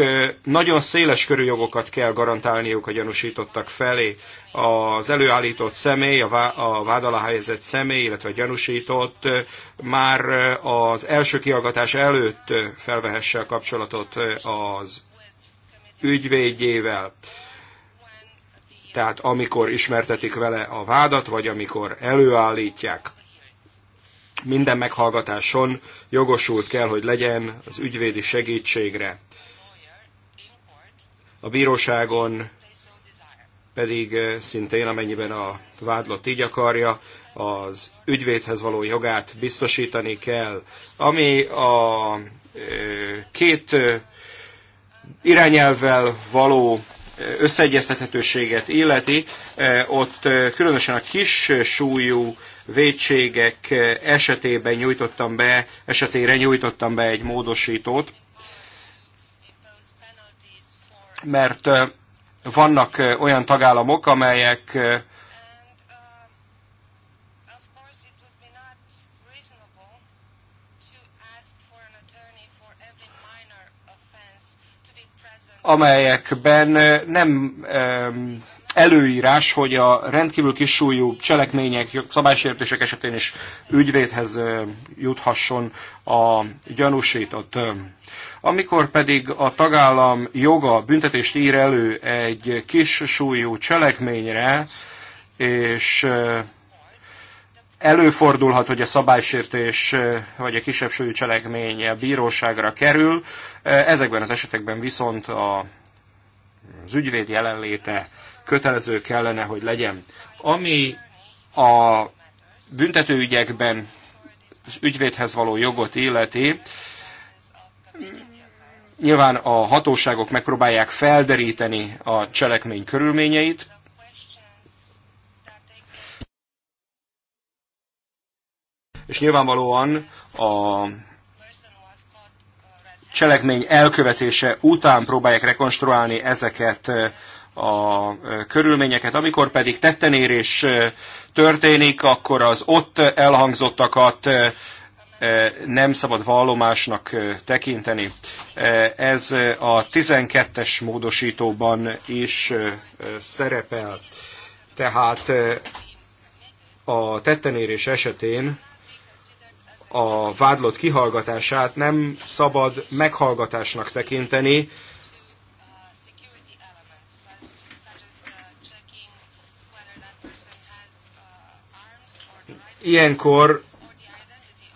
nagyon széles körű jogokat kell garantálniuk a gyanúsítottak felé. Az előállított személy, a, vád alá helyezett személy, illetve a gyanúsított már az első kihallgatás előtt felvehesse a kapcsolatot az ügyvédjével. Tehát amikor ismertetik vele a vádat, vagy amikor előállítják minden meghallgatáson jogosult kell, hogy legyen az ügyvédi segítségre a bíróságon pedig eh, szintén, amennyiben a vádlott így akarja, az ügyvédhez való jogát biztosítani kell. Ami a eh, két eh, irányelvvel való összeegyeztethetőséget illeti, ott különösen a kis súlyú védségek esetében nyújtottam be, esetére nyújtottam be egy módosítót, mert vannak olyan tagállamok, amelyek amelyekben nem előírás, hogy a rendkívül kisúlyú cselekmények, szabálysértések esetén is ügyvédhez juthasson a gyanúsított. Amikor pedig a tagállam joga büntetést ír elő egy kis súlyú cselekményre, és előfordulhat, hogy a szabálysértés vagy a kisebb súlyú cselekmény a bíróságra kerül, ezekben az esetekben viszont a, az ügyvéd jelenléte kötelező kellene, hogy legyen. Ami a büntetőügyekben az ügyvédhez való jogot illeti, nyilván a hatóságok megpróbálják felderíteni a cselekmény körülményeit, és nyilvánvalóan a cselekmény elkövetése után próbálják rekonstruálni ezeket a körülményeket. Amikor pedig tettenérés történik, akkor az ott elhangzottakat nem szabad vallomásnak tekinteni. Ez a 12-es módosítóban is szerepel. Tehát a tettenérés esetén a vádlott kihallgatását nem szabad meghallgatásnak tekinteni, Ilyenkor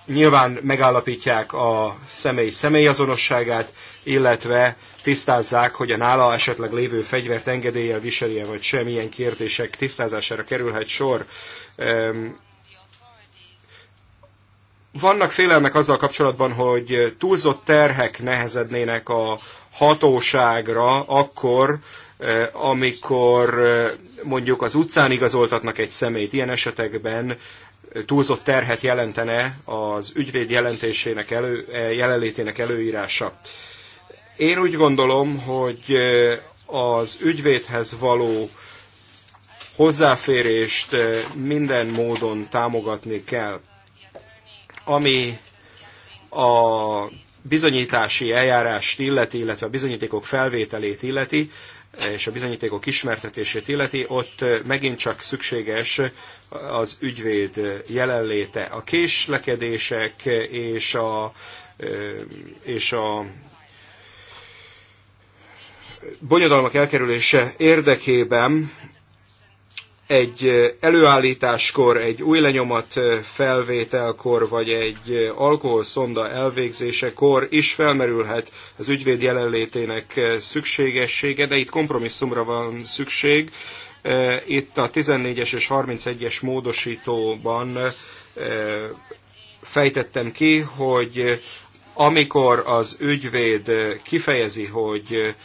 nyilván megállapítják a személy személyazonosságát, illetve tisztázzák, hogy a nála esetleg lévő fegyvert engedéllyel viselje, vagy sem ilyen kérdések tisztázására kerülhet sor. Vannak félelmek azzal kapcsolatban, hogy túlzott terhek nehezednének a hatóságra akkor, eh, amikor eh, mondjuk az utcán igazoltatnak egy szemét, ilyen esetekben túlzott terhet jelentene az ügyvéd jelentésének elő, eh, jelenlétének előírása. Én úgy gondolom, hogy eh, az ügyvédhez való hozzáférést eh, minden módon támogatni kell. Ami a bizonyítási eljárást illeti, illetve a bizonyítékok felvételét illeti, és a bizonyítékok ismertetését illeti, ott megint csak szükséges az ügyvéd jelenléte. A késlekedések és a, és a bonyodalmak elkerülése érdekében egy előállításkor, egy új lenyomat felvételkor, vagy egy alkoholszonda elvégzésekor is felmerülhet az ügyvéd jelenlétének szükségessége, de itt kompromisszumra van szükség. Itt a 14-es és 31-es módosítóban fejtettem ki, hogy amikor az ügyvéd kifejezi, hogy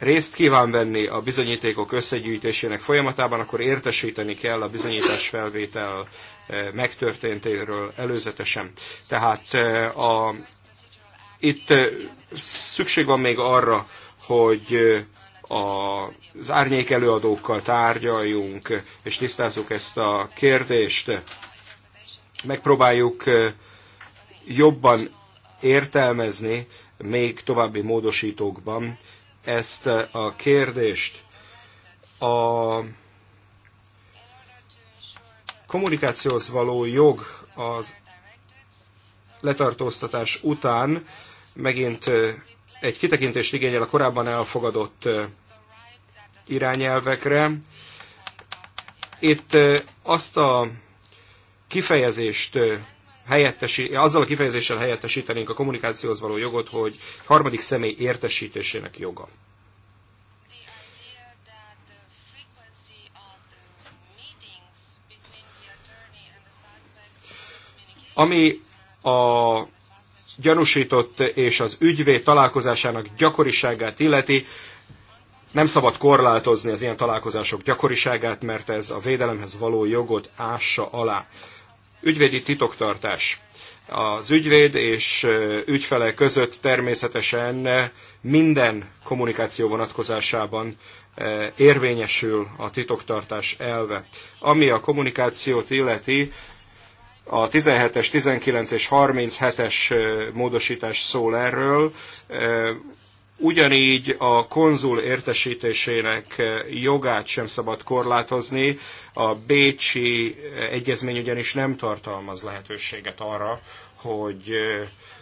részt kíván venni a bizonyítékok összegyűjtésének folyamatában, akkor értesíteni kell a bizonyítás felvétel eh, megtörténtéről előzetesen. Tehát eh, a, itt eh, szükség van még arra, hogy az árnyék előadókkal tárgyaljunk, és tisztázzuk ezt a kérdést. Megpróbáljuk jobban értelmezni még további módosítókban ezt a kérdést. A kommunikációhoz való jog az letartóztatás után megint egy kitekintést igényel a korábban elfogadott irányelvekre. Itt azt a kifejezést helyettesi, azzal a kifejezéssel helyettesítenénk a kommunikációhoz való jogot, hogy harmadik személy értesítésének joga. Ami a gyanúsított és az ügyvéd találkozásának gyakoriságát illeti, nem szabad korlátozni az ilyen találkozások gyakoriságát, mert ez a védelemhez való jogot ássa alá. Ügyvédi titoktartás. Az ügyvéd és ügyfele között természetesen minden kommunikáció vonatkozásában érvényesül a titoktartás elve. Ami a kommunikációt illeti, a 17-es, 19 és 37-es módosítás szól erről. Ugyanígy a konzul értesítésének jogát sem szabad korlátozni. A Bécsi egyezmény ugyanis nem tartalmaz lehetőséget arra, hogy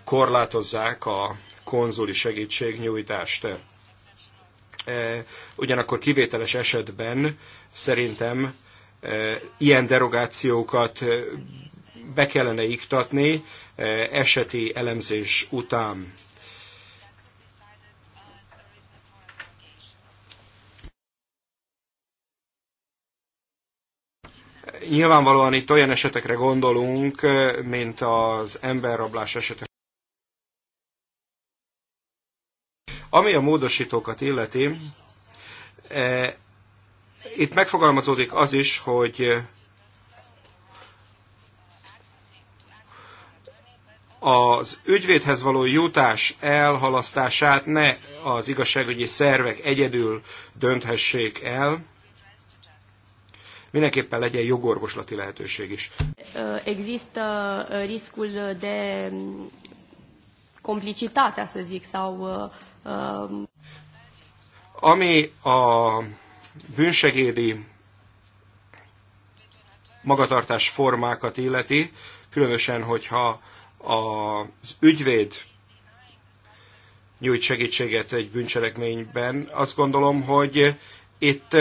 korlátozzák a konzuli segítségnyújtást. E, ugyanakkor kivételes esetben szerintem e, ilyen derogációkat be kellene iktatni e, eseti elemzés után. Nyilvánvalóan itt olyan esetekre gondolunk, mint az emberrablás esetek. Ami a módosítókat illeti, itt megfogalmazódik az is, hogy az ügyvédhez való jutás elhalasztását ne az igazságügyi szervek egyedül dönthessék el, mindenképpen legyen jogorvoslati lehetőség is. Există riscul de mm, complicitate, să zic, sau... Ami a bűnsegédi magatartás formákat illeti, különösen, hogyha az ügyvéd nyújt segítséget egy bűncselekményben, azt gondolom, hogy itt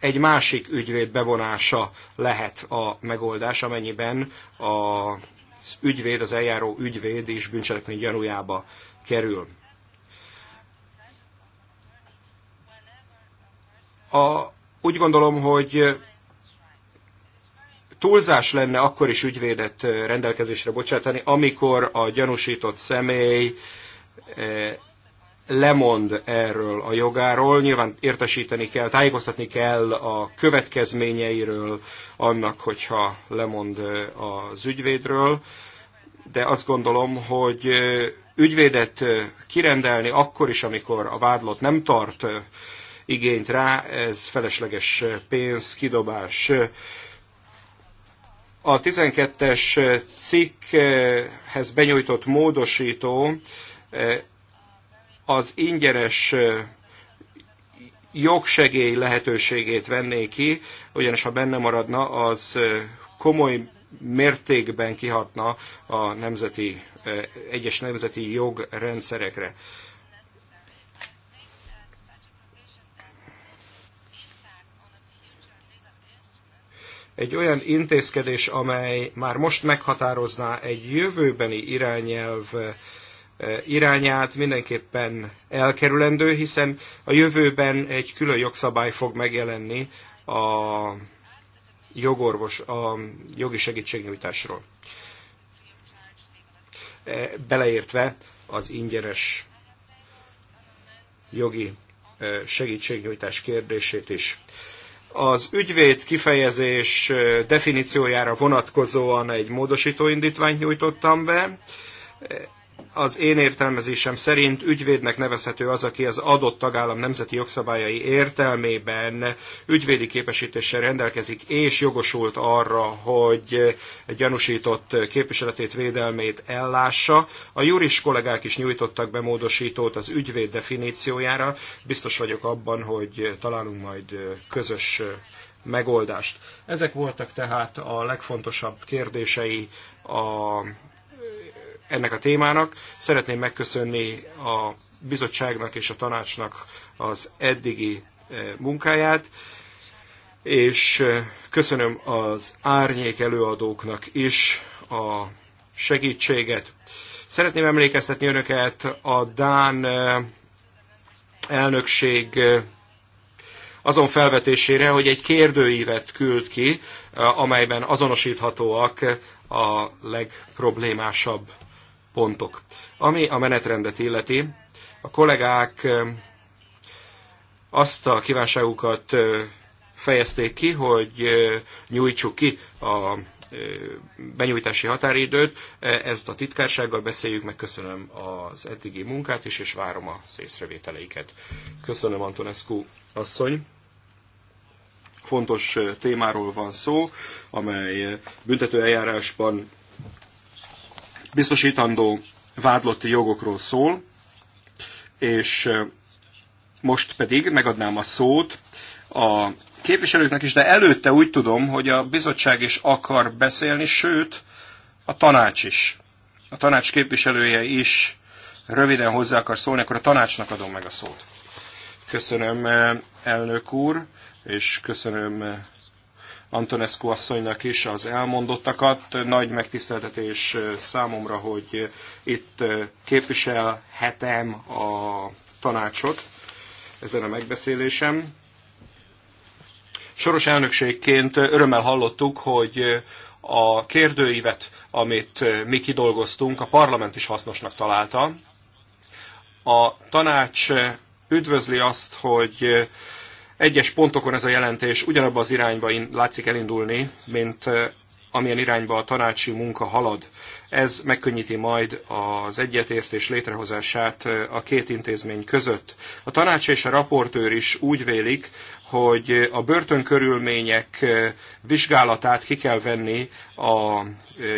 egy másik ügyvéd bevonása lehet a megoldás, amennyiben az ügyvéd, az eljáró ügyvéd is bűncselekmény gyanújába kerül. A, úgy gondolom, hogy túlzás lenne akkor is ügyvédet rendelkezésre bocsátani, amikor a gyanúsított személy eh, lemond erről a jogáról. Nyilván értesíteni kell, tájékoztatni kell a következményeiről annak, hogyha lemond az ügyvédről, de azt gondolom, hogy ügyvédet kirendelni akkor is, amikor a vádlott nem tart igényt rá, ez felesleges pénz, kidobás. A 12-es cikkhez benyújtott módosító az ingyenes jogsegély lehetőségét venné ki, ugyanis ha benne maradna, az komoly mértékben kihatna a nemzeti, egyes nemzeti jogrendszerekre. Egy olyan intézkedés, amely már most meghatározná egy jövőbeni irányelv irányát mindenképpen elkerülendő, hiszen a jövőben egy külön jogszabály fog megjelenni a jogorvos, a jogi segítségnyújtásról. Beleértve az ingyenes jogi segítségnyújtás kérdését is. Az ügyvéd kifejezés definíciójára vonatkozóan egy módosító indítványt nyújtottam be az én értelmezésem szerint ügyvédnek nevezhető az, aki az adott tagállam nemzeti jogszabályai értelmében ügyvédi képesítéssel rendelkezik, és jogosult arra, hogy egy gyanúsított képviseletét, védelmét ellássa. A juris kollégák is nyújtottak be módosítót az ügyvéd definíciójára. Biztos vagyok abban, hogy találunk majd közös megoldást. Ezek voltak tehát a legfontosabb kérdései a ennek a témának. Szeretném megköszönni a bizottságnak és a tanácsnak az eddigi eh, munkáját, és eh, köszönöm az árnyék előadóknak is a segítséget. Szeretném emlékeztetni önöket a Dán eh, elnökség azon felvetésére, hogy egy kérdőívet küld ki, amelyben azonosíthatóak a legproblémásabb pontok. Ami a menetrendet illeti, a kollégák azt a kívánságukat fejezték ki, hogy nyújtsuk ki a benyújtási határidőt. Ezt a titkársággal beszéljük meg. Köszönöm az eddigi munkát is, és várom a észrevételeiket. Köszönöm, Antonescu asszony. Fontos témáról van szó, amely büntető eljárásban biztosítandó vádlotti jogokról szól, és most pedig megadnám a szót a képviselőknek is, de előtte úgy tudom, hogy a bizottság is akar beszélni, sőt, a tanács is. A tanács képviselője is röviden hozzá akar szólni, akkor a tanácsnak adom meg a szót. Köszönöm, elnök úr, és köszönöm Antonescu asszonynak is az elmondottakat. Nagy megtiszteltetés számomra, hogy itt képviselhetem a tanácsot ezen a megbeszélésem. Soros elnökségként örömmel hallottuk, hogy a kérdőívet, amit mi kidolgoztunk, a parlament is hasznosnak találta. A tanács üdvözli azt, hogy egyes pontokon ez a jelentés ugyanabba az irányba látszik elindulni, mint amilyen irányba a tanácsi munka halad. Ez megkönnyíti majd az egyetértés létrehozását a két intézmény között. A tanács és a raportőr is úgy vélik, hogy a börtönkörülmények vizsgálatát ki kell venni a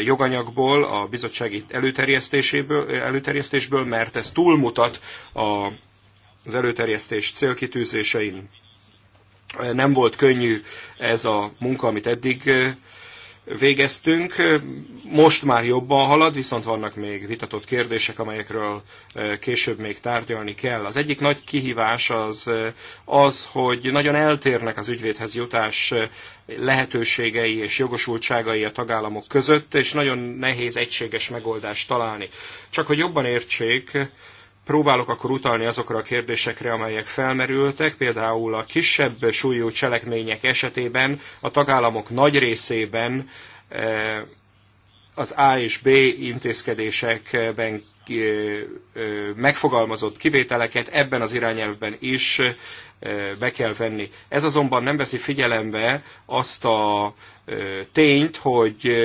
joganyagból, a bizottsági előterjesztéséből, előterjesztésből mert ez túlmutat az előterjesztés célkitűzésein. Nem volt könnyű ez a munka, amit eddig végeztünk. Most már jobban halad, viszont vannak még vitatott kérdések, amelyekről később még tárgyalni kell. Az egyik nagy kihívás az az, hogy nagyon eltérnek az ügyvédhez jutás lehetőségei és jogosultságai a tagállamok között, és nagyon nehéz egységes megoldást találni. Csak hogy jobban értsék, próbálok akkor utalni azokra a kérdésekre, amelyek felmerültek, például a kisebb súlyú cselekmények esetében a tagállamok nagy részében eh, az A és B intézkedésekben megfogalmazott kivételeket ebben az irányelvben is be kell venni. Ez azonban nem veszi figyelembe azt a tényt, hogy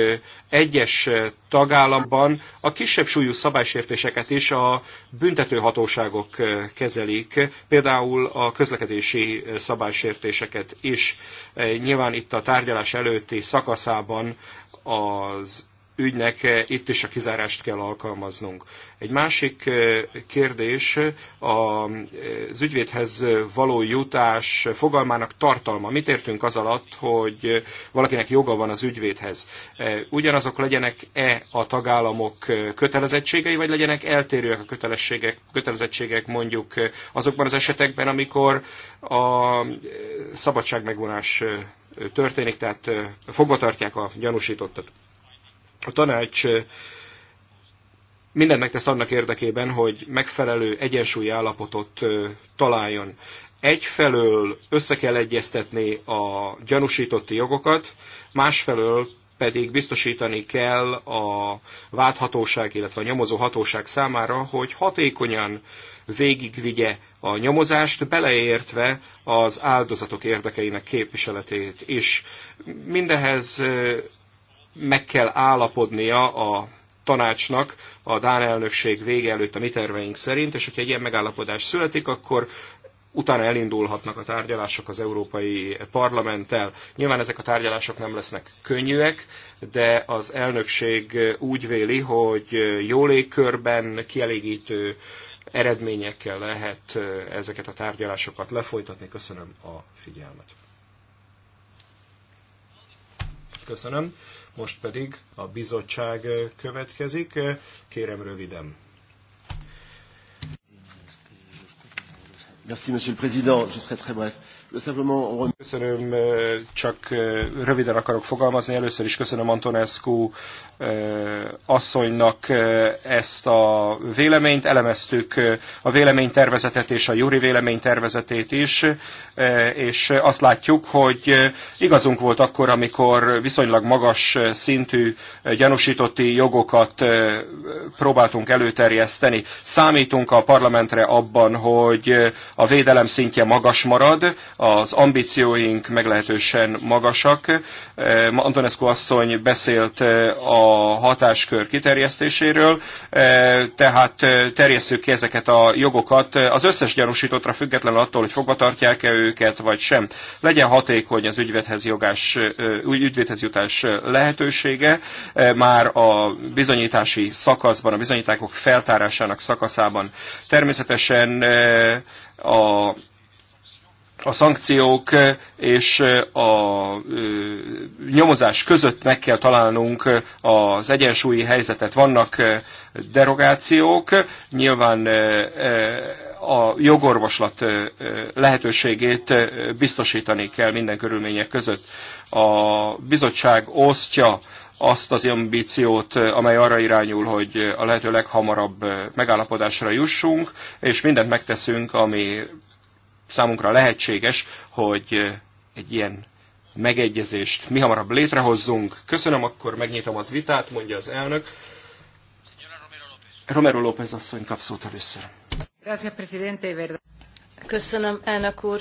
egyes tagállamban a kisebb súlyú szabálysértéseket is a büntetőhatóságok kezelik, például a közlekedési szabálysértéseket is. Nyilván itt a tárgyalás előtti szakaszában az ügynek eh, itt is a kizárást kell alkalmaznunk. Egy másik eh, kérdés az ügyvédhez való jutás fogalmának tartalma. Mit értünk az alatt, hogy valakinek joga van az ügyvédhez? Eh, ugyanazok legyenek-e a tagállamok kötelezettségei, vagy legyenek eltérőek a kötelezettségek kötelezettségek mondjuk azokban az esetekben, amikor a szabadságmegvonás történik, tehát fogva tartják a gyanúsítottat? A tanács mindent megtesz annak érdekében, hogy megfelelő egyensúlyi állapotot találjon. Egyfelől össze kell egyeztetni a gyanúsítotti jogokat, másfelől pedig biztosítani kell a vádhatóság, illetve a nyomozó hatóság számára, hogy hatékonyan végigvigye a nyomozást, beleértve az áldozatok érdekeinek képviseletét is. Mindehez meg kell állapodnia a tanácsnak a Dán elnökség vége előtt a mi terveink szerint, és hogyha egy ilyen megállapodás születik, akkor utána elindulhatnak a tárgyalások az Európai Parlamenttel. Nyilván ezek a tárgyalások nem lesznek könnyűek, de az elnökség úgy véli, hogy jó légkörben kielégítő eredményekkel lehet ezeket a tárgyalásokat lefolytatni. Köszönöm a figyelmet. Köszönöm. Most pedig a bizottság következik. Kérem röviden. Merci, Monsieur le Président. Je serai très bref. Köszönöm, csak röviden akarok fogalmazni. Először is köszönöm Antonescu asszonynak ezt a véleményt. Elemeztük a véleménytervezetet és a Juri véleménytervezetét is, és azt látjuk, hogy igazunk volt akkor, amikor viszonylag magas szintű gyanúsítotti jogokat próbáltunk előterjeszteni. Számítunk a parlamentre abban, hogy a védelem szintje magas marad, az ambícióink meglehetősen magasak. E, Antonescu asszony beszélt e, a hatáskör kiterjesztéséről, e, tehát terjesszük ki ezeket a jogokat az összes gyanúsítottra függetlenül attól, hogy fogvatartják-e őket, vagy sem. Legyen hatékony az ügyvédhez, jogás, ügyvédhez jutás lehetősége, már a bizonyítási szakaszban, a bizonyítákok feltárásának szakaszában. Természetesen a a szankciók és a nyomozás között meg kell találnunk az egyensúlyi helyzetet. Vannak derogációk, nyilván a jogorvoslat lehetőségét biztosítani kell minden körülmények között. A bizottság osztja azt az ambíciót, amely arra irányul, hogy a lehető leghamarabb megállapodásra jussunk, és mindent megteszünk, ami számunkra lehetséges, hogy egy ilyen megegyezést mi hamarabb létrehozzunk. Köszönöm, akkor megnyitom az vitát, mondja az elnök. Romero López asszony kap szót először. Köszönöm, elnök úr.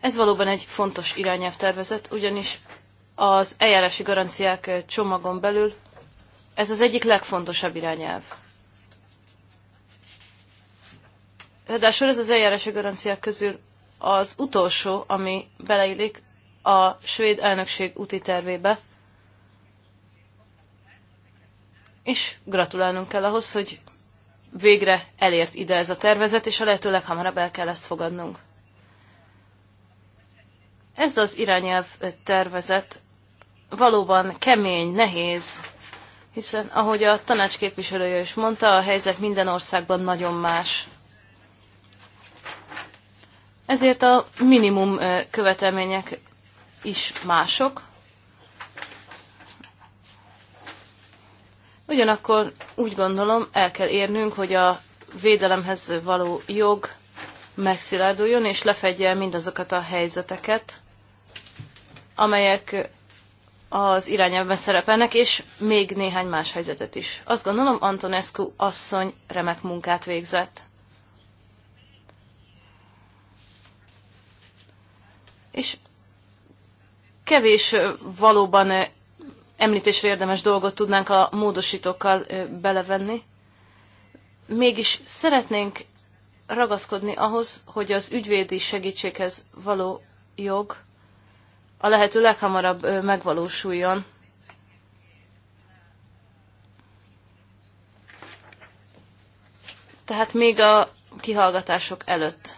Ez valóban egy fontos irányelvtervezet, ugyanis az eljárási garanciák csomagon belül ez az egyik legfontosabb irányelv. Ráadásul ez az eljárási garanciák közül az utolsó, ami beleillik a svéd elnökség úti tervébe. És gratulálnunk kell ahhoz, hogy végre elért ide ez a tervezet, és a lehető leghamarabb el kell ezt fogadnunk. Ez az irányelv tervezet valóban kemény, nehéz, hiszen ahogy a tanács képviselője is mondta, a helyzet minden országban nagyon más. Ezért a minimum követelmények is mások. Ugyanakkor úgy gondolom, el kell érnünk, hogy a védelemhez való jog megszilárduljon és lefedje mindazokat a helyzeteket, amelyek az irányelvben szerepelnek, és még néhány más helyzetet is. Azt gondolom, Antonescu asszony remek munkát végzett. és kevés valóban említésre érdemes dolgot tudnánk a módosítókkal belevenni. Mégis szeretnénk ragaszkodni ahhoz, hogy az ügyvédi segítséghez való jog a lehető leghamarabb megvalósuljon. Tehát még a kihallgatások előtt.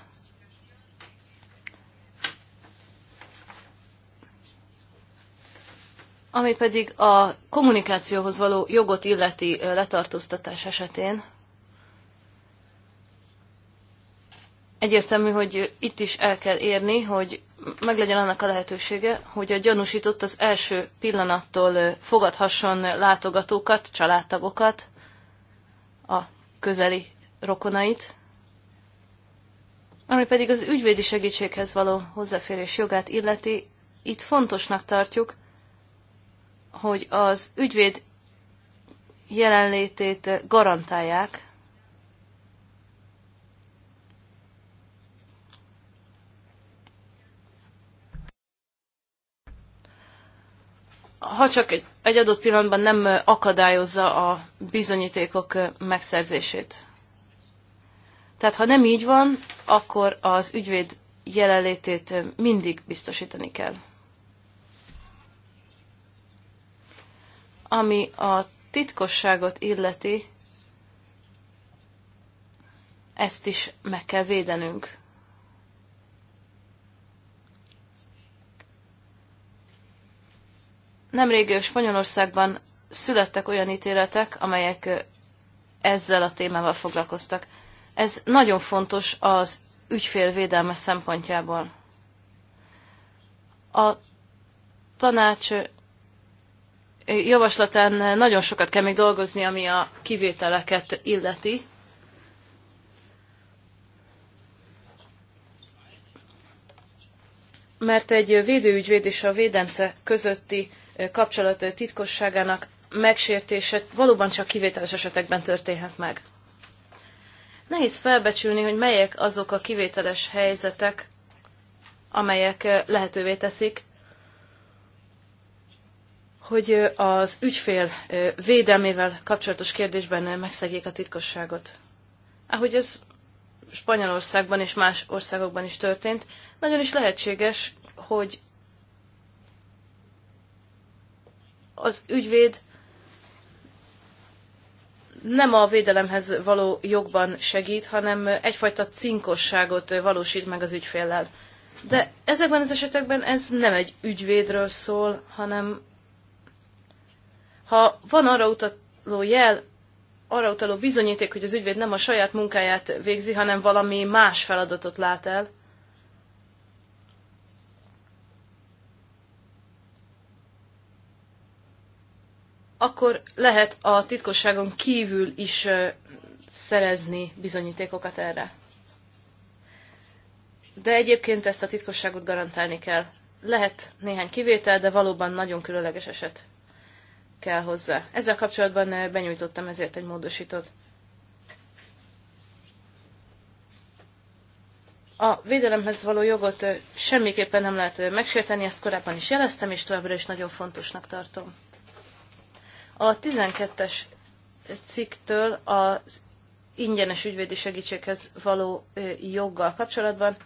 Ami pedig a kommunikációhoz való jogot illeti letartóztatás esetén, egyértelmű, hogy itt is el kell érni, hogy meglegyen annak a lehetősége, hogy a gyanúsított az első pillanattól fogadhasson látogatókat, családtagokat, a közeli rokonait, ami pedig az ügyvédi segítséghez való hozzáférés jogát illeti, itt fontosnak tartjuk, hogy az ügyvéd jelenlétét garantálják, ha csak egy, egy adott pillanatban nem akadályozza a bizonyítékok megszerzését. Tehát ha nem így van, akkor az ügyvéd jelenlétét mindig biztosítani kell. Ami a titkosságot illeti, ezt is meg kell védenünk. Nemrég Spanyolországban születtek olyan ítéletek, amelyek ezzel a témával foglalkoztak. Ez nagyon fontos az ügyfél védelme szempontjából. A tanács javaslatán nagyon sokat kell még dolgozni, ami a kivételeket illeti. Mert egy védőügyvéd és a védence közötti kapcsolat titkosságának megsértése valóban csak kivételes esetekben történhet meg. Nehéz felbecsülni, hogy melyek azok a kivételes helyzetek, amelyek lehetővé teszik, hogy az ügyfél védelmével kapcsolatos kérdésben megszegjék a titkosságot. Ahogy ez Spanyolországban és más országokban is történt, nagyon is lehetséges, hogy az ügyvéd nem a védelemhez való jogban segít, hanem egyfajta cinkosságot valósít meg az ügyféllel. De ezekben az esetekben ez nem egy ügyvédről szól, hanem ha van arra utaló jel, arra utaló bizonyíték, hogy az ügyvéd nem a saját munkáját végzi, hanem valami más feladatot lát el, akkor lehet a titkosságon kívül is szerezni bizonyítékokat erre. De egyébként ezt a titkosságot garantálni kell. Lehet néhány kivétel, de valóban nagyon különleges eset kell hozzá. Ezzel kapcsolatban eh, benyújtottam ezért egy módosítót. A védelemhez való jogot eh, semmiképpen nem lehet eh, megsérteni, ezt korábban is jeleztem, és továbbra is nagyon fontosnak tartom. A 12-es cikktől az ingyenes ügyvédi segítséghez való joggal kapcsolatban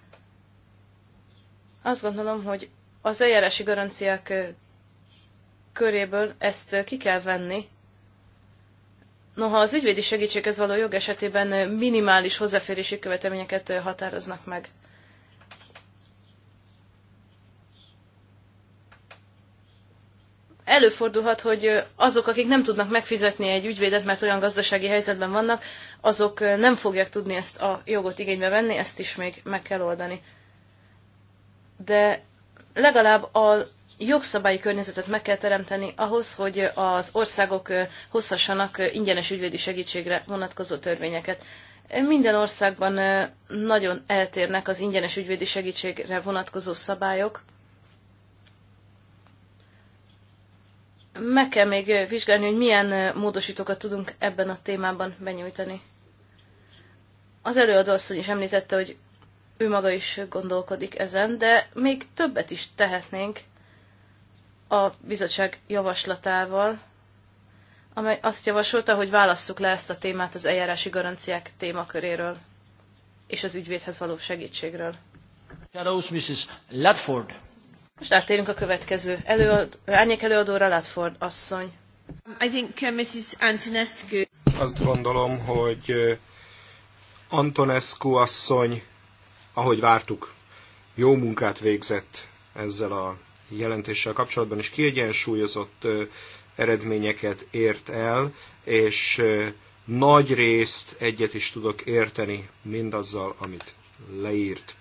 azt gondolom, hogy az eljárási garanciák köréből ezt ki kell venni. Noha az ügyvédi segítséghez való jog esetében minimális hozzáférési követelményeket határoznak meg. Előfordulhat, hogy azok, akik nem tudnak megfizetni egy ügyvédet, mert olyan gazdasági helyzetben vannak, azok nem fogják tudni ezt a jogot igénybe venni, ezt is még meg kell oldani. De legalább a jogszabályi környezetet meg kell teremteni ahhoz, hogy az országok hozhassanak ingyenes ügyvédi segítségre vonatkozó törvényeket. Minden országban nagyon eltérnek az ingyenes ügyvédi segítségre vonatkozó szabályok. Meg kell még vizsgálni, hogy milyen módosítókat tudunk ebben a témában benyújtani. Az előadó asszony is említette, hogy ő maga is gondolkodik ezen, de még többet is tehetnénk a bizottság javaslatával, amely azt javasolta, hogy válasszuk le ezt a témát az eljárási garanciák témaköréről és az ügyvédhez való segítségről. Mrs. Ledford. Most áttérünk a következő előad, árnyék előadóra, Ledford asszony. Um, I think uh, Mrs. Antonescu. Azt gondolom, hogy uh, Antonescu asszony, ahogy vártuk, jó munkát végzett ezzel a jelentéssel kapcsolatban is kiegyensúlyozott eredményeket ért el, és nagy részt egyet is tudok érteni mindazzal, amit leírt.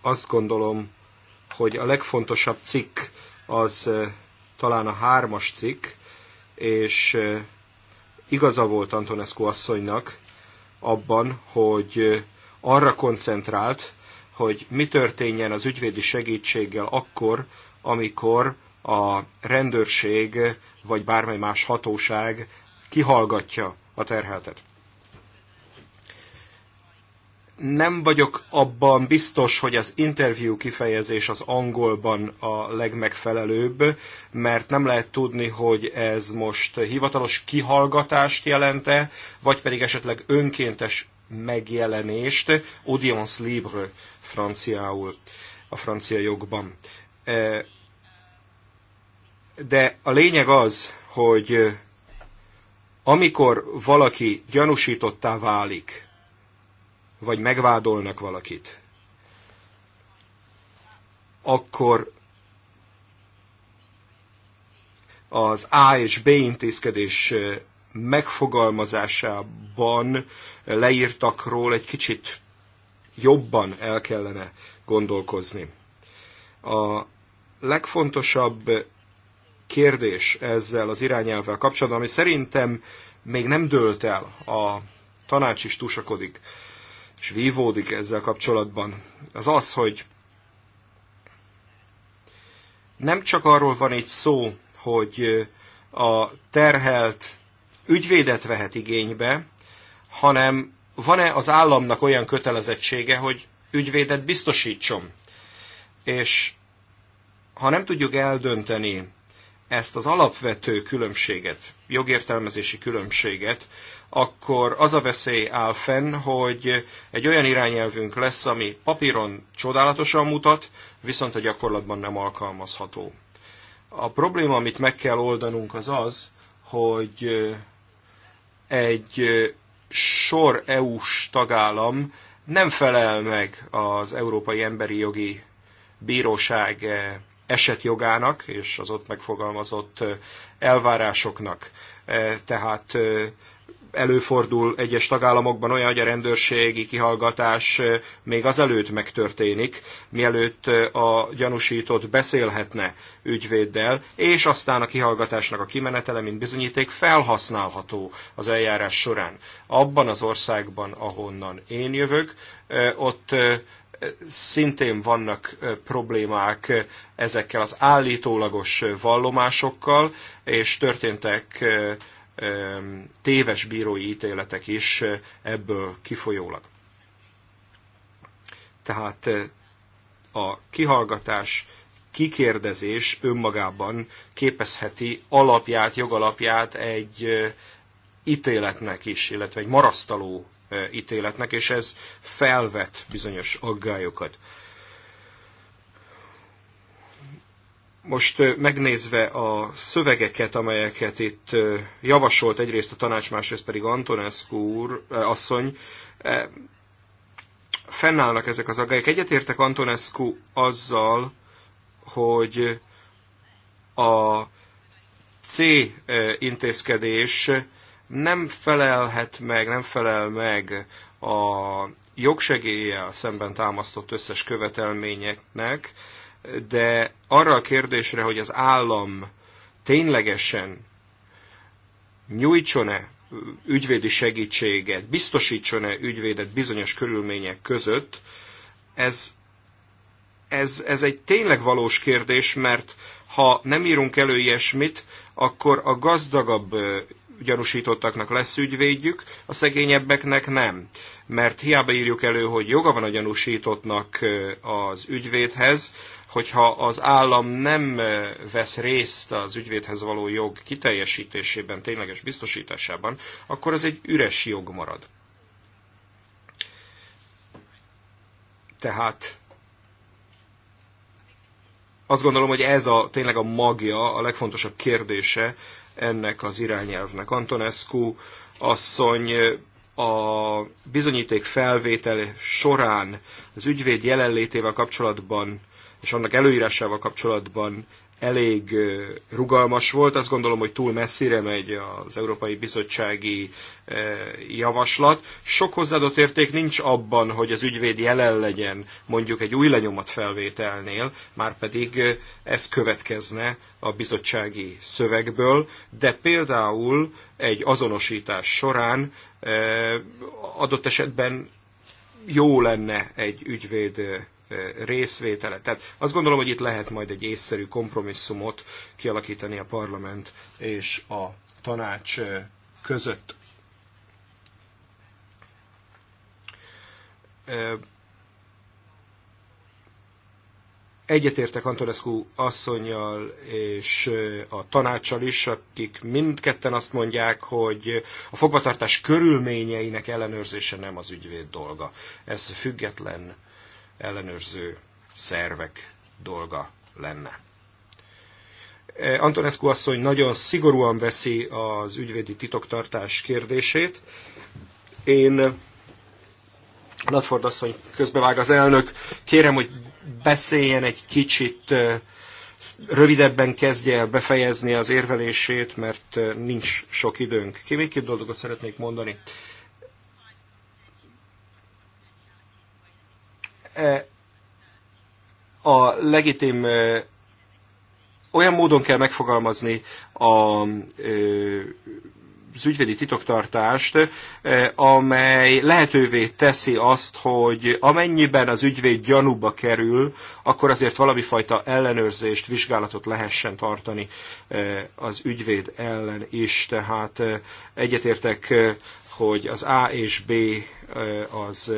Azt gondolom, hogy a legfontosabb cikk az talán a hármas cikk, és igaza volt Antonescu asszonynak abban, hogy arra koncentrált, hogy mi történjen az ügyvédi segítséggel akkor, amikor a rendőrség vagy bármely más hatóság kihallgatja a terheltet. Nem vagyok abban biztos, hogy az interjú kifejezés az angolban a legmegfelelőbb, mert nem lehet tudni, hogy ez most hivatalos kihallgatást jelente, vagy pedig esetleg önkéntes megjelenést, audience libre franciául, a francia jogban. E, de a lényeg az, hogy e, amikor valaki gyanúsítottá válik, vagy megvádolnak valakit, akkor az A és B intézkedés e, megfogalmazásában leírtakról egy kicsit jobban el kellene gondolkozni. A legfontosabb kérdés ezzel az irányelvvel kapcsolatban, ami szerintem még nem dőlt el, a tanács is tusakodik és vívódik ezzel kapcsolatban, az az, hogy nem csak arról van itt szó, hogy a terhelt ügyvédet vehet igénybe, hanem van-e az államnak olyan kötelezettsége, hogy ügyvédet biztosítson. És ha nem tudjuk eldönteni ezt az alapvető különbséget, jogértelmezési különbséget, akkor az a veszély áll fenn, hogy egy olyan irányelvünk lesz, ami papíron csodálatosan mutat, viszont a gyakorlatban nem alkalmazható. A probléma, amit meg kell oldanunk, az az, hogy egy sor EU-s tagállam nem felel meg az Európai Emberi Jogi Bíróság esetjogának és az ott megfogalmazott elvárásoknak. Tehát előfordul egyes tagállamokban olyan, hogy a rendőrségi kihallgatás még azelőtt megtörténik, mielőtt a gyanúsított beszélhetne ügyvéddel, és aztán a kihallgatásnak a kimenetele, mint bizonyíték felhasználható az eljárás során. Abban az országban, ahonnan én jövök, ott szintén vannak problémák ezekkel az állítólagos vallomásokkal, és történtek téves bírói ítéletek is ebből kifolyólag. Tehát a kihallgatás, kikérdezés önmagában képezheti alapját, jogalapját egy ítéletnek is, illetve egy marasztaló ítéletnek, és ez felvet bizonyos aggályokat. Most megnézve a szövegeket, amelyeket itt javasolt egyrészt a tanács, másrészt pedig Antonescu úr, asszony, fennállnak ezek az aggályok. Egyetértek Antonescu azzal, hogy a C intézkedés nem felelhet meg, nem felel meg a jogsegéllyel szemben támasztott összes követelményeknek, de arra a kérdésre, hogy az állam ténylegesen nyújtson-e ügyvédi segítséget, biztosítson-e ügyvédet bizonyos körülmények között, ez, ez, ez egy tényleg valós kérdés, mert ha nem írunk elő ilyesmit, akkor a gazdagabb gyanúsítottaknak lesz ügyvédjük, a szegényebbeknek nem. Mert hiába írjuk elő, hogy joga van a gyanúsítottnak az ügyvédhez, hogyha az állam nem vesz részt az ügyvédhez való jog kiteljesítésében, tényleges biztosításában, akkor ez egy üres jog marad. Tehát azt gondolom, hogy ez a tényleg a magja, a legfontosabb kérdése ennek az irányelvnek. Antonescu asszony a bizonyíték felvétel során az ügyvéd jelenlétével kapcsolatban és annak előírásával kapcsolatban elég rugalmas volt. Azt gondolom, hogy túl messzire megy az Európai Bizottsági javaslat. Sok hozzáadott érték nincs abban, hogy az ügyvéd jelen legyen mondjuk egy új lenyomat felvételnél, már pedig ez következne a bizottsági szövegből, de például egy azonosítás során adott esetben jó lenne egy ügyvéd részvétele. Tehát azt gondolom, hogy itt lehet majd egy észszerű kompromisszumot kialakítani a parlament és a tanács között. Egyetértek Antonescu asszonyjal és a tanácsal is, akik mindketten azt mondják, hogy a fogvatartás körülményeinek ellenőrzése nem az ügyvéd dolga. Ez független ellenőrző szervek dolga lenne. E, Antonescu asszony nagyon szigorúan veszi az ügyvédi titoktartás kérdését. Én Latford asszony közbevág az elnök. Kérem, hogy beszéljen egy kicsit, e, rövidebben kezdje el befejezni az érvelését, mert e, nincs sok időnk. Ki még két dolgot szeretnék mondani. E, a legitim e, olyan módon kell megfogalmazni a, e, az ügyvédi titoktartást, amely lehetővé teszi azt, hogy amennyiben az ügyvéd gyanúba kerül, akkor azért valami fajta ellenőrzést, vizsgálatot lehessen tartani az ügyvéd ellen is. Tehát egyetértek hogy az A és B az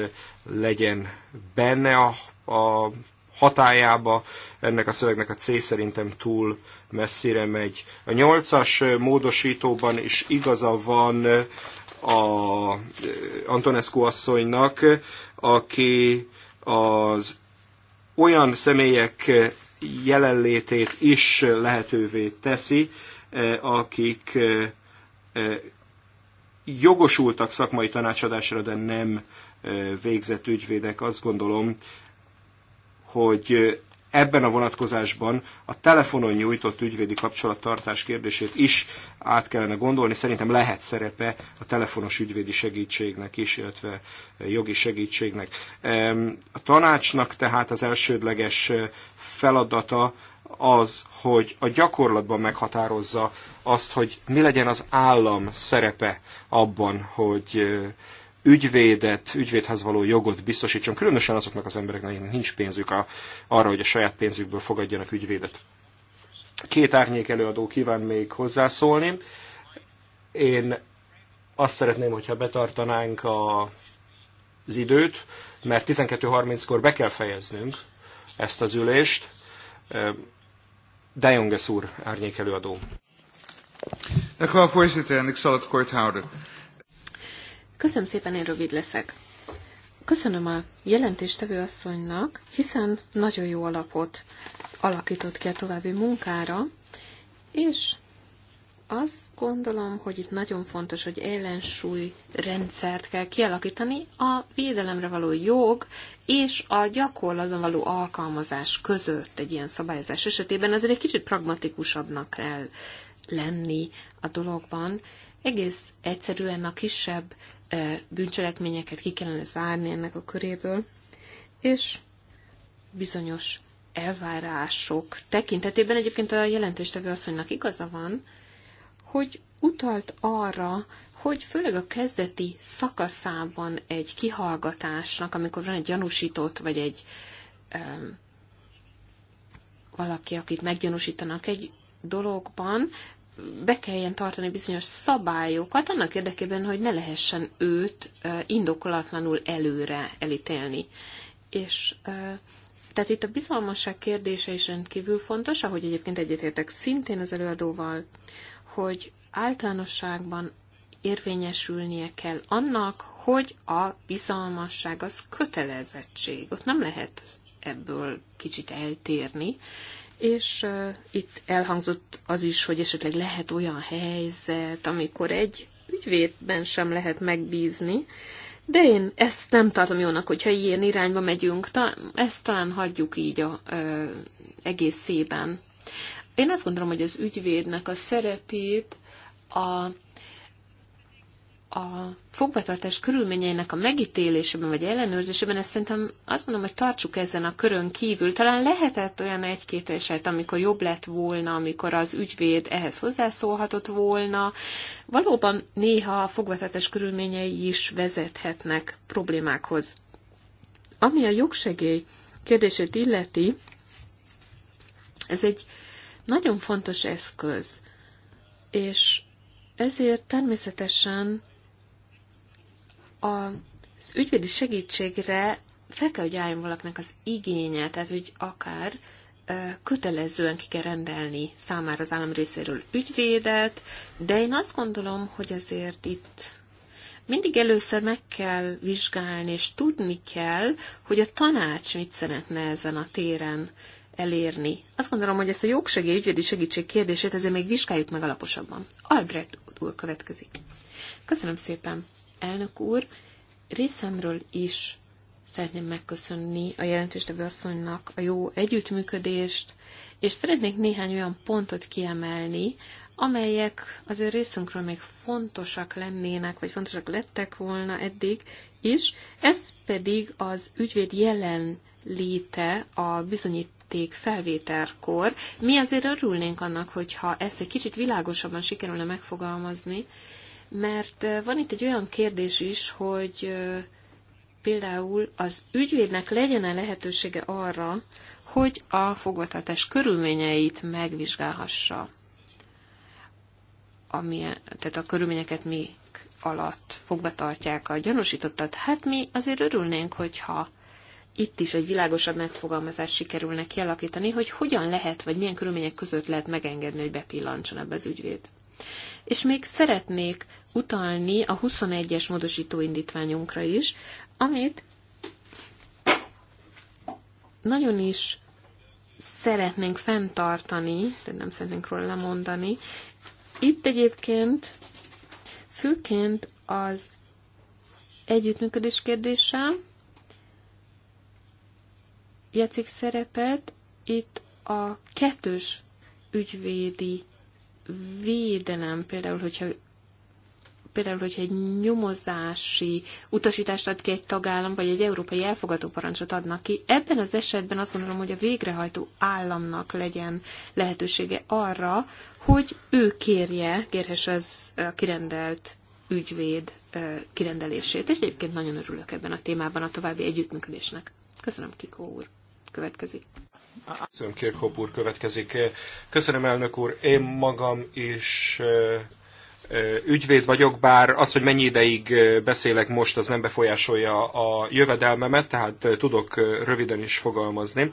legyen benne a, a hatájába. Ennek a szövegnek a C szerintem túl messzire megy. A nyolcas módosítóban is igaza van a Antonescu asszonynak, aki az olyan személyek jelenlétét is lehetővé teszi, akik eh, eh, jogosultak szakmai tanácsadásra, de nem végzett ügyvédek, azt gondolom, hogy ebben a vonatkozásban a telefonon nyújtott ügyvédi kapcsolattartás kérdését is át kellene gondolni. Szerintem lehet szerepe a telefonos ügyvédi segítségnek is, illetve jogi segítségnek. A tanácsnak tehát az elsődleges feladata az, hogy a gyakorlatban meghatározza azt, hogy mi legyen az állam szerepe abban, hogy ügyvédet, ügyvédhez való jogot biztosítson, különösen azoknak az embereknek, nincs pénzük a, arra, hogy a saját pénzükből fogadjanak ügyvédet. Két árnyék előadó kíván még hozzászólni. Én azt szeretném, hogyha betartanánk a, az időt, mert 12.30-kor be kell fejeznünk ezt az ülést. De Jonges úr, árnyék előadó. Dank u wel, voorzitter, en Köszönöm szépen, én rövid leszek. Köszönöm a jelentéstevő asszonynak, hiszen nagyon jó alapot alakított ki a további munkára, és azt gondolom, hogy itt nagyon fontos, hogy ellensúlyrendszert rendszert kell kialakítani a védelemre való jog és a gyakorlatban való alkalmazás között egy ilyen szabályozás esetében azért egy kicsit pragmatikusabbnak kell lenni a dologban. Egész egyszerűen a kisebb bűncselekményeket ki kellene zárni ennek a köréből, és bizonyos elvárások tekintetében egyébként a jelentéstevő asszonynak igaza van, hogy utalt arra, hogy főleg a kezdeti szakaszában egy kihallgatásnak, amikor van egy gyanúsított, vagy egy um, valaki, akit meggyanúsítanak egy dologban, be kelljen tartani bizonyos szabályokat annak érdekében, hogy ne lehessen őt indokolatlanul előre elítélni. És tehát itt a bizalmasság kérdése is rendkívül fontos, ahogy egyébként egyetértek szintén az előadóval, hogy általánosságban érvényesülnie kell annak, hogy a bizalmasság az kötelezettség. Ott nem lehet ebből kicsit eltérni, és itt elhangzott az is, hogy esetleg lehet olyan helyzet, amikor egy ügyvédben sem lehet megbízni, de én ezt nem tartom jónak, hogyha ilyen irányba megyünk, ta, ezt talán hagyjuk így a, ö, szépen. Én azt gondolom, hogy az ügyvédnek a szerepét a a fogvatartás körülményeinek a megítélésében vagy ellenőrzésében, ezt szerintem azt mondom, hogy tartsuk ezen a körön kívül. Talán lehetett olyan egy-két eset, amikor jobb lett volna, amikor az ügyvéd ehhez hozzászólhatott volna. Valóban néha a fogvatartás körülményei is vezethetnek problémákhoz. Ami a jogsegély kérdését illeti, ez egy nagyon fontos eszköz, és ezért természetesen az ügyvédi segítségre fel kell, hogy álljon valakinek az igénye, tehát hogy akár kötelezően ki kell rendelni számára az állam részéről ügyvédet, de én azt gondolom, hogy azért itt mindig először meg kell vizsgálni, és tudni kell, hogy a tanács mit szeretne ezen a téren elérni. Azt gondolom, hogy ezt a jogsegély ügyvédi segítség kérdését ezért még vizsgáljuk meg alaposabban. Albrecht úr következik. Köszönöm szépen! elnök úr. Részemről is szeretném megköszönni a jelentéstevő asszonynak a jó együttműködést, és szeretnék néhány olyan pontot kiemelni, amelyek azért részünkről még fontosak lennének, vagy fontosak lettek volna eddig is, ez pedig az ügyvéd jelenléte a bizonyít felvételkor. Mi azért örülnénk annak, hogyha ezt egy kicsit világosabban sikerülne megfogalmazni, mert van itt egy olyan kérdés is, hogy például az ügyvédnek legyen-e lehetősége arra, hogy a fogvatartás körülményeit megvizsgálhassa, ami, tehát a körülményeket mi alatt fogva tartják a gyanúsítottat. Hát mi azért örülnénk, hogyha itt is egy világosabb megfogalmazást sikerülne kialakítani, hogy hogyan lehet, vagy milyen körülmények között lehet megengedni, hogy bepillantson ebbe az ügyvéd. És még szeretnék utalni a 21-es módosítóindítványunkra is, amit nagyon is szeretnénk fenntartani, de nem szeretnénk róla lemondani. Itt egyébként főként az együttműködés kérdése játszik szerepet. Itt a kettős ügyvédi védelem, például, hogyha például, hogyha egy nyomozási utasítást ad ki egy tagállam, vagy egy európai elfogadó parancsot adnak ki, ebben az esetben azt gondolom, hogy a végrehajtó államnak legyen lehetősége arra, hogy ő kérje, kérhesse az kirendelt ügyvéd kirendelését. És egyébként nagyon örülök ebben a témában a további együttműködésnek. Köszönöm, Kikó úr. Következik. Köszönöm, Kirchhoff úr következik. Köszönöm, elnök úr. Én magam is ügyvéd vagyok, bár az, hogy mennyi ideig beszélek most, az nem befolyásolja a jövedelmemet, tehát tudok röviden is fogalmazni.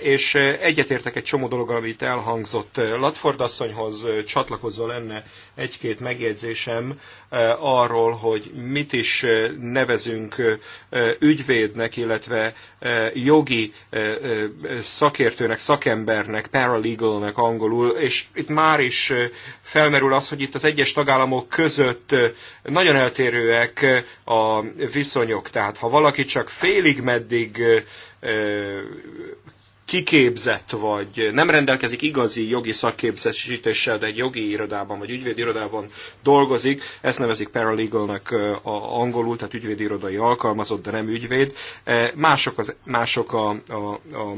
És egyetértek egy csomó dolog, amit elhangzott Latford asszonyhoz csatlakozva lenne egy-két megjegyzésem arról, hogy mit is nevezünk ügyvédnek, illetve jogi szakértőnek, szakembernek, paralegalnek angolul, és itt már is felmerül az, hogy itt az egy egyes tagállamok között nagyon eltérőek a viszonyok. Tehát ha valaki csak félig meddig kiképzett, vagy nem rendelkezik igazi jogi szakképzésítéssel, de egy jogi irodában, vagy ügyvédi irodában dolgozik, ezt nevezik paralegalnak a angolul, tehát ügyvédi irodai alkalmazott, de nem ügyvéd. Mások, az, mások a, a, a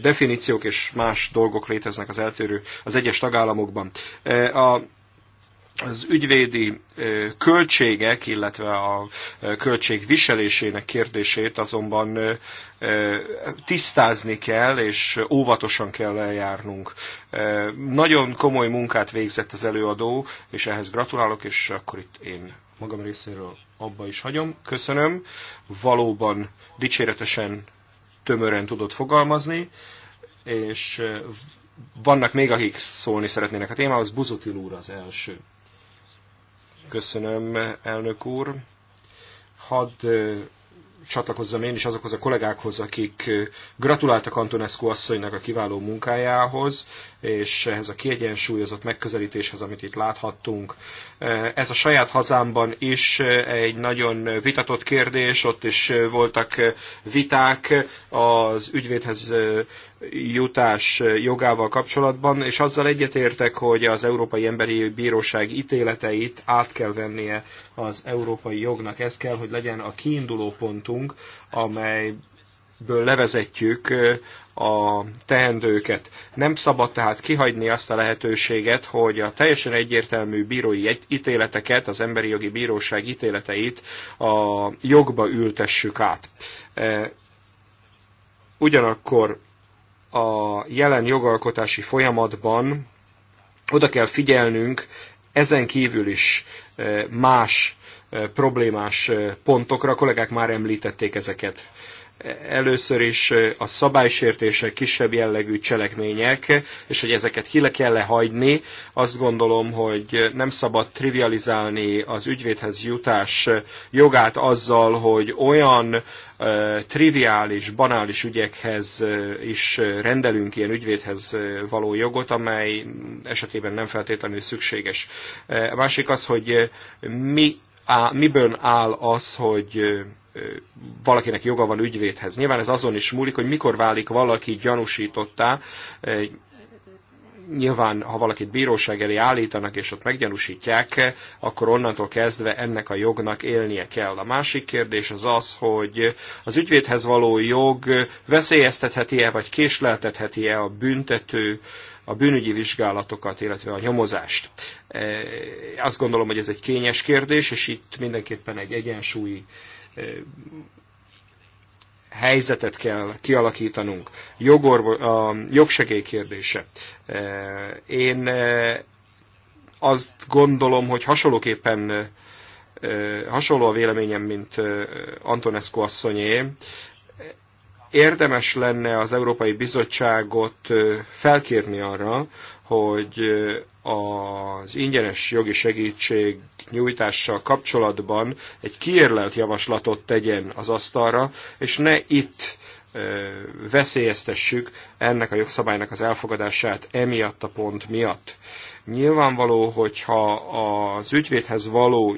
definíciók, és más dolgok léteznek az eltérő az egyes tagállamokban. A az ügyvédi költségek, illetve a költség viselésének kérdését azonban tisztázni kell, és óvatosan kell eljárnunk. Nagyon komoly munkát végzett az előadó, és ehhez gratulálok, és akkor itt én magam részéről abba is hagyom. Köszönöm. Valóban dicséretesen tömören tudott fogalmazni, és vannak még, akik szólni szeretnének a témához. Buzotil úr az első. Köszönöm, elnök úr. Hadd csatlakozzam én is azokhoz a kollégákhoz, akik gratuláltak Antonescu asszonynak a kiváló munkájához, és ehhez a kiegyensúlyozott megközelítéshez, amit itt láthattunk. Ez a saját hazámban is egy nagyon vitatott kérdés, ott is voltak viták az ügyvédhez jutás jogával kapcsolatban, és azzal egyetértek, hogy az Európai Emberi Bíróság ítéleteit át kell vennie az európai jognak. Ez kell, hogy legyen a kiinduló pontunk, amelyből levezetjük a teendőket. Nem szabad tehát kihagyni azt a lehetőséget, hogy a teljesen egyértelmű bírói ítéleteket, az Emberi Jogi Bíróság ítéleteit a jogba ültessük át. Ugyanakkor a jelen jogalkotási folyamatban oda kell figyelnünk ezen kívül is e, más e, problémás e, pontokra, a kollégák már említették ezeket először is a szabálysértések, kisebb jellegű cselekmények, és hogy ezeket ki kell lehagyni. Azt gondolom, hogy nem szabad trivializálni az ügyvédhez jutás jogát azzal, hogy olyan triviális, banális ügyekhez is rendelünk ilyen ügyvédhez való jogot, amely esetében nem feltétlenül szükséges. A másik az, hogy mi, á, miből áll az, hogy valakinek joga van ügyvédhez. Nyilván ez azon is múlik, hogy mikor válik valaki gyanúsítottá, eh, nyilván, ha valakit bíróság elé állítanak, és ott meggyanúsítják, akkor onnantól kezdve ennek a jognak élnie kell. A másik kérdés az az, hogy az ügyvédhez való jog veszélyeztetheti-e, vagy késleltetheti-e a büntető a bűnügyi vizsgálatokat, illetve a nyomozást. Eh, azt gondolom, hogy ez egy kényes kérdés, és itt mindenképpen egy egyensúlyi helyzetet kell kialakítanunk. Jogorvo- a jogsegély kérdése. E, én e, azt gondolom, hogy hasonlóképpen e, hasonló a véleményem, mint Antonescu asszonyé. Érdemes lenne az Európai Bizottságot felkérni arra, hogy az ingyenes jogi segítség nyújtással kapcsolatban egy kiérlelt javaslatot tegyen az asztalra, és ne itt veszélyeztessük ennek a jogszabálynak az elfogadását emiatt a pont miatt. Nyilvánvaló, hogyha az ügyvédhez való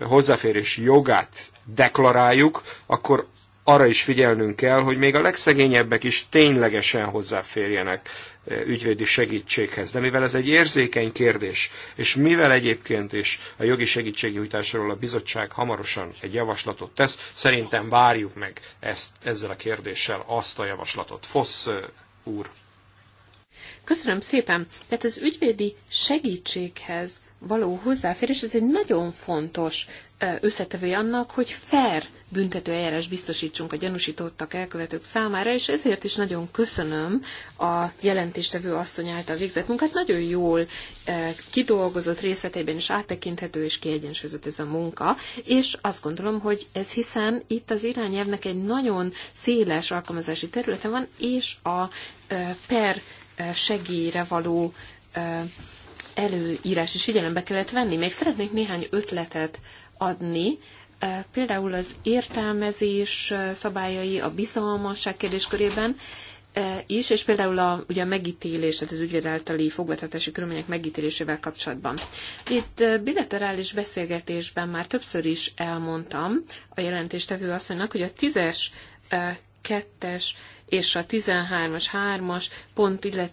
hozzáférés jogát deklaráljuk, akkor arra is figyelnünk kell, hogy még a legszegényebbek is ténylegesen hozzáférjenek e, ügyvédi segítséghez. De mivel ez egy érzékeny kérdés, és mivel egyébként is a jogi segítségnyújtásról a bizottság hamarosan egy javaslatot tesz, szerintem várjuk meg ezt, ezzel a kérdéssel azt a javaslatot. Fosz e, úr. Köszönöm szépen. Tehát az ügyvédi segítséghez való hozzáférés, ez egy nagyon fontos e, összetevője annak, hogy fair büntetőeljárás biztosítsunk a gyanúsítottak elkövetők számára, és ezért is nagyon köszönöm a jelentéstevő asszony által végzett munkát. Nagyon jól eh, kidolgozott részleteiben is áttekinthető és kiegyensúlyozott ez a munka, és azt gondolom, hogy ez hiszen itt az irányelvnek egy nagyon széles alkalmazási területe van, és a eh, per eh, segélyre való előírás is figyelembe kellett venni. Még szeretnék néhány ötletet adni, E, például az értelmezés e, szabályai a bizalmasság kérdéskörében e, is, és például a, ugye a megítélés, tehát az ügyvéd általi fogvatartási körülmények megítélésével kapcsolatban. Itt bilaterális beszélgetésben már többször is elmondtam a jelentéstevő asszonynak, hogy a tízes, kettes és a 13-as, 3-as pont illet,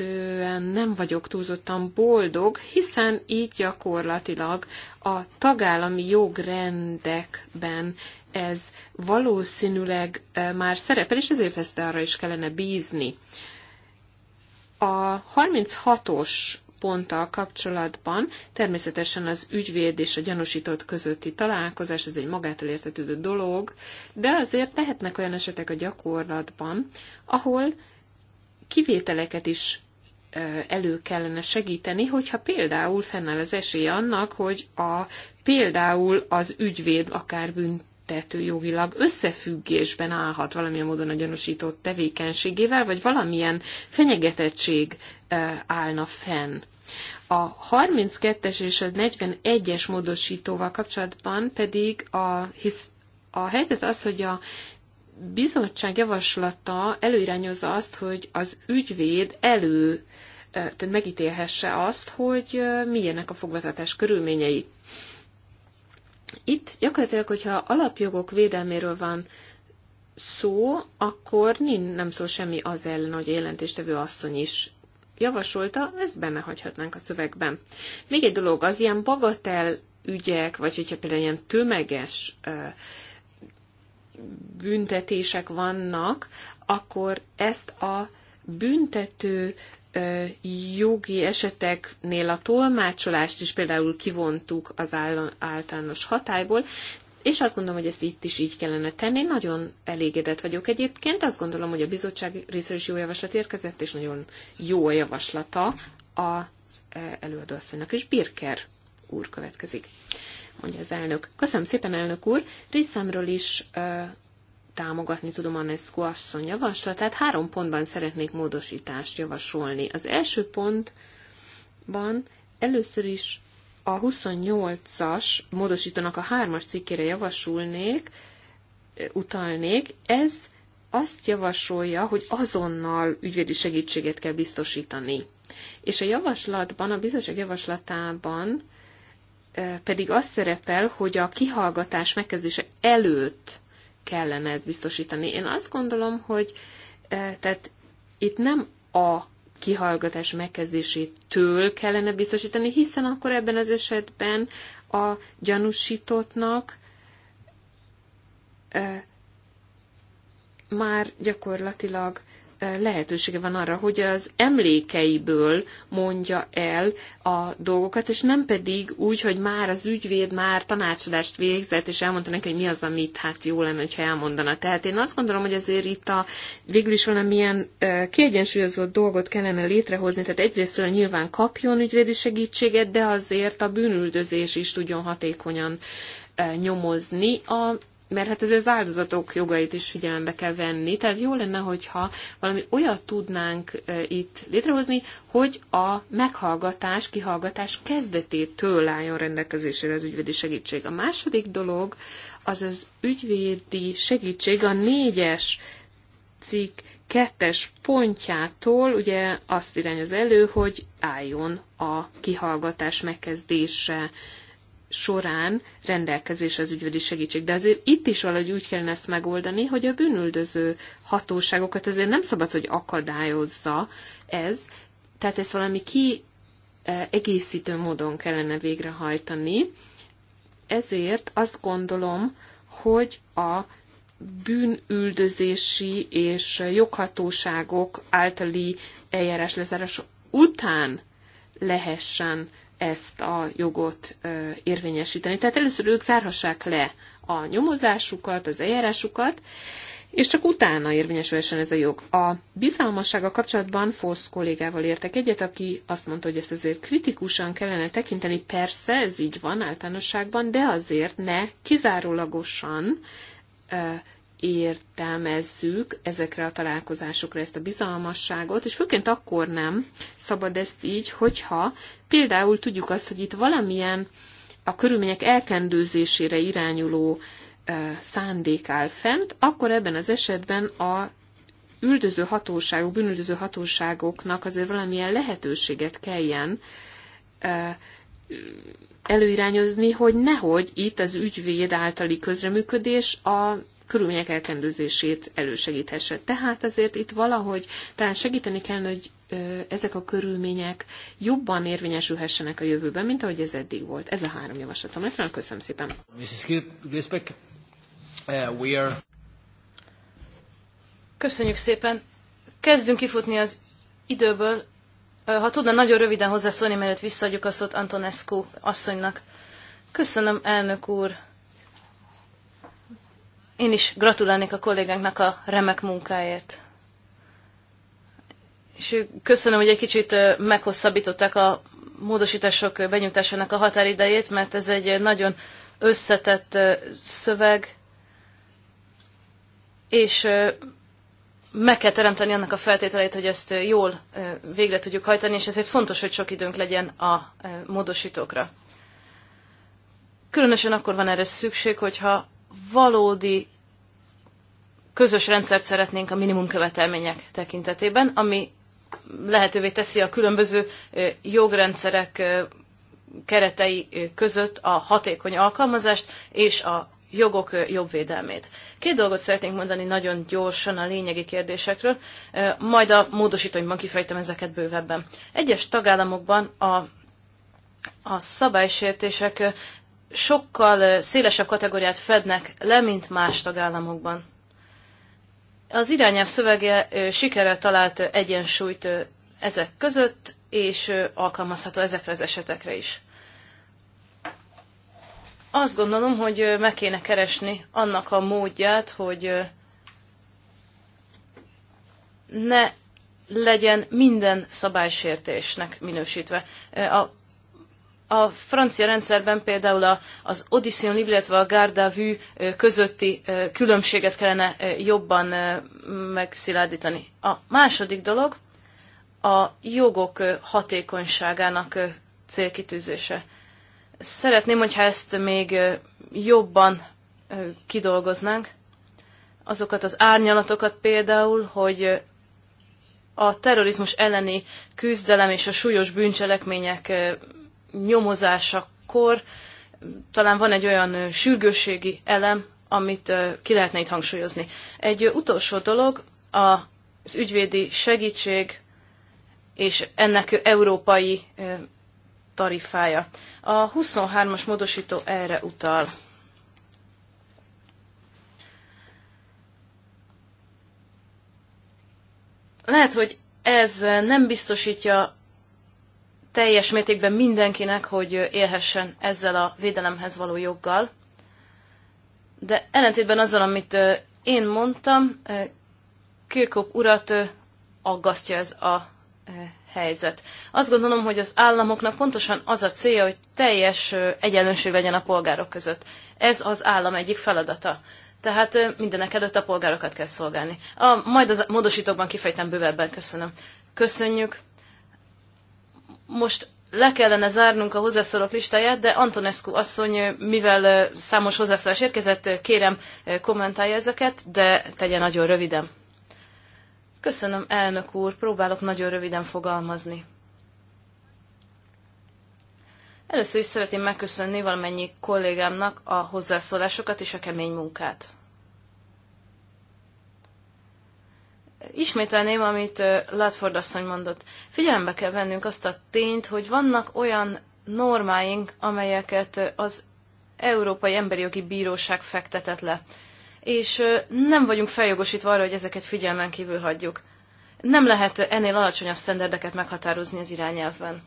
illetően nem vagyok túlzottan boldog, hiszen így gyakorlatilag a tagállami jogrendekben ez valószínűleg eh, már szerepel, és ezért ezt arra is kellene bízni. A 36-os ponttal kapcsolatban természetesen az ügyvéd és a gyanúsított közötti találkozás, ez egy magától értetődő dolog, de azért lehetnek olyan esetek a gyakorlatban, ahol kivételeket is elő kellene segíteni, hogyha például fennáll az esély annak, hogy a, például az ügyvéd akár bűnt büntető jogilag összefüggésben állhat valamilyen módon a gyanúsított tevékenységével, vagy valamilyen fenyegetettség állna fenn. A 32-es és a 41-es módosítóval kapcsolatban pedig a, hisz, a helyzet az, hogy a bizottság javaslata előirányozza azt, hogy az ügyvéd elő tehát megítélhesse azt, hogy milyenek a fogvatartás körülményei. Itt gyakorlatilag, hogyha alapjogok védelméről van szó, akkor nem szól semmi az ellen, hogy jelentéstevő asszony is javasolta, ezt benne hagyhatnánk a szövegben. Még egy dolog, az ilyen bagatel ügyek, vagy hogyha például ilyen tömeges büntetések vannak, akkor ezt a büntető jogi eseteknél a tolmácsolást is például kivontuk az általános hatályból, és azt gondolom, hogy ezt itt is így kellene tenni. nagyon elégedett vagyok egyébként. Azt gondolom, hogy a bizottság részéről is jó javaslat érkezett, és nagyon jó a javaslata az előadóasszonynak. És Birker úr következik mondja az elnök. Köszönöm szépen, elnök úr. Részemről is ö, támogatni tudom a NESCO asszony javaslatát. Három pontban szeretnék módosítást javasolni. Az első pontban először is a 28-as módosítónak a 3-as cikkére javasulnék, utalnék. Ez azt javasolja, hogy azonnal ügyvédi segítséget kell biztosítani. És a javaslatban, a bizottság javaslatában pedig az szerepel, hogy a kihallgatás megkezdése előtt kellene ezt biztosítani. Én azt gondolom, hogy tehát itt nem a kihallgatás megkezdésétől kellene biztosítani, hiszen akkor ebben az esetben a gyanúsítottnak már gyakorlatilag lehetősége van arra, hogy az emlékeiből mondja el a dolgokat, és nem pedig úgy, hogy már az ügyvéd már tanácsadást végzett, és elmondta neki, hogy mi az, amit hát jó lenne, ha elmondana. Tehát én azt gondolom, hogy azért itt a végül is valamilyen kiegyensúlyozott dolgot kellene létrehozni, tehát egyrészt nyilván kapjon ügyvédi segítséget, de azért a bűnüldözés is tudjon hatékonyan nyomozni a mert hát ez az áldozatok jogait is figyelembe kell venni, tehát jó lenne, hogyha valami olyat tudnánk e, itt létrehozni, hogy a meghallgatás, kihallgatás kezdetétől álljon rendelkezésére az ügyvédi segítség. A második dolog az az ügyvédi segítség a négyes cikk kettes pontjától ugye azt irányoz elő, hogy álljon a kihallgatás megkezdése során rendelkezés az ügyvédi segítség. De azért itt is valahogy úgy kellene ezt megoldani, hogy a bűnüldöző hatóságokat azért nem szabad, hogy akadályozza ez, tehát ezt valami ki e, egészítő módon kellene végrehajtani. Ezért azt gondolom, hogy a bűnüldözési és joghatóságok általi eljárás lezárása után lehessen ezt a jogot érvényesíteni. Tehát először ők zárhassák le a nyomozásukat, az eljárásukat, és csak utána érvényesülhessen ez a jog. A bizalmassága kapcsolatban Fosz kollégával értek egyet, aki azt mondta, hogy ezt azért kritikusan kellene tekinteni. Persze, ez így van általánosságban, de azért ne kizárólagosan értelmezzük ezekre a találkozásokra ezt a bizalmasságot, és főként akkor nem szabad ezt így, hogyha például tudjuk azt, hogy itt valamilyen a körülmények elkendőzésére irányuló szándék áll fent, akkor ebben az esetben a üldöző hatóságok, bűnüldöző hatóságoknak azért valamilyen lehetőséget kelljen előirányozni, hogy nehogy itt az ügyvéd általi közreműködés a körülmények elkendőzését elősegíthesse. Tehát azért itt valahogy talán segíteni kell, hogy ezek a körülmények jobban érvényesülhessenek a jövőben, mint ahogy ez eddig volt. Ez a három javaslatom. Egyszerűen köszönöm szépen. Mrs. Uh, we are... Köszönjük szépen. Kezdünk kifutni az időből. Ha tudna nagyon röviden hozzászólni, mert visszaadjuk a szót Antonescu asszonynak. Köszönöm, elnök úr. Én is gratulálnék a kollégánknak a remek munkáért. És köszönöm, hogy egy kicsit meghosszabbították a módosítások benyújtásának a határidejét, mert ez egy nagyon összetett szöveg, és meg kell teremteni annak a feltételeit, hogy ezt jól végre tudjuk hajtani, és ezért fontos, hogy sok időnk legyen a módosítókra. Különösen akkor van erre szükség, hogyha valódi közös rendszert szeretnénk a minimum követelmények tekintetében, ami lehetővé teszi a különböző jogrendszerek keretei között a hatékony alkalmazást és a jogok jobb védelmét. Két dolgot szeretnénk mondani nagyon gyorsan a lényegi kérdésekről, majd a módosítóimban kifejtem ezeket bővebben. Egyes tagállamokban a a szabálysértések sokkal szélesebb kategóriát fednek le, mint más tagállamokban. Az irányelv szövege sikerrel talált egyensúlyt ezek között, és alkalmazható ezekre az esetekre is. Azt gondolom, hogy meg kéne keresni annak a módját, hogy ne legyen minden szabálysértésnek minősítve. A a francia rendszerben például az Audition Libre, illetve a Garda Vue közötti különbséget kellene jobban megszilárdítani. A második dolog a jogok hatékonyságának célkitűzése. Szeretném, hogyha ezt még jobban kidolgoznánk, azokat az árnyalatokat például, hogy a terrorizmus elleni küzdelem és a súlyos bűncselekmények nyomozásakor talán van egy olyan sürgősségi elem, amit ki lehetne itt hangsúlyozni. Egy utolsó dolog, az ügyvédi segítség és ennek európai tarifája. A 23-as módosító erre utal. Lehet, hogy ez nem biztosítja teljes mértékben mindenkinek, hogy élhessen ezzel a védelemhez való joggal. De ellentétben azzal, amit én mondtam, Kirkop urat aggasztja ez a helyzet. Azt gondolom, hogy az államoknak pontosan az a célja, hogy teljes egyenlőség legyen a polgárok között. Ez az állam egyik feladata. Tehát mindenek előtt a polgárokat kell szolgálni. A, majd az módosítókban kifejtem bővebben, köszönöm. Köszönjük. Most le kellene zárnunk a hozzászólók listáját, de Antonescu asszony, mivel számos hozzászólás érkezett, kérem kommentálja ezeket, de tegye nagyon röviden. Köszönöm, elnök úr, próbálok nagyon röviden fogalmazni. Először is szeretném megköszönni valamennyi kollégámnak a hozzászólásokat és a kemény munkát. ismételném, amit Latford asszony mondott. Figyelembe kell vennünk azt a tényt, hogy vannak olyan normáink, amelyeket az Európai Emberi Jogi Bíróság fektetett le. És nem vagyunk feljogosítva arra, hogy ezeket figyelmen kívül hagyjuk. Nem lehet ennél alacsonyabb sztenderdeket meghatározni az irányelvben.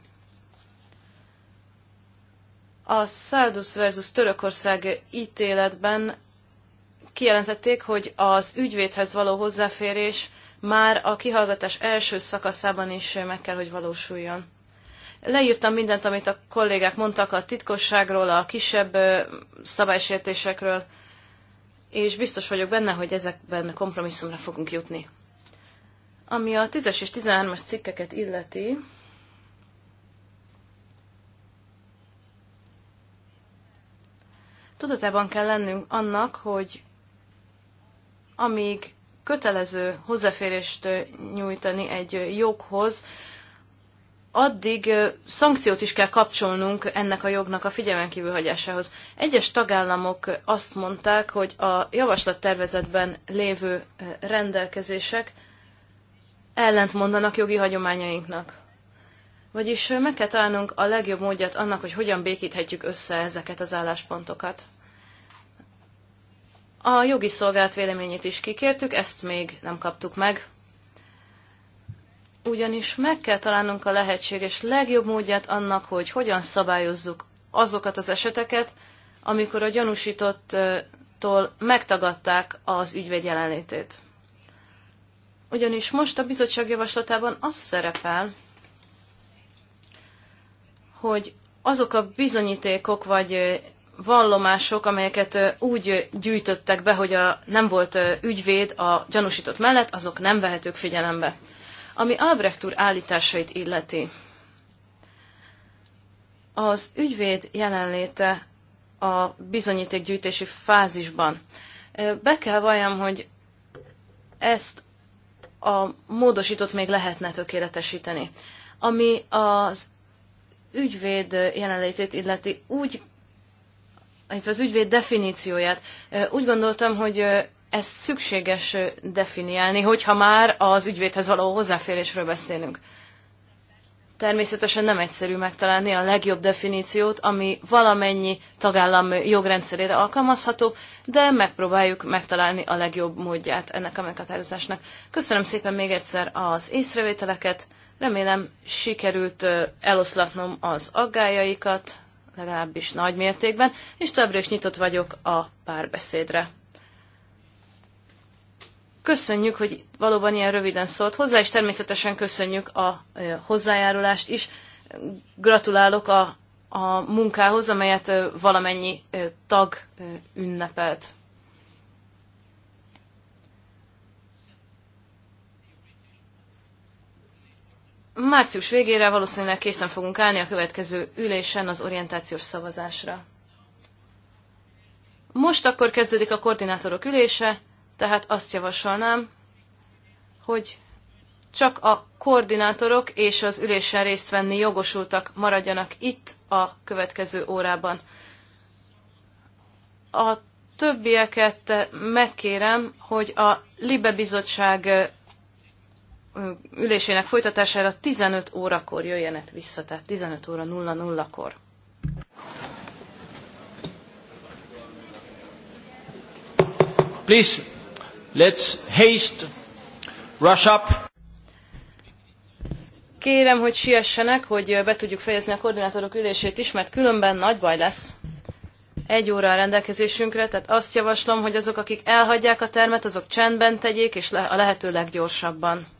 A Sardus versus Törökország ítéletben kijelentették, hogy az ügyvédhez való hozzáférés már a kihallgatás első szakaszában is meg kell, hogy valósuljon. Leírtam mindent, amit a kollégák mondtak a titkosságról, a kisebb szabálysértésekről, és biztos vagyok benne, hogy ezekben kompromisszumra fogunk jutni. Ami a 10-es és 13-as cikkeket illeti, tudatában kell lennünk annak, hogy amíg kötelező hozzáférést nyújtani egy joghoz, addig szankciót is kell kapcsolnunk ennek a jognak a figyelmen kívül hagyásához. Egyes tagállamok azt mondták, hogy a javaslattervezetben lévő rendelkezések ellentmondanak jogi hagyományainknak. Vagyis meg kell találnunk a legjobb módját annak, hogy hogyan békíthetjük össze ezeket az álláspontokat. A jogi szolgált véleményét is kikértük, ezt még nem kaptuk meg. Ugyanis meg kell találnunk a lehetséges legjobb módját annak, hogy hogyan szabályozzuk azokat az eseteket, amikor a gyanúsítottól megtagadták az ügyvéd jelenlétét. Ugyanis most a bizottság javaslatában az szerepel, hogy azok a bizonyítékok vagy vallomások, amelyeket úgy gyűjtöttek be, hogy a, nem volt ügyvéd a gyanúsított mellett, azok nem vehetők figyelembe. Ami Albrecht úr állításait illeti. Az ügyvéd jelenléte a bizonyítékgyűjtési fázisban. Be kell valljam, hogy ezt a módosított még lehetne tökéletesíteni. Ami az ügyvéd jelenlétét illeti, úgy illetve az ügyvéd definícióját. Úgy gondoltam, hogy ezt szükséges definiálni, hogyha már az ügyvédhez való hozzáférésről beszélünk. Természetesen nem egyszerű megtalálni a legjobb definíciót, ami valamennyi tagállam jogrendszerére alkalmazható, de megpróbáljuk megtalálni a legjobb módját ennek a meghatározásnak. Köszönöm szépen még egyszer az észrevételeket, remélem sikerült eloszlatnom az aggájaikat, legalábbis nagy mértékben, és többre is nyitott vagyok a párbeszédre. Köszönjük, hogy valóban ilyen röviden szólt hozzá, és természetesen köszönjük a hozzájárulást is. Gratulálok a, a munkához, amelyet valamennyi tag ünnepelt. Március végére valószínűleg készen fogunk állni a következő ülésen az orientációs szavazásra. Most akkor kezdődik a koordinátorok ülése, tehát azt javasolnám, hogy csak a koordinátorok és az ülésen részt venni jogosultak maradjanak itt a következő órában. A többieket megkérem, hogy a Libe Bizottság ülésének folytatására 15 órakor jöjjenek vissza, tehát 15 óra 00-kor. Please, let's haste, rush up. Kérem, hogy siessenek, hogy be tudjuk fejezni a koordinátorok ülését is, mert különben nagy baj lesz. Egy óra a rendelkezésünkre, tehát azt javaslom, hogy azok, akik elhagyják a termet, azok csendben tegyék, és a lehető leggyorsabban.